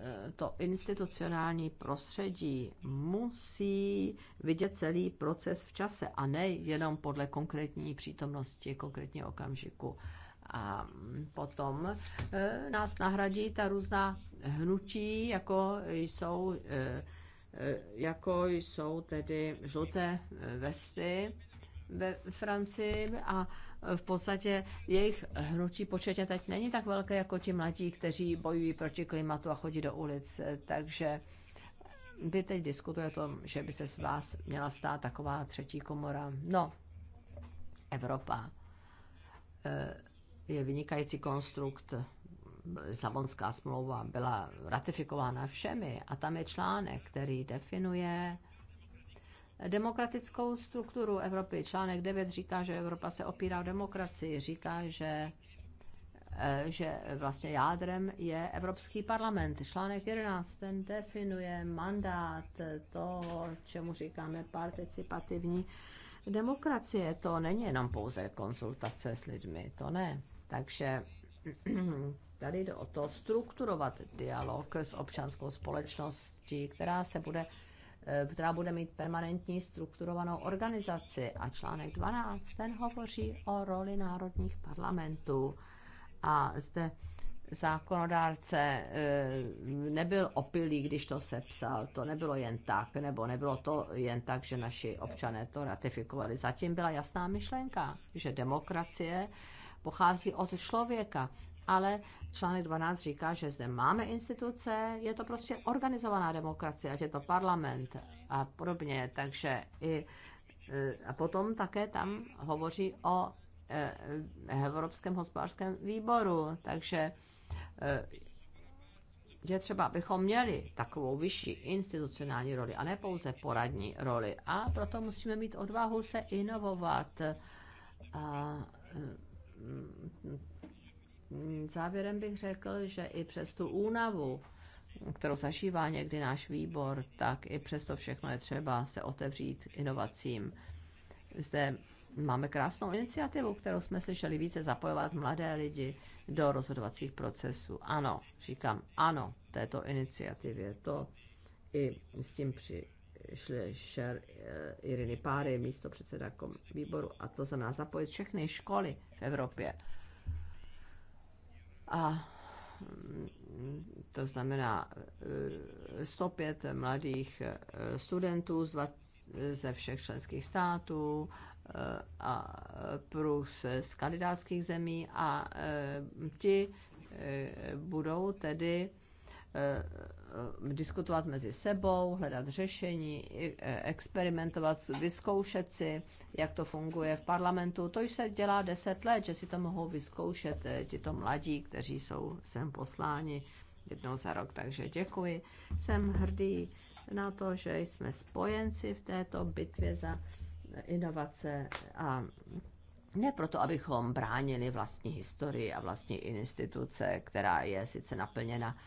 eh, to institucionální prostředí musí vidět celý proces v čase a ne jenom podle konkrétní přítomnosti, konkrétního okamžiku. A potom nás nahradí ta různá hnutí, jako jsou, jako jsou tedy žluté vesty, ve Francii a v podstatě jejich hnutí početně teď není tak velké jako ti mladí, kteří bojují proti klimatu a chodí do ulic. Takže vy teď diskutujete o tom, že by se z vás měla stát taková třetí komora. No, Evropa eh, je vynikající konstrukt. Lisabonská smlouva byla ratifikována všemi a tam je článek, který definuje demokratickou strukturu Evropy. Článek 9 říká, že Evropa se opírá o demokracii, říká, že eh, že vlastně jádrem je Evropský parlament. Článek 11, ten definuje mandát toho, čemu říkáme participativní demokracie. To není jenom pouze konzultace s lidmi, to ne. Takže tady jde o to strukturovat dialog s občanskou společností, která se bude Eh, která bude mít permanentní strukturovanou organizaci. A článek 12, ten hovoří o roli národních parlamentů. A zde zákonodárce eh, nebyl opilý, když to sepsal. To nebylo jen tak, nebo nebylo to jen tak, že naši občané to ratifikovali. Zatím byla jasná myšlenka, že demokracie pochází od člověka ale článek 12 říká, že zde máme instituce, je to prostě organizovaná demokracie, ať je to parlament a podobně, takže i eh, a potom také tam hovoří o eh, Evropském hospodářském výboru, takže eh, je třeba, abychom měli takovou vyšší institucionální roli a ne pouze poradní roli. A proto musíme mít odvahu se inovovat. A, mm, Mm, závěrem bych řekl, že i přes tu únavu, kterou zažívá někdy náš výbor, tak i přes to všechno je třeba se otevřít inovacím. Zde máme krásnou iniciativu, kterou jsme slyšeli více zapojovat mladé lidi do rozhodovacích procesů. Ano, říkám ano této iniciativě. To i s tím přišli šer eh, Iriny Páry, místo předseda výboru, a to za nás zapojit všechny školy v Evropě. A mm, to znamená 105 eh, mladých eh, studentů z 20, ze všech členských států eh, a plus z kandidátských zemí a ti budou tedy Eh, diskutovat mezi sebou, hledat řešení, eh, experimentovat, vyzkoušet si, jak to funguje v parlamentu. To už se dělá deset let, že si to mohou vyzkoušet eh, tito mladí, kteří jsou sem posláni jednou za rok. Takže děkuji. Jsem hrdý na to, že jsme spojenci v této bitvě za inovace a ne proto, abychom bránili vlastní historii a vlastní instituce, která je sice naplněna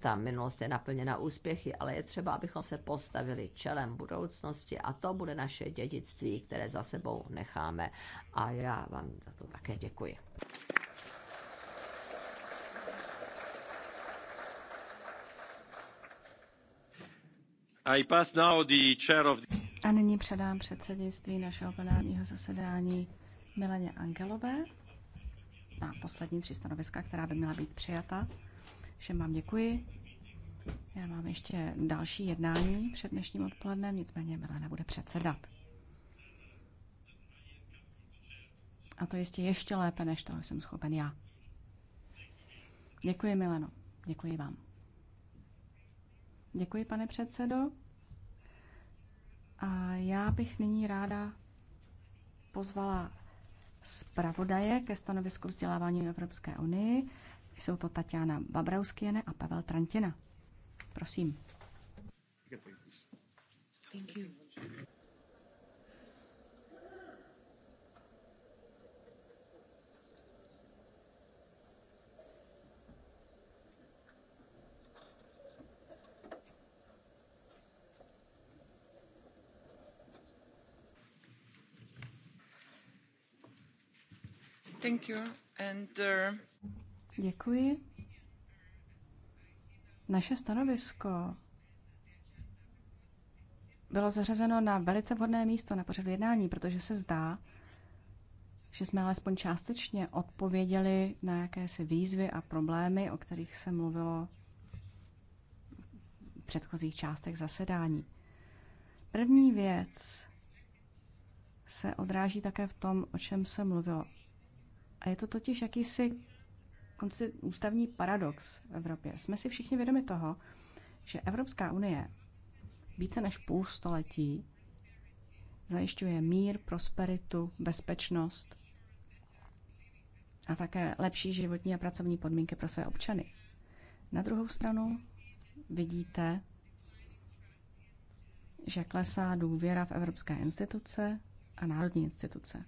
ta minulost je naplněna úspěchy, ale je třeba, abychom se postavili čelem budoucnosti a to bude naše dědictví, které za sebou necháme. A já vám za to také děkuji. I pass now the chair of A nyní předám předsednictví našeho plenárního zasedání Milaně Angelové na poslední tři stanoviska, která by měla být přijata. Všem vám děkuji. Já mám ještě další jednání před dnešním odpolednem, nicméně Milena bude předsedat. A to jistě ještě lépe, než toho jsem schopen já. Děkuji, Mileno. Děkuji vám. Děkuji, pane předsedo. A já bych nyní ráda pozvala zpravodaje ke stanovisku vzdělávání v Evropské unii. Jsou to Tatiana Babrauskiene a Pavel Trantina. Prosím. Thank you. Thank you. And, uh... Děkuji. Naše stanovisko bylo zařazeno na velice vhodné místo na pořadu jednání, protože se zdá, že jsme alespoň částečně odpověděli na jakési výzvy a problémy, o kterých se mluvilo v předchozích částech zasedání. První věc se odráží také v tom, o čem se mluvilo. A je to totiž jakýsi konci ústavní paradox v Evropě. Jsme si všichni vědomi toho, že Evropská unie více než půl století zajišťuje mír, prosperitu, bezpečnost a také lepší životní a pracovní podmínky pro své občany. Na druhou stranu vidíte, že klesá důvěra v evropské instituce a národní instituce.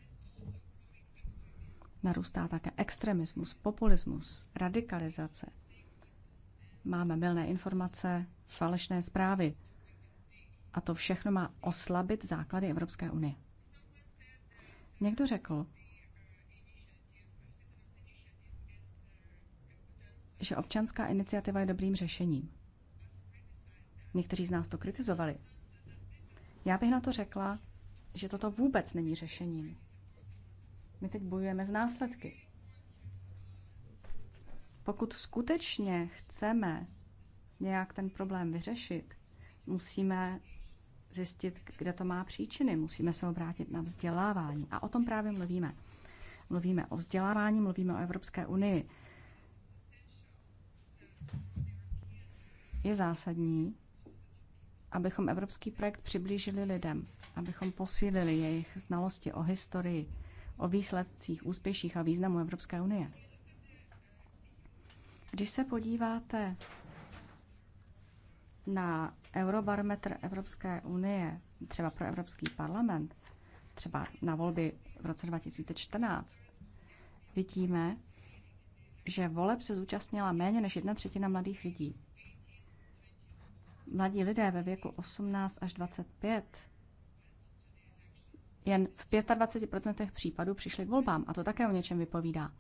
Narůstá také extremismus, populismus, radikalizace. Máme milné informace, falešné zprávy. A to všechno má oslabit základy Evropské unie. Někdo řekl, že občanská iniciativa je dobrým řešením. Někteří z nás to kritizovali. Já bych na to řekla, že toto vůbec není řešením. My teď bojujeme s následky. Pokud skutečně chceme nějak ten problém vyřešit, musíme zjistit, kde to má příčiny. Musíme se obrátit na vzdělávání. A o tom právě mluvíme. Mluvíme o vzdělávání, mluvíme o Evropské unii. Je zásadní, abychom evropský projekt přiblížili lidem, abychom posílili jejich znalosti o historii, o výsledcích, úspěších a významu Evropské unie. Když se podíváte na eurobarometr Evropské unie, třeba pro Evropský parlament, třeba na volby v roce 2014, vidíme, že voleb se zúčastnila méně než jedna třetina mladých lidí. Mladí lidé ve věku 18 až 25 jen v 25% případů přišli k volbám a to také o něčem vypovídá.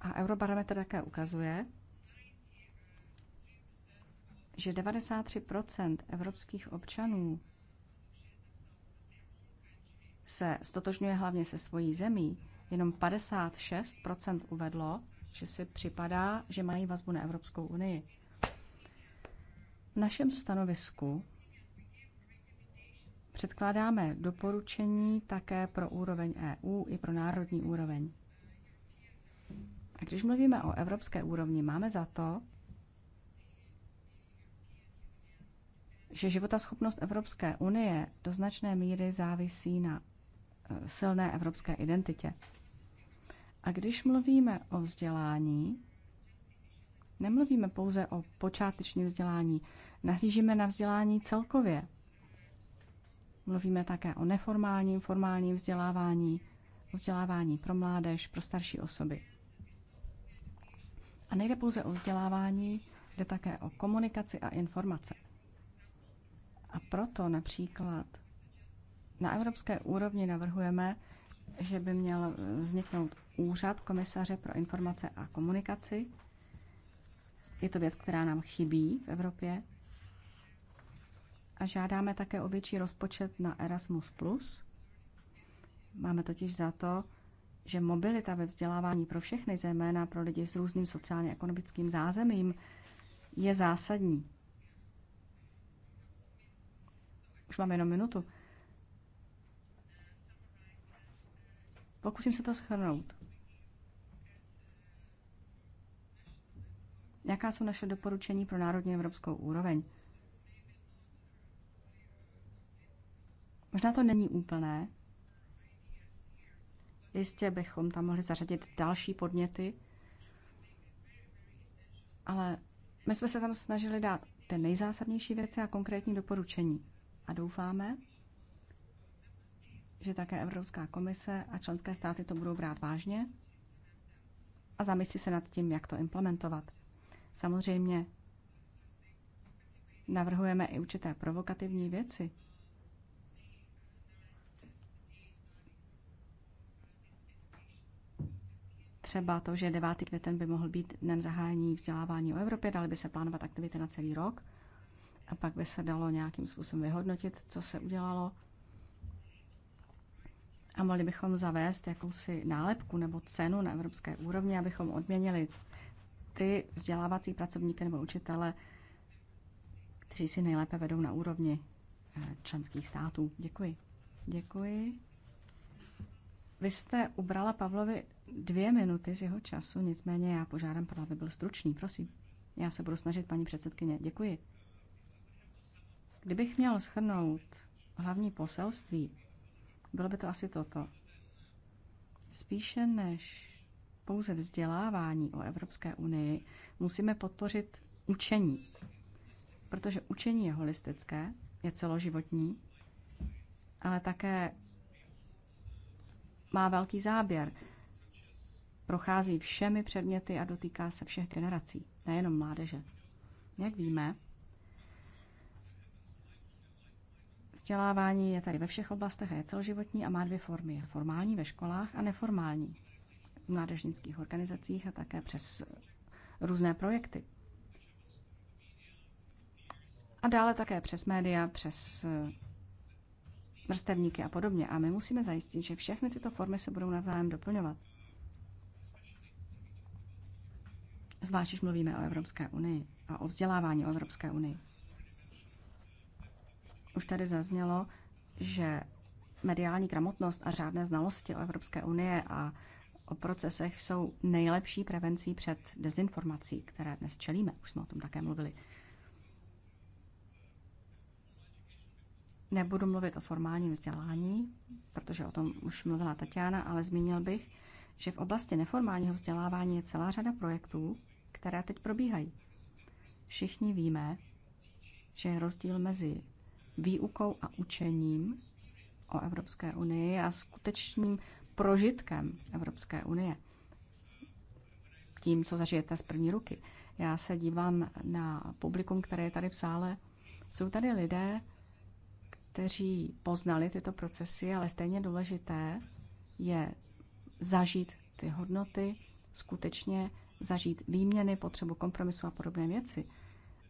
A Eurobarometr také ukazuje, že 93% evropských občanů se stotožňuje hlavně se svojí zemí, jenom 56% uvedlo, že si připadá, že mají vazbu na Evropskou unii. V našem stanovisku Předkládáme doporučení také pro úroveň EU i pro národní úroveň. A když mluvíme o evropské úrovni, máme za to, že životaschopnost Evropské unie do značné míry závisí na e, silné evropské identitě. A když mluvíme o vzdělání, nemluvíme pouze o počátečním vzdělání, nahlížíme na vzdělání celkově Mluvíme také o neformálním, formálním vzdělávání, vzdělávání pro mládež, pro starší osoby. A nejde pouze o vzdělávání, jde také o komunikaci a informace. A proto například na evropské úrovni navrhujeme, že by měl vzniknout úřad komisaře pro informace a komunikaci. Je to věc, která nám chybí v Evropě. A žádáme také o větší rozpočet na Erasmus+. Máme totiž za to, že mobilita ve vzdělávání pro všechny, zejména pro lidi s různým sociálně-ekonomickým zázemím, je zásadní. Už mám jenom minutu. Pokusím se to schrnout. Jaká jsou naše doporučení pro národní evropskou úroveň? Možná to není úplné. Jistě bychom tam mohli zařadit další podněty, ale my jsme se tam snažili dát ty nejzásadnější věci a konkrétní doporučení. A doufáme, že také Evropská komise a členské státy to budou brát vážně a zamyslí se nad tím, jak to implementovat. Samozřejmě navrhujeme i určité provokativní věci, třeba to, že 9. květen by mohl být dnem zahájení vzdělávání o Evropě, dali by se plánovat aktivity na celý rok a pak by se dalo nějakým způsobem vyhodnotit, co se udělalo. A mohli bychom zavést jakousi nálepku nebo cenu na evropské úrovni, abychom odměnili ty vzdělávací pracovníky nebo učitele, kteří si nejlépe vedou na úrovni eh, členských států. Děkuji. Děkuji. Vy jste ubrala Pavlovi dvě minuty z jeho času, nicméně já požádám, pro, aby byl stručný, prosím. Já se budu snažit, paní předsedkyně. Děkuji. Kdybych měl schrnout hlavní poselství, bylo by to asi toto. Spíše než pouze vzdělávání o Evropské unii, musíme podpořit učení. Protože učení je holistické, je celoživotní, ale také má velký záběr prochází všemi předměty a dotýká se všech generací, nejenom mládeže. Jak víme, vzdělávání je tady ve všech oblastech a je celoživotní a má dvě formy. Je formální ve školách a neformální v mládežnických organizacích a také přes různé projekty. A dále také přes média, přes eh, vrstevníky a podobně. A my musíme zajistit, že všechny tyto formy se budou navzájem doplňovat. Zvlášť, když mluvíme o Evropské unii a o vzdělávání o Evropské unii. Už tady zaznělo, že mediální gramotnost a řádné znalosti o Evropské unie a o procesech jsou nejlepší prevencí před dezinformací, které dnes čelíme. Už jsme o tom také mluvili. Nebudu mluvit o formálním vzdělání, protože o tom už mluvila Tatiana, ale zmínil bych, že v oblasti neformálního vzdělávání je celá řada projektů, které teď probíhají. Všichni víme, že je rozdíl mezi výukou a učením o Evropské unii a skutečným prožitkem Evropské unie. Tím, co zažijete z první ruky. Já se dívám na publikum, které je tady v sále. Jsou tady lidé, kteří poznali tyto procesy, ale stejně důležité je zažít ty hodnoty skutečně zažít výměny, potřebu kompromisu a podobné věci.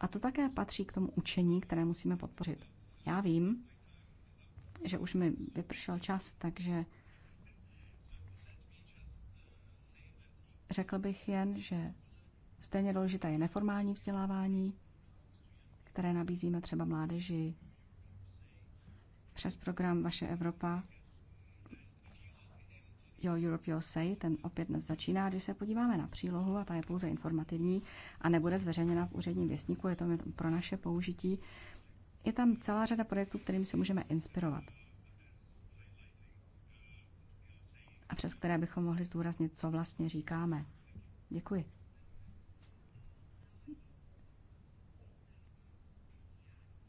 A to také patří k tomu učení, které musíme podpořit. Já vím, že už mi vypršel čas, takže řekl bych jen, že stejně důležité je neformální vzdělávání, které nabízíme třeba mládeži přes program Vaše Evropa, Your Europe Say, ten opět dnes začíná. Když se podíváme na přílohu, a ta je pouze informativní a nebude zveřejněna v úředním věstníku, je to pro naše použití, je tam celá řada projektů, kterým se můžeme inspirovat. A přes které bychom mohli zdůraznit, co vlastně říkáme. Děkuji.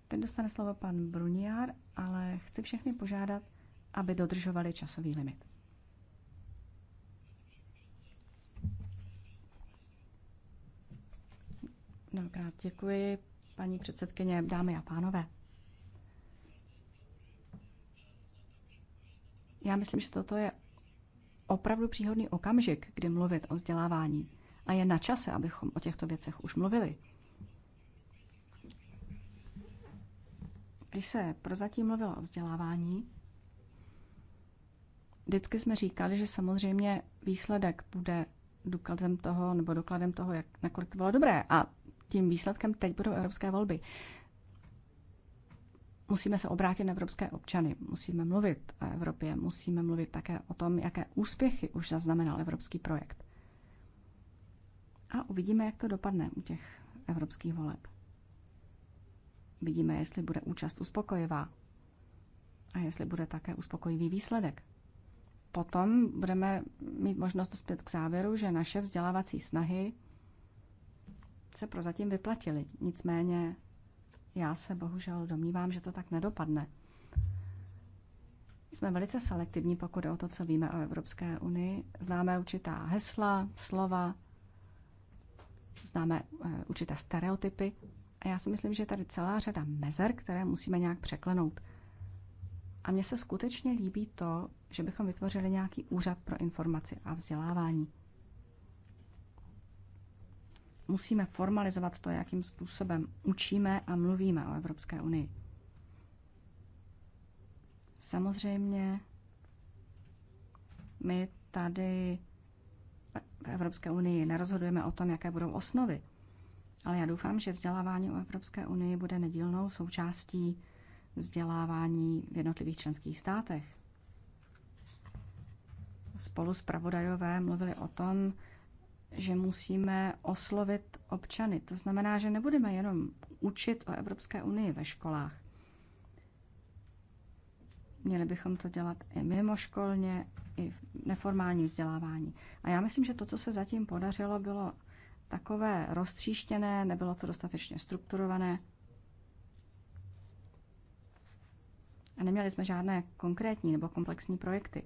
Teď dostane slovo pan Bruniar, ale chci všechny požádat, aby dodržovali časový limit. Mnohokrát děkuji, paní předsedkyně, dámy a pánové. Já myslím, že toto je opravdu příhodný okamžik, kdy mluvit o vzdělávání. A je na čase, abychom o těchto věcech už mluvili. Když se prozatím mluvilo o vzdělávání, vždycky jsme říkali, že samozřejmě výsledek bude důkazem toho, nebo dokladem toho, jak, nakolik to bylo dobré. A tím výsledkem teď budou evropské volby. Musíme se obrátit na evropské občany, musíme mluvit o Evropě, musíme mluvit také o tom, jaké úspěchy už zaznamenal evropský projekt. A uvidíme, jak to dopadne u těch evropských voleb. Vidíme, jestli bude účast uspokojivá a jestli bude také uspokojivý výsledek. Potom budeme mít možnost dospět k závěru, že naše vzdělávací snahy se prozatím vyplatily. Nicméně já se bohužel domnívám, že to tak nedopadne. Jsme velice selektivní, pokud o to, co víme o Evropské unii. Známe určitá hesla, slova, známe eh, určité stereotypy. A já si myslím, že je tady celá řada mezer, které musíme nějak překlenout. A mně se skutečně líbí to, že bychom vytvořili nějaký úřad pro informaci a vzdělávání. Musíme formalizovat to, jakým způsobem učíme a mluvíme o Evropské unii. Samozřejmě my tady v Evropské unii nerozhodujeme o tom, jaké budou osnovy, ale já doufám, že vzdělávání o Evropské unii bude nedílnou součástí vzdělávání v jednotlivých členských státech. Spolu s pravodajové mluvili o tom, že musíme oslovit občany. To znamená, že nebudeme jenom učit o Evropské unii ve školách. Měli bychom to dělat i mimoškolně, i v neformálním vzdělávání. A já myslím, že to, co se zatím podařilo, bylo takové roztříštěné, nebylo to dostatečně strukturované. A neměli jsme žádné konkrétní nebo komplexní projekty.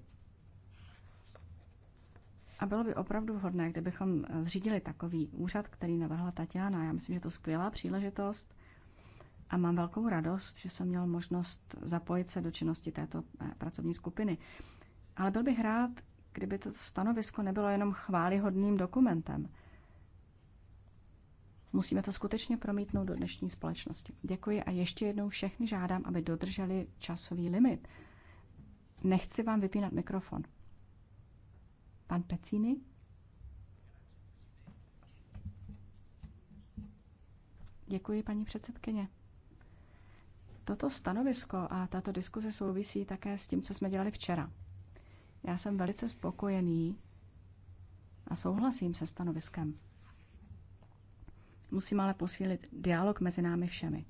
A bylo by opravdu vhodné, kdybychom eh, zřídili takový úřad, který navrhla Tatiana. Já myslím, že to je skvělá příležitost a mám velkou radost, že jsem měl možnost zapojit se do činnosti této eh, pracovní skupiny. Ale byl bych rád, kdyby to stanovisko nebylo jenom chválihodným dokumentem. Musíme to skutečně promítnout do dnešní společnosti. Děkuji a ještě jednou všechny žádám, aby dodrželi časový limit. Nechci vám vypínat mikrofon. Pan Pecini. Děkuji, paní předsedkyně. Toto stanovisko a tato diskuze souvisí také s tím, co jsme dělali včera. Já jsem velice spokojený a souhlasím se stanoviskem. Musím ale posílit dialog mezi námi všemi.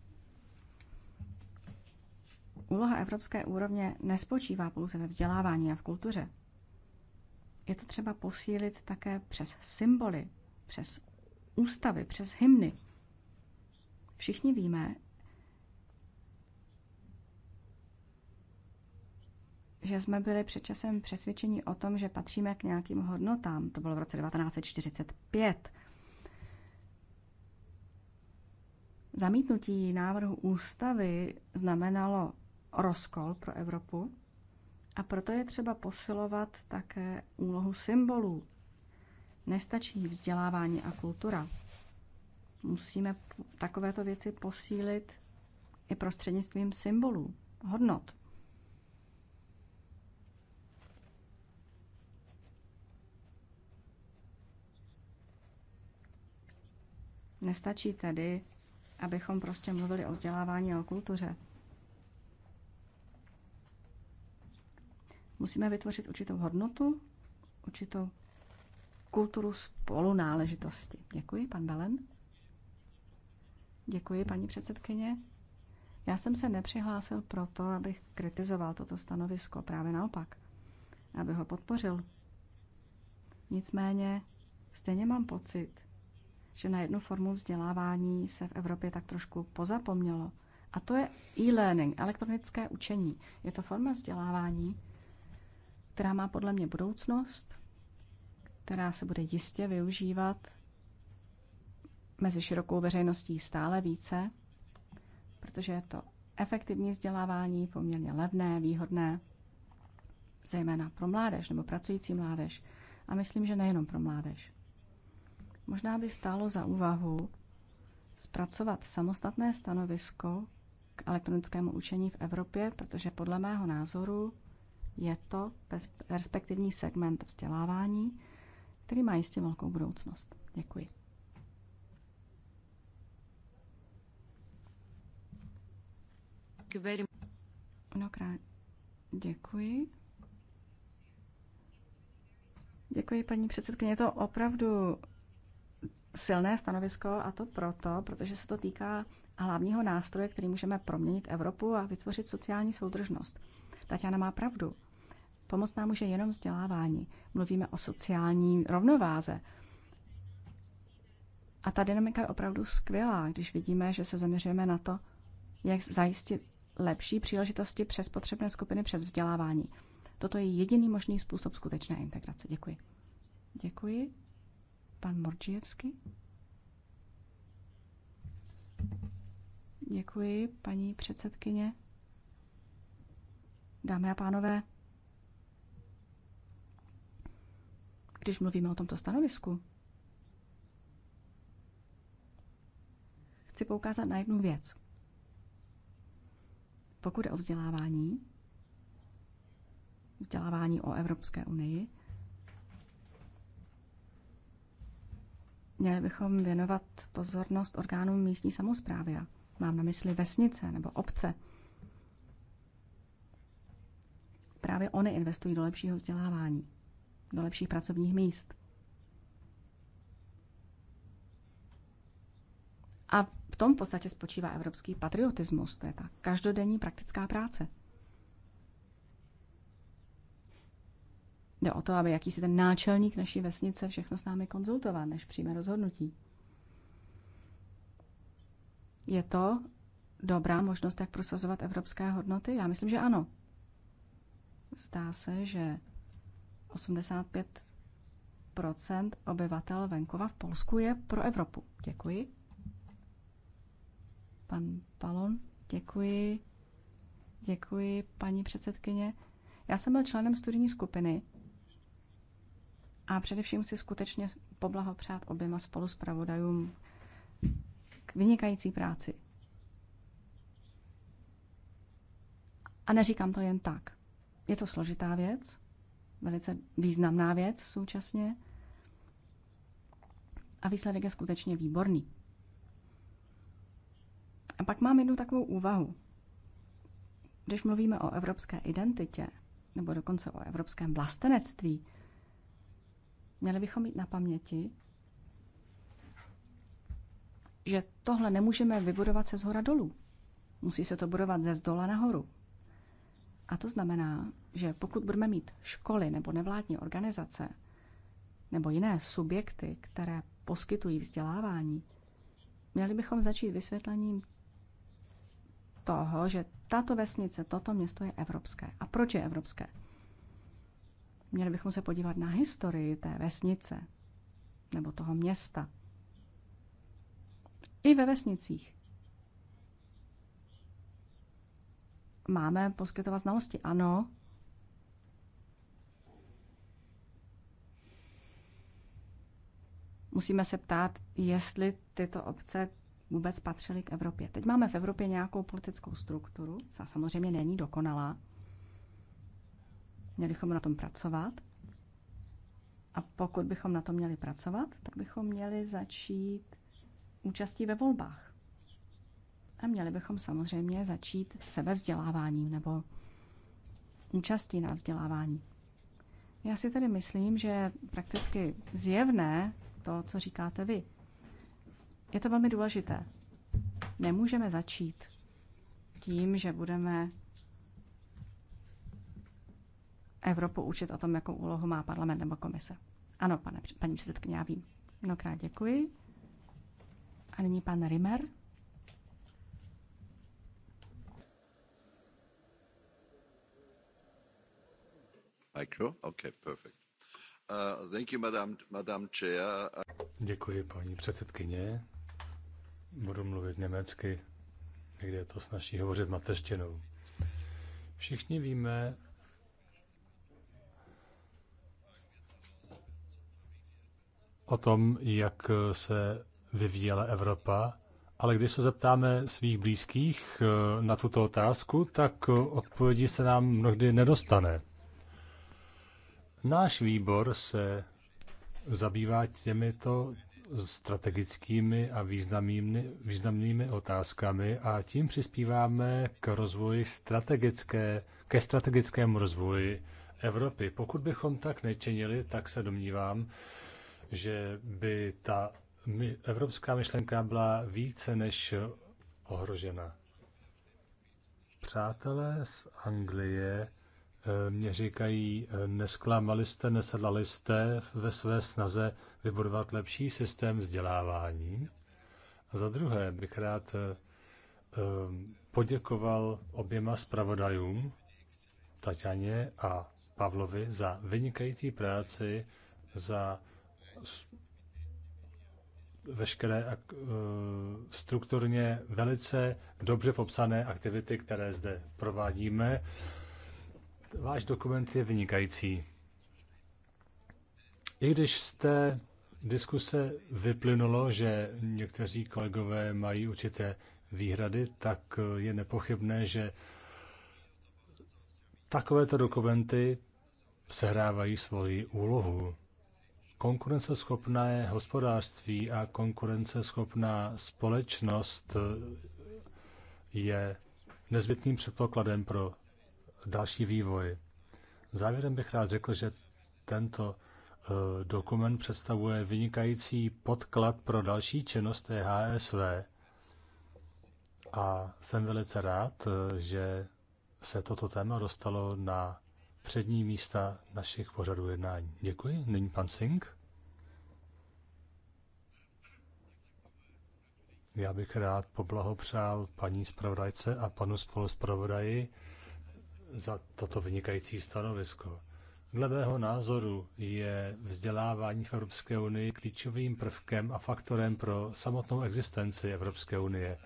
Úloha evropské úrovně nespočívá pouze ve vzdělávání a v kultuře je to třeba posílit také přes symboly, přes ústavy, přes hymny. Všichni víme, že jsme byli před časem přesvědčeni o tom, že patříme k nějakým hodnotám. To bylo v roce 1945. Zamítnutí návrhu ústavy znamenalo rozkol pro Evropu. A proto je třeba posilovat také úlohu symbolů. Nestačí vzdělávání a kultura. Musíme takovéto věci posílit i prostřednictvím symbolů, hodnot. Nestačí tedy, abychom prostě mluvili o vzdělávání a o kultuře. Musíme vytvořit určitou hodnotu, určitou kulturu spolunáležitosti. Děkuji, pan Belen. Děkuji, paní předsedkyně. Já jsem se nepřihlásil proto, abych kritizoval toto stanovisko, právě naopak, aby ho podpořil. Nicméně stejně mám pocit, že na jednu formu vzdělávání se v Evropě tak trošku pozapomnělo. A to je e-learning, elektronické učení. Je to forma vzdělávání, která má podle mě budoucnost, která se bude jistě využívat mezi širokou veřejností stále více, protože je to efektivní vzdělávání, poměrně levné, výhodné, zejména pro mládež nebo pracující mládež. A myslím, že nejenom pro mládež. Možná by stálo za úvahu zpracovat samostatné stanovisko k elektronickému učení v Evropě, protože podle mého názoru je to perspektivní segment vzdělávání, který má jistě velkou budoucnost. Děkuji. Mnohokrát děkuji. Děkuji, paní předsedkyně. Je to opravdu silné stanovisko a to proto, protože se to týká hlavního nástroje, který můžeme proměnit Evropu a vytvořit sociální soudržnost. Tatiana má pravdu. Pomoc nám může jenom vzdělávání. Mluvíme o sociální rovnováze. A ta dynamika je opravdu skvělá, když vidíme, že se zaměřujeme na to, jak zajistit lepší příležitosti přes potřebné skupiny, přes vzdělávání. Toto je jediný možný způsob skutečné integrace. Děkuji. Děkuji. Pan Morčijevský. Děkuji, paní předsedkyně. Dámy a pánové, když mluvíme o tomto stanovisku, chci poukázat na jednu věc. Pokud je o vzdělávání, vzdělávání o Evropské unii, měli bychom věnovat pozornost orgánům místní samozprávy. Mám na mysli vesnice nebo obce, Právě oni investují do lepšího vzdělávání, do lepších pracovních míst. A v tom v podstatě spočívá evropský patriotismus, to je ta každodenní praktická práce. Jde o to, aby jakýsi ten náčelník naší vesnice všechno s námi konzultoval, než přijme rozhodnutí. Je to dobrá možnost, jak prosazovat evropské hodnoty? Já myslím, že ano. Zdá se, že 85 obyvatel venkova v Polsku je pro Evropu. Děkuji. Pan Palon, děkuji. Děkuji, paní předsedkyně. Já jsem byl členem studijní skupiny a především si skutečně poblahopřát oběma spoluspravodajům k vynikající práci. A neříkám to jen tak. Je to složitá věc, velice významná věc současně a výsledek je skutečně výborný. A pak mám jednu takovou úvahu. Když mluvíme o evropské identitě, nebo dokonce o evropském vlastenectví, měli bychom mít na paměti, že tohle nemůžeme vybudovat se zhora dolů. Musí se to budovat ze zdola nahoru, a to znamená, že pokud budeme mít školy nebo nevládní organizace nebo jiné subjekty, které poskytují vzdělávání, měli bychom začít vysvětlením toho, že tato vesnice, toto město je evropské. A proč je evropské? Měli bychom se podívat na historii té vesnice nebo toho města. I ve vesnicích máme poskytovat znalosti. Ano, musíme se ptát, jestli tyto obce vůbec patřily k Evropě. Teď máme v Evropě nějakou politickou strukturu, co samozřejmě není dokonalá. Měli bychom na tom pracovat. A pokud bychom na tom měli pracovat, tak bychom měli začít účastí ve volbách. A měli bychom samozřejmě začít sebevzděláváním nebo účastí na vzdělávání. Já si tedy myslím, že prakticky zjevné to, co říkáte vy. Je to velmi důležité. Nemůžeme začít tím, že budeme Evropu učit o tom, jakou úlohu má parlament nebo komise. Ano, pane, paní předsedkyně, já vím. Mnohokrát děkuji. A nyní pan Rimer. Uh, Děkuji, paní předsedkyně. Budu mluvit německy, kde je to snaží hovořit mateřštinou. Všichni víme, o tom, jak se vyvíjela Evropa, ale když se zeptáme svých blízkých eh, na tuto otázku, tak eh, odpovědi se nám mnohdy nedostane. Náš výbor se zabývá těmito strategickými a významnými, významnými otázkami a tím přispíváme k rozvoji strategické, ke strategickému rozvoji Evropy. Pokud bychom tak nečinili, tak se domnívám, že by ta evropská myšlenka byla více než ohrožena. Přátelé z Anglie mě říkají, nesklamali jste, nesedlali jste ve své snaze vybudovat lepší systém vzdělávání. A za druhé bych rád eh, eh, poděkoval oběma zpravodajům, Tatianě a Pavlovi, za vynikající práci, za veškeré eh, strukturně velice dobře popsané aktivity, které zde provádíme váš dokument je vynikající. I když z té diskuse vyplynulo, že někteří kolegové mají určité výhrady, tak je nepochybné, že takovéto dokumenty sehrávají svoji úlohu. Konkurenceschopné hospodářství a konkurenceschopná společnost je nezbytným předpokladem pro další vývoj. Závěrem bych rád řekl, že tento eh, dokument představuje vynikající podklad pro další činnost HSV. a jsem velice rád, eh, že se toto téma dostalo na přední místa našich pořadů jednání. Děkuji. Nyní pan Singh. Já bych rád poblahopřál paní zpravodajce a panu spoluzpravodaji za toto vynikající stanovisko. Dle mého názoru je vzdělávání v Evropské unii klíčovým prvkem a faktorem pro samotnou existenci Evropské unie.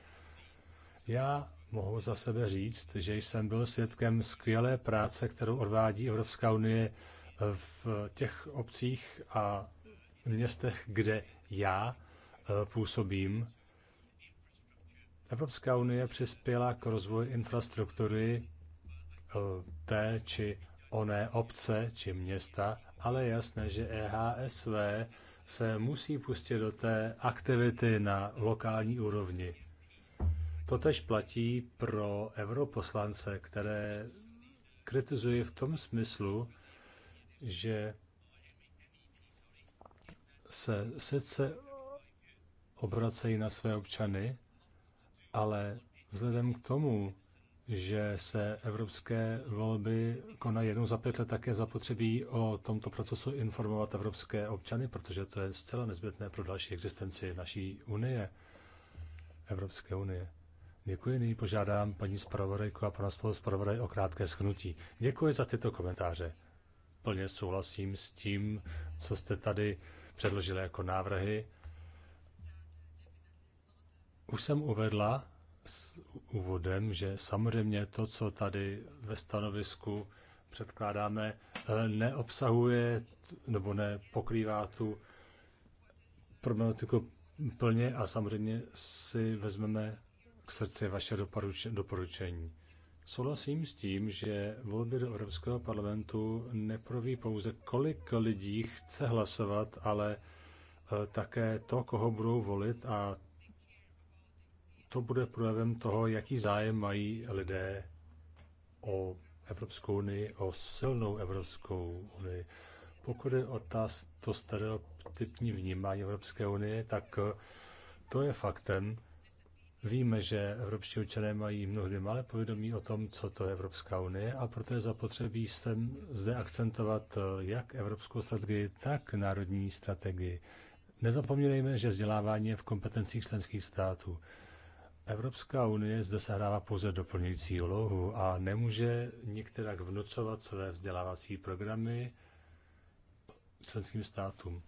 Já mohu za sebe říct, že jsem byl svědkem skvělé práce, kterou odvádí Evropská unie v těch obcích a městech, kde já eh, působím. Evropská unie přispěla k rozvoji infrastruktury Eh, té či oné obce či města, ale je jasné, že EHSV se musí pustit do té aktivity na lokální úrovni. Totež platí pro europoslance, které kritizuji v tom smyslu, že se sice obracejí na své občany, ale vzhledem k tomu, že se evropské volby konají jednou za pět let, také zapotřebí o tomto procesu informovat evropské občany, protože to je zcela nezbytné pro další existenci naší unie, Evropské unie. Děkuji, nyní požádám paní zpravodajku a pana spoluzpravodaj o krátké schnutí. Děkuji za tyto komentáře. Plně souhlasím s tím, co jste tady předložili jako návrhy. Už jsem uvedla, s úvodem, že samozřejmě to, co tady ve stanovisku předkládáme, eh, neobsahuje nebo nepokrývá tu problematiku plně a samozřejmě si vezmeme k srdci vaše doporučení. Souhlasím s tím, že volby do Evropského parlamentu neproví pouze, kolik lidí chce hlasovat, ale eh, také to, koho budou volit a to bude projevem toho, jaký zájem mají lidé o Evropskou unii, o silnou Evropskou unii. Pokud je o ta, to stereotypní vnímání Evropské unie, tak eh, to je faktem. Víme, že evropští občané mají mnohdy malé povědomí o tom, co to je Evropská unie a proto je zapotřebí sem zde akcentovat eh, jak evropskou strategii, tak národní strategii. Nezapomínejme, že vzdělávání je v kompetencích členských států. Evropská unie zde sehrává pouze doplňující úlohu a nemůže některak vnucovat své vzdělávací programy členským státům.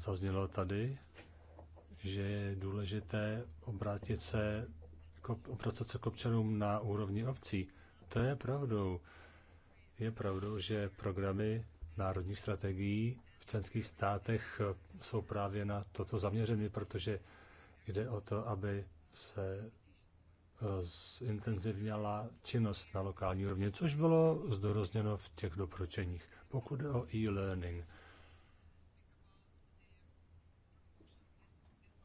Zaznělo tady, že je důležité obrátit se, obracet se k občanům na úrovni obcí. To je pravdou. Je pravdou, že programy národních strategií v členských státech jsou právě na toto zaměřeny, protože jde o to, aby se zintenzivněla činnost na lokální úrovni, což bylo zdorozněno v těch doporučeních. Pokud jde o e-learning,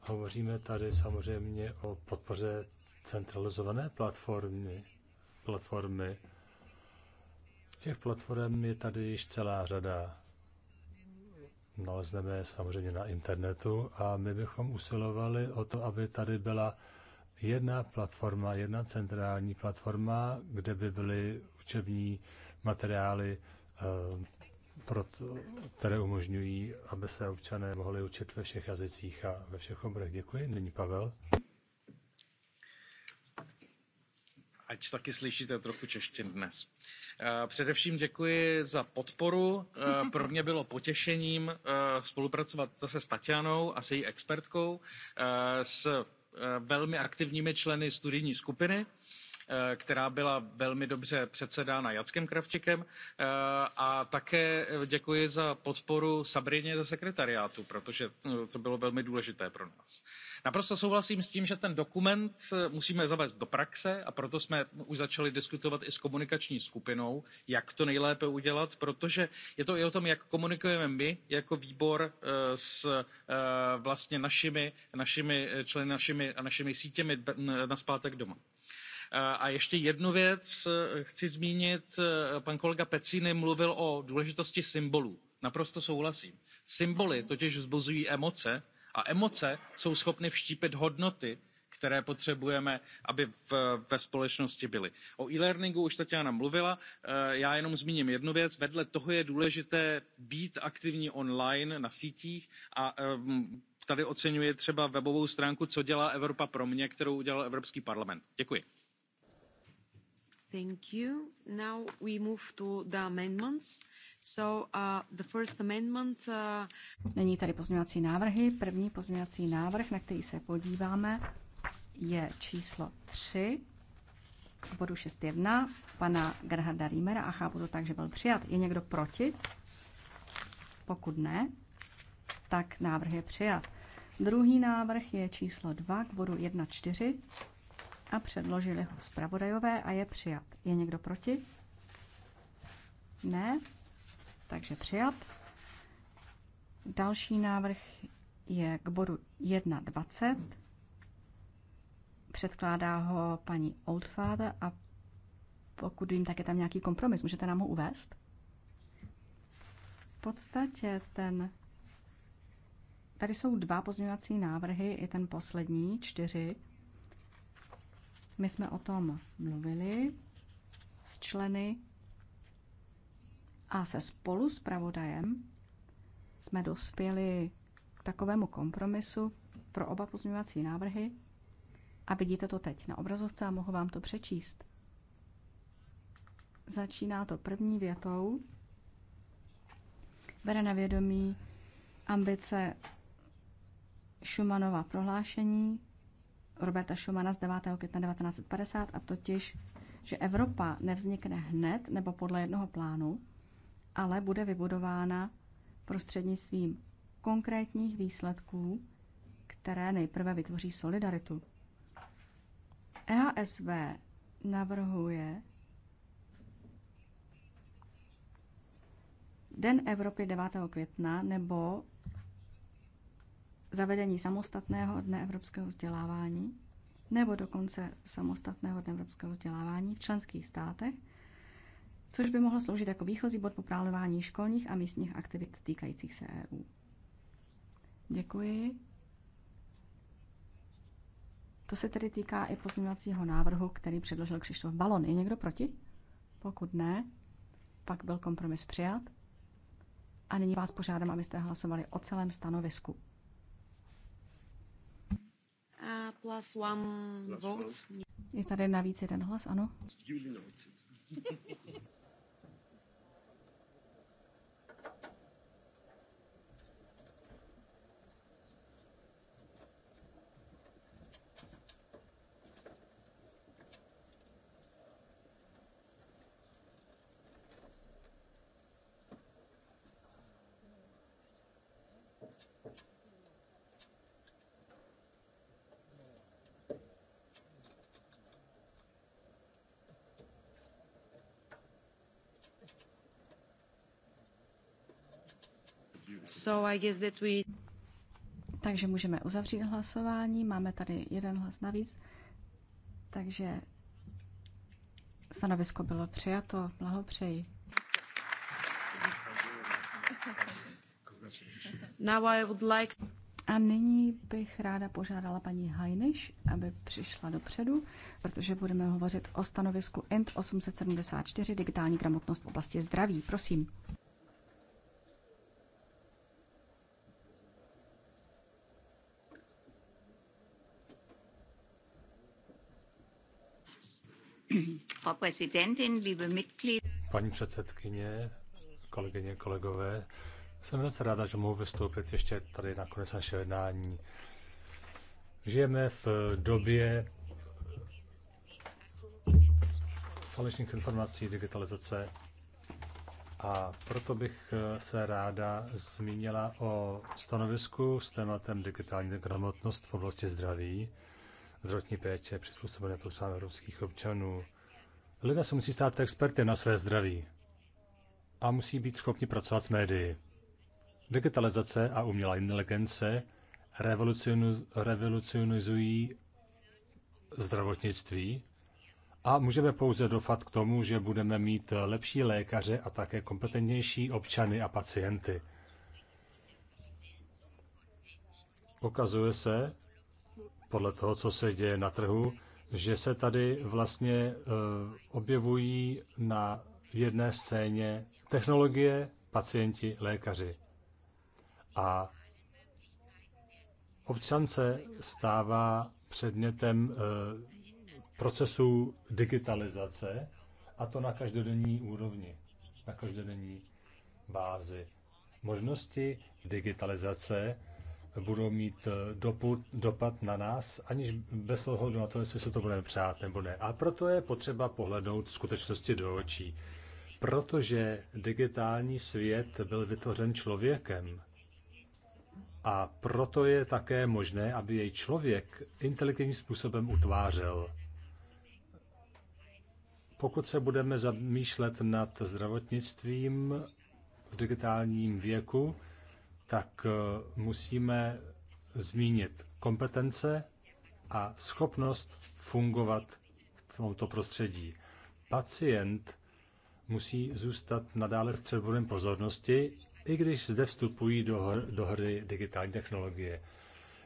hovoříme tady samozřejmě o podpoře centralizované platformy. platformy. Těch platform je tady již celá řada. Nalezneme samozřejmě na internetu a my bychom usilovali o to, aby tady byla jedna platforma, jedna centrální platforma, kde by byly učební materiály, eh, pro to, které umožňují, aby se občané mohli učit ve všech jazycích a ve všech oborech. Děkuji. Nyní Pavel. ať taky slyšíte trochu češtin dnes. Eh, především děkuji za podporu. Eh, pro mě bylo potěšením spolupracovat zase s Tatianou a s její expertkou, s Eh, velmi aktivními členy studijní skupiny Eh, která byla velmi dobře předsedána Jackem Kravčikem. Eh, a také eh, děkuji za podporu Sabrině ze sekretariátu, protože to bylo velmi důležité pro nás. Naprosto souhlasím s tím, že ten dokument musíme zavést do praxe a proto jsme už začali diskutovat i s komunikační skupinou, jak to nejlépe udělat, protože je to i o tom, jak komunikujeme my jako výbor s vlastně našimi, našimi členy, našimi, našimi sítěmi na zpátek doma. Eh, a ještě jednu věc eh, chci zmínit. Eh, pan kolega Peciny mluvil o důležitosti symbolů. Naprosto souhlasím. Symboly totiž vzbuzují emoce a emoce jsou schopny vštípit hodnoty, které potřebujeme, aby v, ve společnosti byly. O e-learningu už Tatiana mluvila, já jenom zmíním jednu věc. Vedle toho je důležité být aktivní online na sítích a ehm, tady oceňuji třeba webovou stránku Co dělá Evropa pro mě, kterou udělal Evropský parlament. Děkuji. Thank you. Now we move to the amendments. So, uh, the first amendment, uh... Není tady pozměňovací návrhy. První pozměňovací návrh, na který se podíváme, je číslo 3 k bodu 6.1 pana Gerharda Riemera a chápu to tak, že byl přijat. Je někdo proti? Pokud ne, tak návrh je přijat. Druhý návrh je číslo 2 k bodu a předložili ho zpravodajové a je přijat. Je někdo proti? Ne? Takže přijat. Další návrh je k bodu 1.20. Předkládá ho paní Oldfather a pokud jim tak je tam nějaký kompromis. Můžete nám ho uvést? V podstatě ten... Tady jsou dva pozměňovací návrhy, i ten poslední, čtyři, my jsme o tom mluvili s členy a se spolu s pravodajem jsme dospěli k takovému kompromisu pro oba pozměňovací návrhy a vidíte to teď na obrazovce a mohu vám to přečíst. Začíná to první větou. Bere na vědomí ambice Šumanova prohlášení, Roberta Schumana z 9. května 1950, a totiž, že Evropa nevznikne hned nebo podle jednoho plánu, ale bude vybudována prostřednictvím konkrétních výsledků, které nejprve vytvoří solidaritu. EHSV navrhuje Den Evropy 9. května nebo zavedení samostatného dne evropského vzdělávání nebo dokonce samostatného dne evropského vzdělávání v členských státech, což by mohlo sloužit jako výchozí bod po plánování školních a místních aktivit týkajících se EU. Děkuji. To se tedy týká i pozměňovacího návrhu, který předložil Křištof Balon. Je někdo proti? Pokud ne, pak byl kompromis přijat. A nyní vás požádám, abyste hlasovali o celém stanovisku plus one plus vote. One. Je tady navíc jeden hlas, ano. Takže můžeme uzavřít hlasování. Máme tady jeden hlas navíc. Takže stanovisko bylo přijato. Blahopřeji. Now I would like... A nyní bych ráda požádala paní Hajniš, aby přišla dopředu, protože budeme hovořit o stanovisku ENT 874 digitální gramotnost v oblasti zdraví. Prosím. Paní předsedkyně, kolegyně, kolegové, jsem velice ráda, že mohu vystoupit ještě tady na konec našeho jednání. Žijeme v době falešných informací, digitalizace a proto bych se ráda zmínila o stanovisku s tématem digitální gramotnost v oblasti zdraví, zdravotní péče přizpůsobené potřebám evropských občanů. Lidé se musí stát experty na své zdraví a musí být schopni pracovat s médií. Digitalizace a umělá inteligence revolucionizují zdravotnictví a můžeme pouze doufat k tomu, že budeme mít lepší lékaře a také kompetentnější občany a pacienty. Ukazuje se, podle toho, co se děje na trhu, že se tady vlastně eh, objevují na jedné scéně technologie, pacienti, lékaři. A občan se stává předmětem eh, procesu digitalizace a to na každodenní úrovni, na každodenní bázi. Možnosti digitalizace budou mít eh, doput, dopad na nás, aniž bez ohledu na to, jestli se to budeme přát nebo ne. A proto je potřeba pohlednout skutečnosti do očí. Protože digitální svět byl vytvořen člověkem. A proto je také možné, aby jej člověk inteligentním způsobem utvářel. Pokud se budeme zamýšlet nad zdravotnictvím v digitálním věku, tak eh, musíme zmínit kompetence a schopnost fungovat v tomto prostředí. Pacient musí zůstat nadále středbodem pozornosti, i když zde vstupují do, hr, do hry digitální technologie.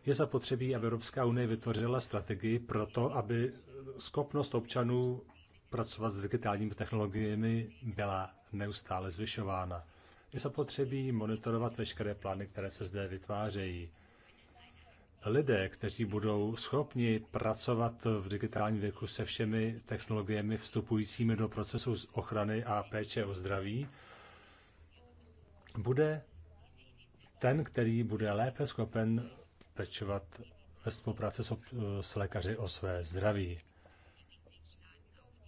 Je zapotřebí, aby Evropská unie vytvořila strategii pro to, aby schopnost občanů pracovat s digitálními technologiemi byla neustále zvyšována je zapotřebí monitorovat veškeré plány, které se zde vytvářejí. Lidé, kteří budou schopni pracovat v digitální věku se všemi technologiemi vstupujícími do procesu ochrany a péče o zdraví, bude ten, který bude lépe schopen pečovat ve spolupráci s lékaři o své zdraví.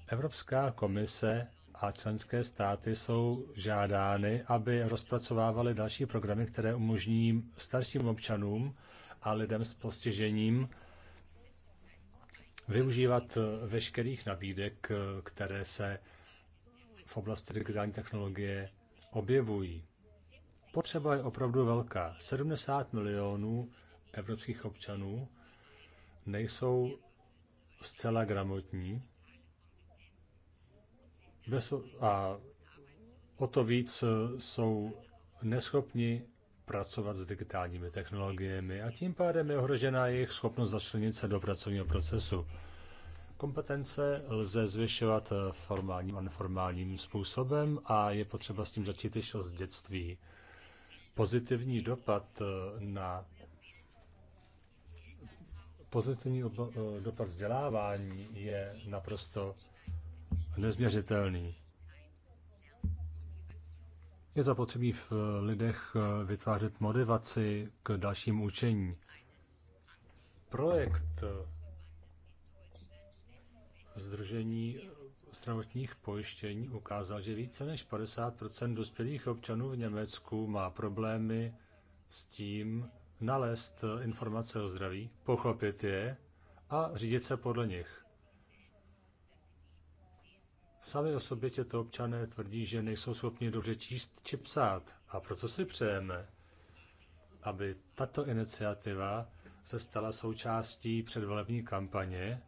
Evropská komise a členské státy jsou žádány, aby rozpracovávaly další programy, které umožní starším občanům a lidem s postižením využívat veškerých nabídek, které se v oblasti digitální technologie objevují. Potřeba je opravdu velká. 70 milionů evropských občanů nejsou zcela gramotní bez, a o to víc eh, jsou neschopni pracovat s digitálními technologiemi a tím pádem je ohrožena jejich schopnost začlenit se do pracovního procesu. Kompetence lze zvyšovat eh, formálním a neformálním způsobem a je potřeba s tím začít již od dětství. Pozitivní dopad eh, na pozitivní dopad vzdělávání je naprosto nezměřitelný. Je zapotřebí v lidech eh, vytvářet motivaci k dalším učení. Projekt eh, Združení zdravotních pojištění ukázal, že více než 50 dospělých občanů v Německu má problémy s tím nalézt eh, informace o zdraví, pochopit je a řídit se podle nich. Sami o sobě těto občané tvrdí, že nejsou schopni dobře číst či psát. A proto si přejeme, aby tato iniciativa se stala součástí předvolební kampaně.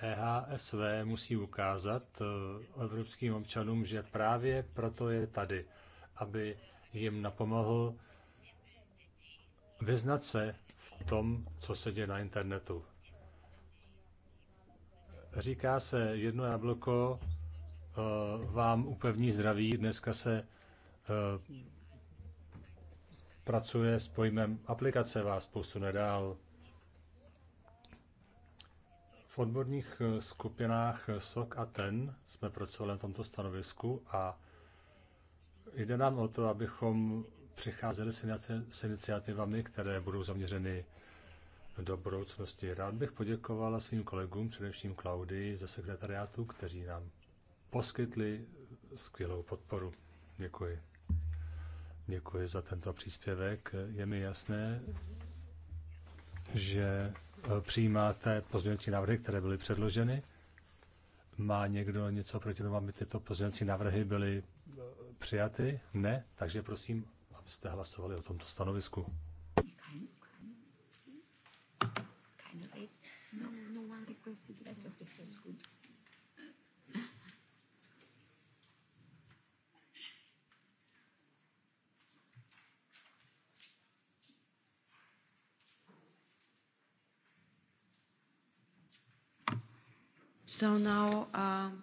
EHSV musí ukázat eh, evropským občanům, že právě proto je tady, aby jim napomohl vyznat se v tom, co se děje na internetu. Říká se, jedno jablko eh, vám upevní zdraví. Dneska se eh, pracuje s pojmem aplikace vás spoustu nedál. V odborných eh, skupinách SOK a TEN jsme pracovali na tomto stanovisku a jde nám o to, abychom přicházeli s iniciativami, které budou zaměřeny do budoucnosti. Rád bych poděkovala svým kolegům, především Klaudii ze sekretariátu, kteří nám poskytli skvělou podporu. Děkuji. Děkuji za tento příspěvek. Je mi jasné, že eh, přijímáte pozměňovací návrhy, které byly předloženy. Má někdo něco proti tomu, aby tyto pozměňovací návrhy byly eh, přijaty? Ne, takže prosím, abyste hlasovali o tomto stanovisku. fantastic. That's okay. That's good. So now, um,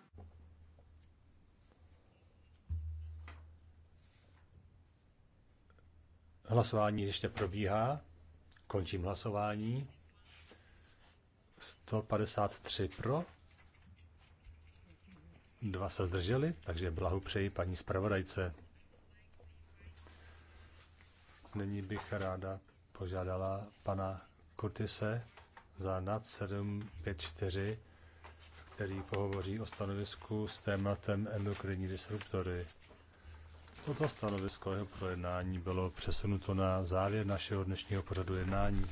Hlasování ještě probíhá. Končím hlasování. 153 pro, dva se zdrželi, takže blahopřeji paní zpravodajce. Nyní bych ráda požádala pana Kurtise za NAD 754, který pohovoří o stanovisku s tématem endokrinní disruptory. Toto stanovisko jeho projednání bylo přesunuto na závěr našeho dnešního pořadu jednání.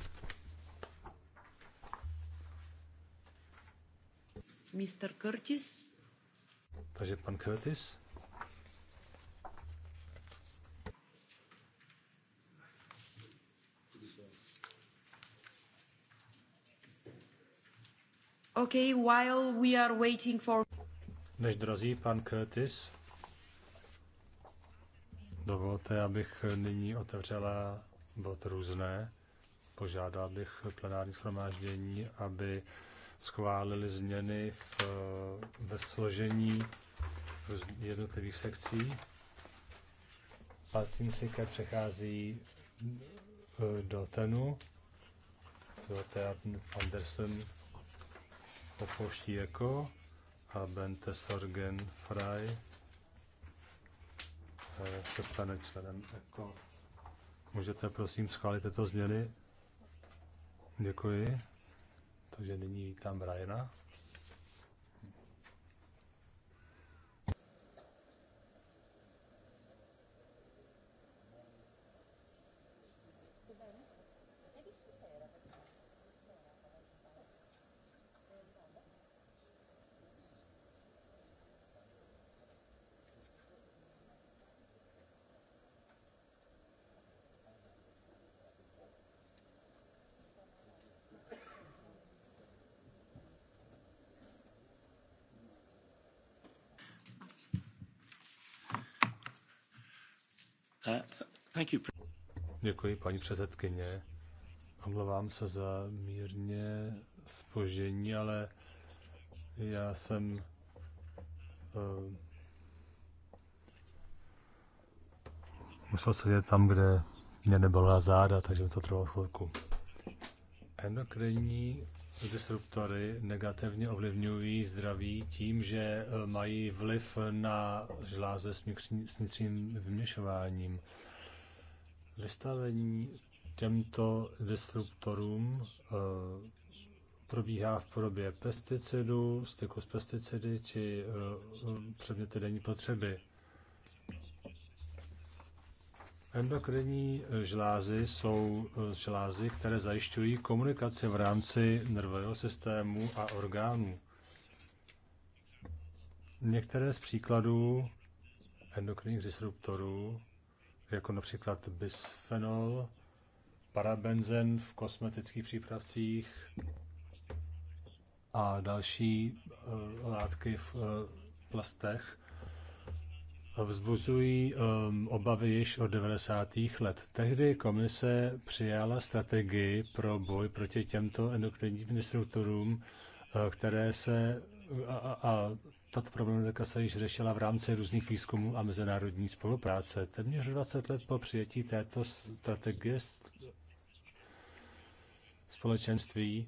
Mr. Curtis. Takže pan Curtis. Okay, while we are waiting for... Než drazí pan Curtis, dovolte, abych nyní otevřela bod různé. Požádal bych plenární schromáždění, aby schválili změny v, eh, ve složení jednotlivých sekcí. Patin Sika přechází eh, do Tenu, do Andersen opouští jako a Bente Sorgen Frey eh, se stane členem jako. Můžete prosím schválit tyto změny? Děkuji. Takže nyní vítám Briana. Děkuji, paní předsedkyně. Omlouvám se za mírně spožení, ale já jsem uh, musel sedět tam, kde mě nebyla záda, takže mi to trvalo chvilku. Endokrinní disruptory negativně ovlivňují zdraví tím, že eh, mají vliv na žláze s vnitřním vyměšováním. Vystavení těmto destruktorům eh, probíhá v podobě pesticidů, styku s pesticidy či eh, předměty denní potřeby. Endokrinní žlázy jsou eh, žlázy, které zajišťují komunikaci v rámci nervového systému a orgánů. Některé z příkladů endokrinních disruptorů jako například bisfenol, parabenzen v kosmetických přípravcích a další uh, látky v uh, plastech vzbuzují um, obavy již od 90. let. Tehdy komise přijala strategii pro boj proti těmto endokrinním disruptorům, uh, které se a, a, a tato problematika se již řešila v rámci různých výzkumů a mezinárodní spolupráce. Téměř 20 let po přijetí této strategie společenství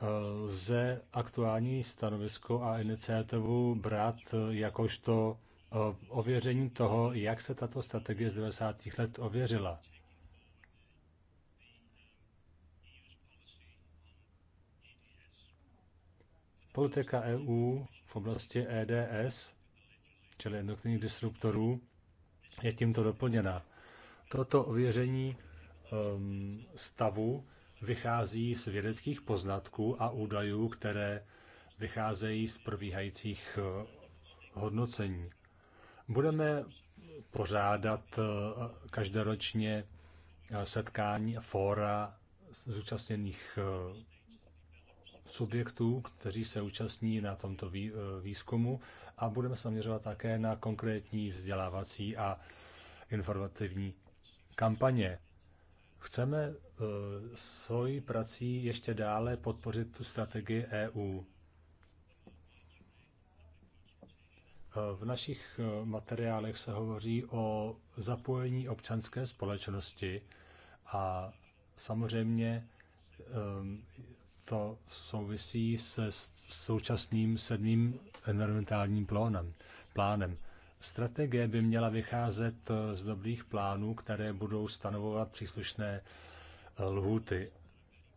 eh, lze aktuální stanovisko a iniciativu brát eh, jakožto eh, ověření toho, jak se tato strategie z 90. let ověřila. Politika EU v oblasti EDS, čili endokrinních disruptorů, je tímto doplněna. Toto ověření um, stavu vychází z vědeckých poznatků a údajů, které vycházejí z probíhajících uh, hodnocení. Budeme pořádat uh, každoročně uh, setkání fóra zúčastněných subjektů, kteří se účastní na tomto eh, výzkumu a budeme se zaměřovat také na konkrétní vzdělávací a informativní kampaně. Chceme eh, svojí prací ještě dále podpořit tu strategii EU. Eh, v našich materiálech se hovoří o zapojení občanské společnosti a samozřejmě ehm, to souvisí se současným sedmým environmentálním plánem. plánem. Strategie by měla vycházet z dobrých plánů, které budou stanovovat příslušné eh, lhuty.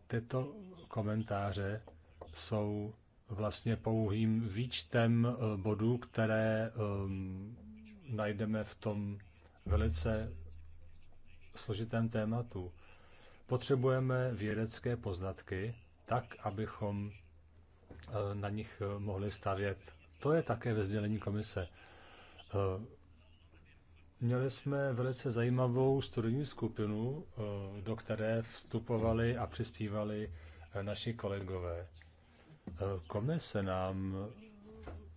Tyto komentáře jsou vlastně pouhým výčtem eh, bodů, které um, najdeme v tom velice složitém tématu. Potřebujeme vědecké poznatky, tak, abychom eh, na nich eh, mohli stavět. To je také ve sdělení komise. Eh, měli jsme velice zajímavou studijní skupinu, do které vstupovali a přispívali naši kolegové. Komise nám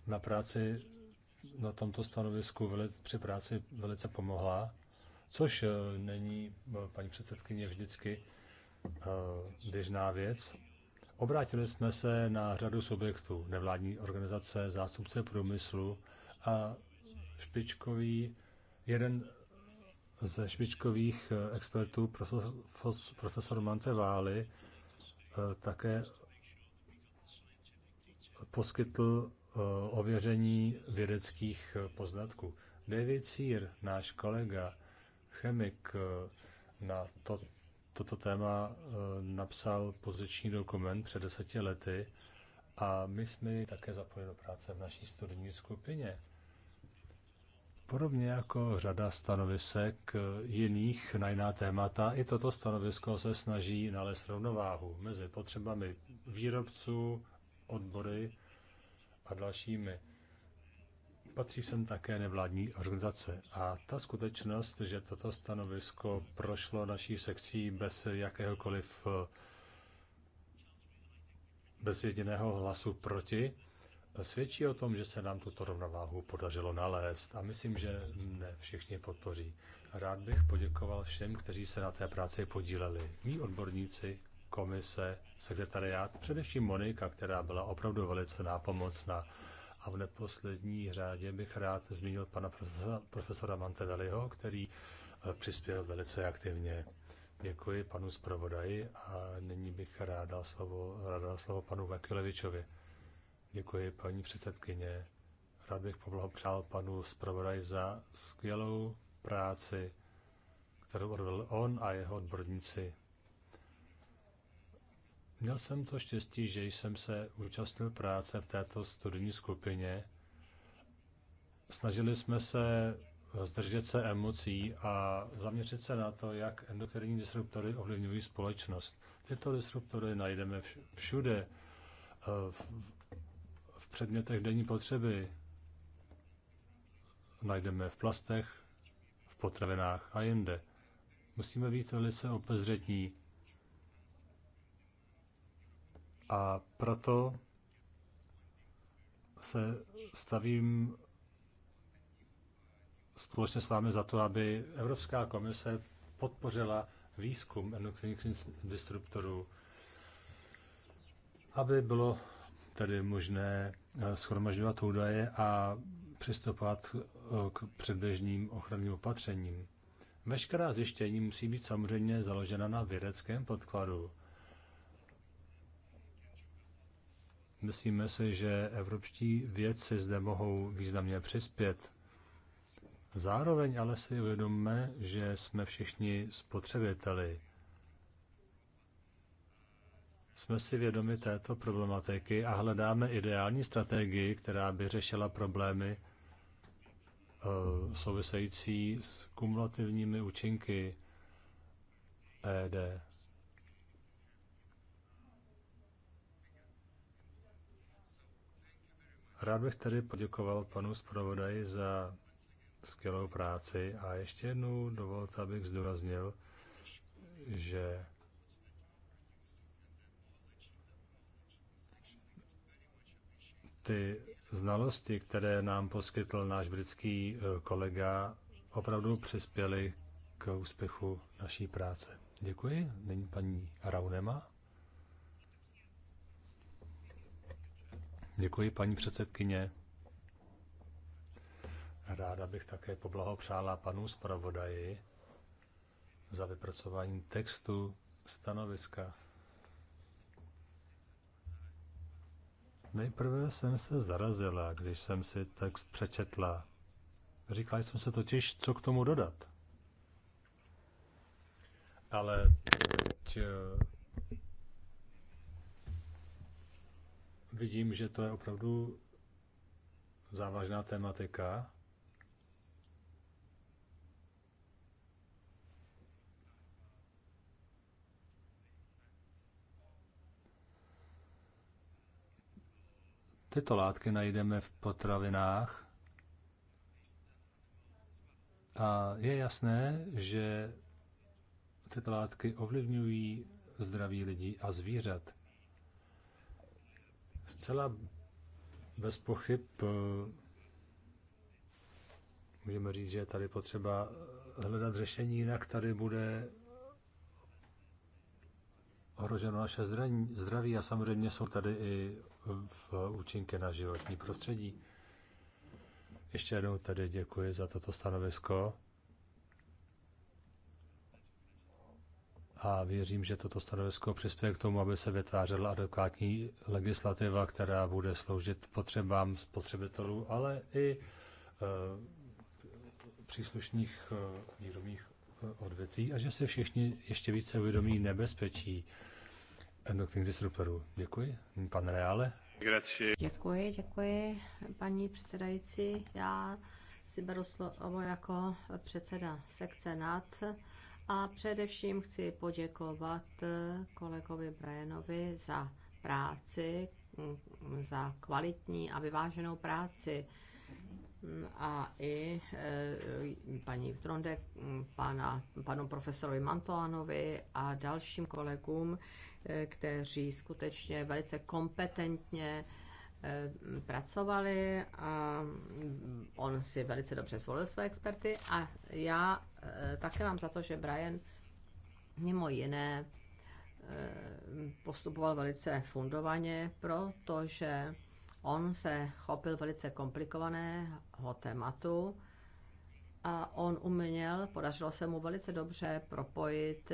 na práci na tomto stanovisku při práci velice pomohla, což není, paní předsedkyně, vždycky běžná věc. Obrátili jsme se na řadu subjektů, nevládní organizace, zástupce průmyslu a špičkový, jeden ze špičkových eh, expertů, profesor, profesor Mante eh, také poskytl eh, ověření vědeckých poznatků. David Sear, náš kolega, chemik, na, to, toto téma eh, napsal poziční dokument před deseti lety a my jsme ji také zapojili do práce v naší studijní skupině. Podobně jako řada stanovisek eh, jiných na jiná témata, i toto stanovisko se snaží nalézt rovnováhu mezi potřebami výrobců, odbory a dalšími patří sem také nevládní organizace. A ta skutečnost, že toto stanovisko prošlo naší sekcí bez jakéhokoliv eh, bez jediného hlasu proti, eh, svědčí o tom, že se nám tuto rovnováhu podařilo nalézt a myslím, že ne všichni podpoří. Rád bych poděkoval všem, kteří se na té práci podíleli. Mí odborníci, komise, sekretariát, především Monika, která byla opravdu velice nápomocná. Na a v neposlední řádě bych rád zmínil pana profesora, profesora Manteveliho, který eh, přispěl velice aktivně. Děkuji panu zpravodaji a nyní bych ráda slovo, ráda slovo panu Vakilevičovi. Děkuji paní předsedkyně. Rád bych poblahopřál panu zpravodaji za skvělou práci, kterou odvedl on a jeho odborníci. Měl jsem to štěstí, že jsem se účastnil práce v této studijní skupině. Snažili jsme se zdržet se emocí a zaměřit se na to, jak endokrinní disruptory ovlivňují společnost. Tyto disruptory najdeme všude, eh, v předmětech denní potřeby. Najdeme v plastech, v potravinách a jinde. Musíme být velice opezřetní, a proto se stavím společně s vámi za to, aby Evropská komise podpořila výzkum endokrinních disruptorů, aby bylo tedy možné eh, schromažďovat údaje a přistupovat eh, k předběžným ochranným opatřením. Veškerá zjištění musí být samozřejmě založena na vědeckém podkladu. Myslíme si, že evropští vědci zde mohou významně přispět. Zároveň ale si uvědomme, že jsme všichni spotřebiteli. Jsme si vědomi této problematiky a hledáme ideální strategii, která by řešila problémy eh, související s kumulativními účinky ED. Rád bych tedy poděkoval panu zpravodaji za skvělou práci a ještě jednou dovolte, abych zdůraznil, že ty znalosti, které nám poskytl náš britský eh, kolega, opravdu přispěly k úspěchu naší práce. Děkuji. Nyní paní Raunema. Děkuji, paní předsedkyně. Ráda bych také poblahopřála panu zpravodaji za vypracování textu stanoviska. Nejprve jsem se zarazila, když jsem si text přečetla. Říkala jsem se totiž, co k tomu dodat. Ale teď Vidím, že to je opravdu závažná tématika. Tyto látky najdeme v potravinách a je jasné, že tyto látky ovlivňují zdraví lidí a zvířat. Zcela bez pochyb eh, můžeme říct, že je tady potřeba eh, hledat řešení, jinak tady bude ohroženo naše zdraví a samozřejmě jsou tady i v účinky na životní prostředí. Ještě jednou tady děkuji za toto stanovisko. a věřím, že toto stanovisko přispěje k tomu, aby se vytvářela adekvátní legislativa, která bude sloužit potřebám spotřebitelů, ale i e, příslušných e, výrobních e, odvětví a že se všichni ještě více uvědomí nebezpečí endokrinních disruptorů. Děkuji. Pan Reále. Děkuji, děkuji, paní předsedající. Já si beru slovo jako předseda sekce NAT a především chci poděkovat eh, kolegovi Brianovi za práci, mm, za kvalitní a vyváženou práci mm, a i eh, paní Vtronde, mm, pana, panu profesorovi Mantoanovi a dalším kolegům, eh, kteří skutečně velice kompetentně Eh, pracovali a on si velice dobře zvolil své experty a já eh, také mám za to, že Brian mimo jiné eh, postupoval velice fundovaně, protože on se chopil velice komplikovaného tématu a on uměl, podařilo se mu velice dobře propojit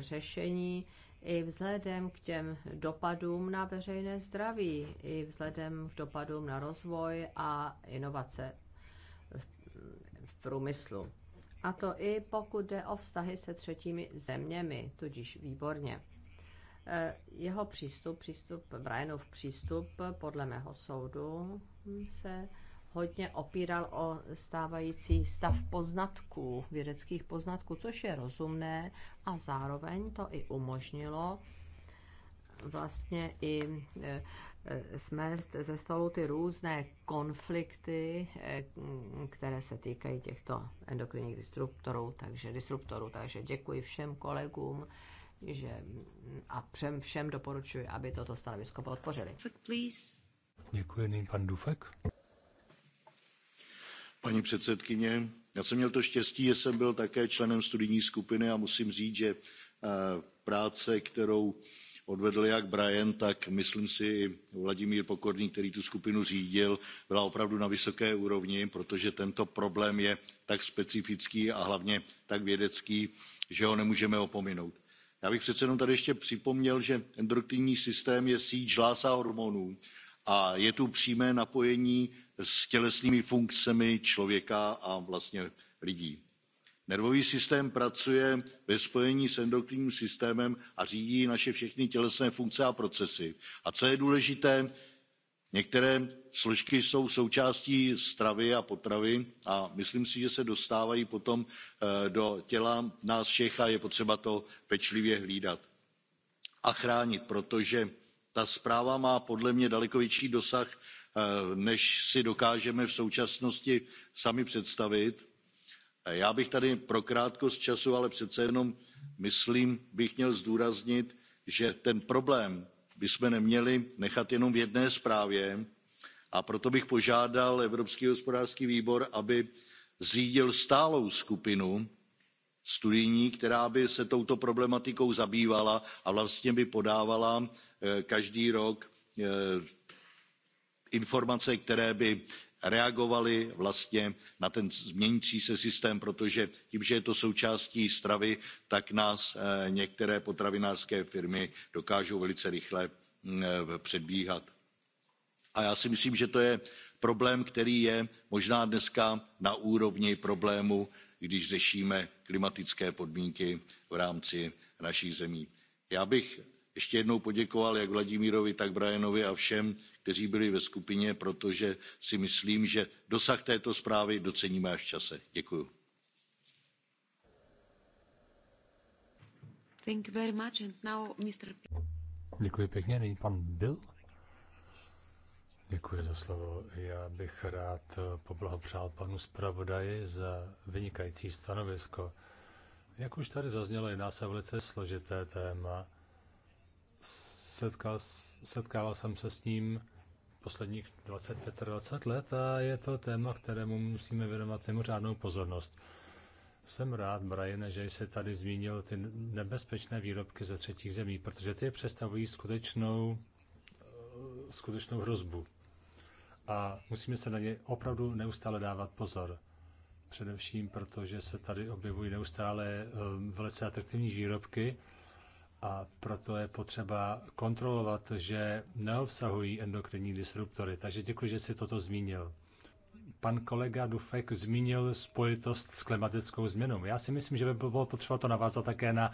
řešení i vzhledem k těm dopadům na veřejné zdraví, i vzhledem k dopadům na rozvoj a inovace v průmyslu. A to i pokud jde o vztahy se třetími zeměmi, tudíž výborně. E, jeho přístup, přístup, Brianův přístup, podle mého soudu, se hodně opíral o stávající stav poznatků, vědeckých poznatků, což je rozumné a zároveň to i umožnilo vlastně i e, e, smést ze stolu ty různé konflikty, e, které se týkají těchto endokrinních disruptorů, takže disruptorů, takže děkuji všem kolegům, že a všem, všem doporučuji, aby toto stanovisko podpořili. Děkuji, pan Dufek paní předsedkyně já jsem měl to štěstí že jsem byl také členem studijní skupiny a musím říct že eh, práce kterou odvedl jak brian tak myslím si i vladimír pokorný který tu skupinu řídil byla opravdu na vysoké úrovni protože tento problém je tak specifický a hlavně tak vědecký že ho nemůžeme opominout. já bych přece jenom tady ještě připomněl že endokrinní systém je síť žláz a hormonů a je tu přímé napojení s tělesnými funkcemi člověka a vlastně lidí. nervový systém pracuje ve spojení s endokrinním systémem a řídí naše všechny tělesné funkce a procesy. a co je důležité některé složky jsou součástí stravy a potravy a myslím si že se dostávají potom eh, do těla nás všech a je potřeba to pečlivě hlídat a chránit protože ta zpráva má podle mě daleko větší dosah Eh, než si dokážeme v současnosti sami představit. Eh, já bych tady pro krátkost času ale přece jenom myslím bych měl zdůraznit že ten problém bychom neměli nechat jenom v jedné zprávě a proto bych požádal evropský hospodářský výbor aby zřídil stálou skupinu studijní která by se touto problematikou zabývala a vlastně by podávala eh, každý rok informace které by reagovaly vlastně na ten měnící se systém protože tím že je to součástí stravy tak nás eh, některé potravinářské firmy dokážou velice rychle mm, eh, předbíhat. a já si myslím že to je problém který je možná dneska na úrovni problému když řešíme klimatické podmínky v rámci našich zemí. já bych ještě jednou poděkoval jak vladimírovi tak brianovi a všem kteří byli ve skupině protože si myslím že dosah této zprávy doceníme až v čase. děkuji. Já bych rád eh, poblahopřál panu zpravodaji za vynikající stanovisko. Jak už tady zaznělo, jedná se o velice složité téma setkal, setkával jsem se s ním posledních 25-20 let a je to téma, kterému musíme věnovat mimořádnou pozornost. Jsem rád, Brian, že jsi tady zmínil ty nebezpečné výrobky ze třetích zemí, protože ty představují skutečnou, skutečnou hrozbu. A musíme se na ně opravdu neustále dávat pozor. Především proto, že se tady objevují neustále eh, velice atraktivní výrobky, a proto je potřeba kontrolovat, že neobsahují endokrinní disruptory. Takže děkuji, že si toto zmínil. Pan kolega Dufek zmínil spojitost s klimatickou změnou. Já si myslím, že by bylo potřeba to navázat také na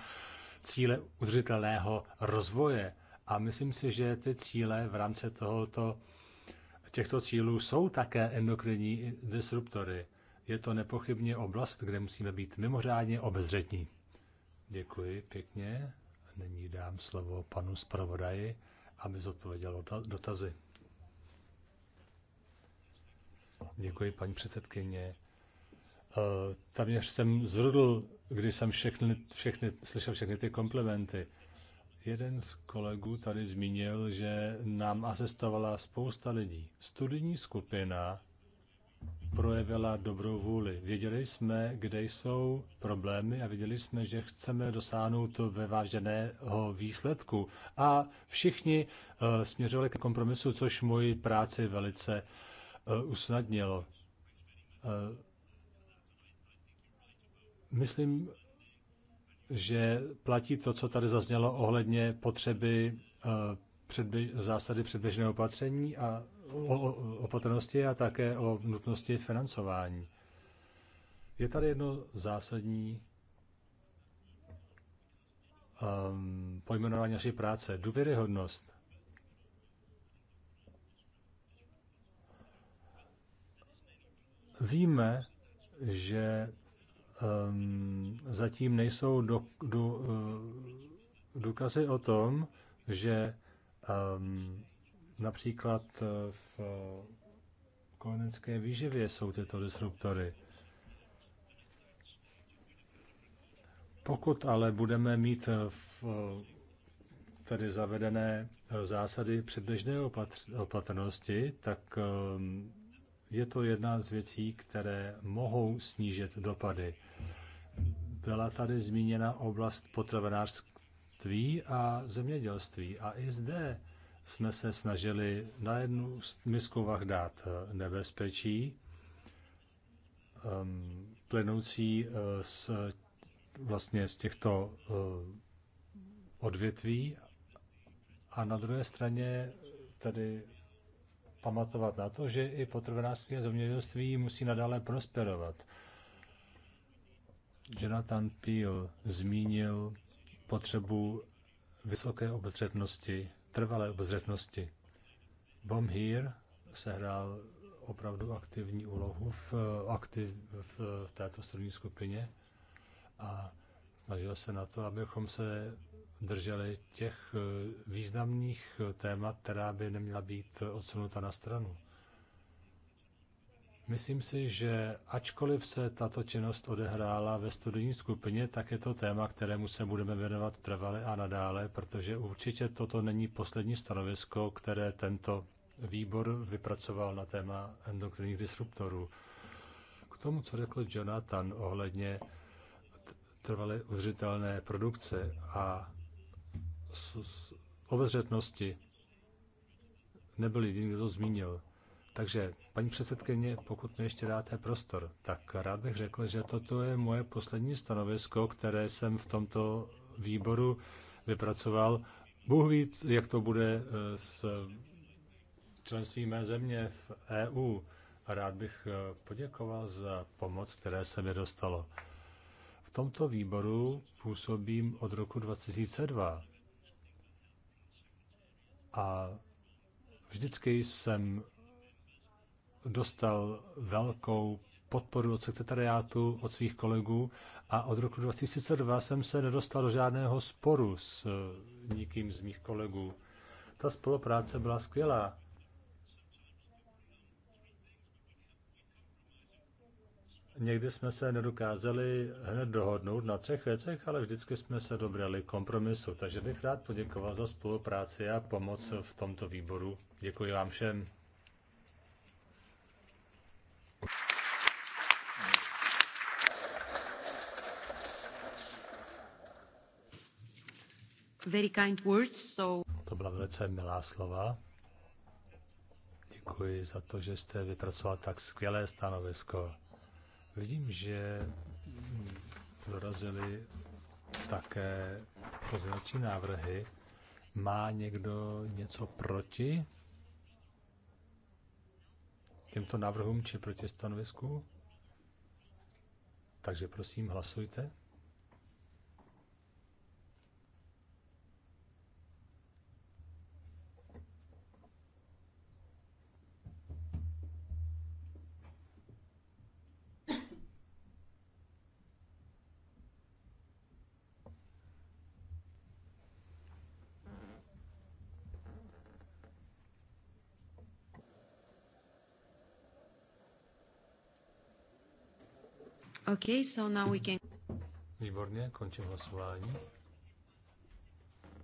cíle udržitelného rozvoje. A myslím si, že ty cíle v rámci tohoto, těchto cílů jsou také endokrinní disruptory. Je to nepochybně oblast, kde musíme být mimořádně obezřetní. Děkuji pěkně nyní dám slovo panu zpravodaji, aby zodpověděl dotazy. Děkuji, paní předsedkyně. Eh, téměř jsem zrudl, když jsem všechny, všechny, slyšel všechny ty komplimenty. Jeden z kolegů tady zmínil, že nám asistovala spousta lidí. Studijní skupina projevila dobrou vůli. Věděli jsme, kde jsou problémy a věděli jsme, že chceme dosáhnout vyváženého výsledku. A všichni uh, směřovali ke kompromisu, což moji práci velice uh, usnadnilo. Uh, myslím, že platí to, co tady zaznělo ohledně potřeby uh, předběž, zásady předběžného opatření a opatrnosti a také o nutnosti financování. Je tady jedno zásadní um, pojmenování naší práce, důvěryhodnost. Víme, že um, zatím nejsou do, do, uh, důkazy o tom, že um, Například eh, eh, v kojenecké výživě jsou tyto disruptory. Pokud ale budeme mít eh, v, tedy zavedené zásady předběžné opatrnosti, tak je to jedna z věcí, které mohou snížit dopady. Byla tady zmíněna oblast potravinářství a zemědělství a i zde jsme se snažili na jednu misku vah dát eh, nebezpečí, ehm, plynoucí z, eh, vlastně z těchto eh, odvětví a na druhé straně tedy pamatovat na to, že i potravinářství a zemědělství musí nadále prosperovat. Jonathan Peel zmínil potřebu vysoké obezřetnosti trvalé obzřetnosti. Bom se sehrál opravdu aktivní úlohu v, aktiv, v této studijní skupině a snažil se na to, abychom se drželi těch eh, významných eh, témat, která by neměla být eh, odsunuta na stranu. Myslím si, že ačkoliv se tato činnost odehrála ve studijní skupině, tak je to téma, kterému se budeme věnovat trvale a nadále, protože určitě toto není poslední stanovisko, které tento výbor vypracoval na téma endokrinních disruptorů. K tomu, co řekl Jonathan ohledně trvale udržitelné produkce a obezřetnosti, nebyl jediný, kdo to zmínil. Takže, paní předsedkyně, pokud mi ještě dáte prostor, tak rád bych řekl, že toto je moje poslední stanovisko, které jsem v tomto výboru vypracoval. Bůh ví, jak to bude eh, s členstvím mé země v EU. rád bych eh, poděkoval za pomoc, které se mi dostalo. V tomto výboru působím od roku 2002. A vždycky jsem dostal velkou podporu od sekretariátu, od svých kolegů a od roku 2002 jsem se nedostal do žádného sporu s eh, nikým z mých kolegů. Ta spolupráce byla skvělá. Někdy jsme se nedokázali hned dohodnout na třech věcech, ale vždycky jsme se dobrali kompromisu. Takže bych rád poděkoval za spolupráci a pomoc v tomto výboru. Děkuji vám všem. Very kind words, so... To byla velice milá slova. Děkuji za to, že jste vypracoval tak skvělé stanovisko. Vidím, že dorazily také pozměňovací návrhy. Má někdo něco proti? těmto návrhům či proti stanovisku? Takže prosím, hlasujte. Okay, so now we can... Výborně, končím hlasování.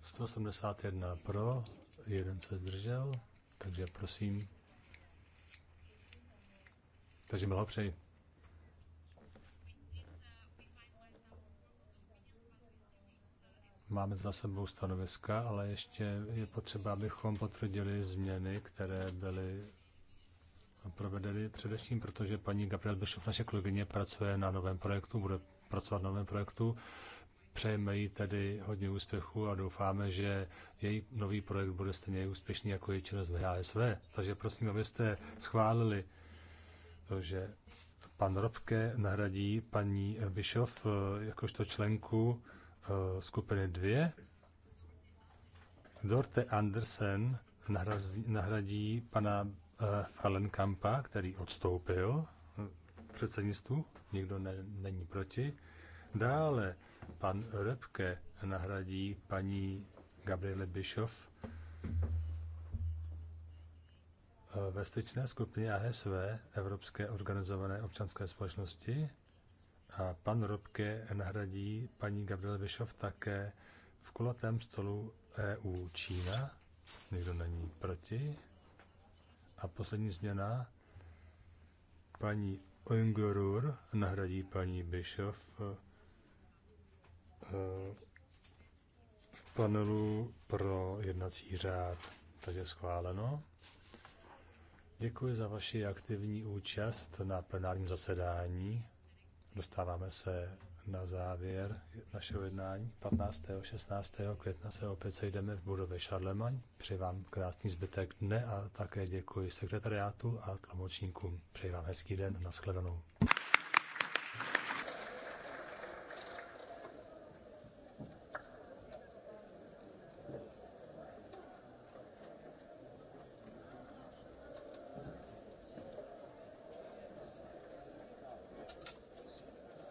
181 pro, jeden se zdržel, takže prosím. Takže přeji. Máme za sebou stanoviska, ale ještě je potřeba, abychom potvrdili změny, které byly Provedeli především, protože paní Gabriel Bešov, naše kolegyně, pracuje na novém projektu, bude pracovat na novém projektu. Přejeme jí tedy hodně úspěchu a doufáme, že její nový projekt bude stejně úspěšný jako její činnost v HSV. Takže prosím, abyste schválili to, že pan Robke nahradí paní Bišov eh, jakožto členku eh, skupiny 2. Dorte Andersen nahradí, nahradí pana Eh, Falenkampa, který odstoupil v předsednictvu, nikdo ne, není proti. Dále pan Röpke nahradí paní Gabriele Bischoff eh, ve styčné skupině AHSV Evropské organizované občanské společnosti, a pan Robke nahradí paní Gabriele Bischoff také v kulatém stolu EU Čína. Nikdo není proti. A poslední změna, paní Oingorur nahradí paní Bischoff eh, eh, v panelu pro jednací řád. Takže schváleno. Děkuji za vaši aktivní účast na plenárním zasedání. Dostáváme se na závěr našeho jednání 15. 16. května se opět sejdeme v budově Šarlemaň. Přeji vám krásný zbytek dne a také děkuji sekretariátu a tlumočníkům. Přeji vám hezký den. Naschledanou.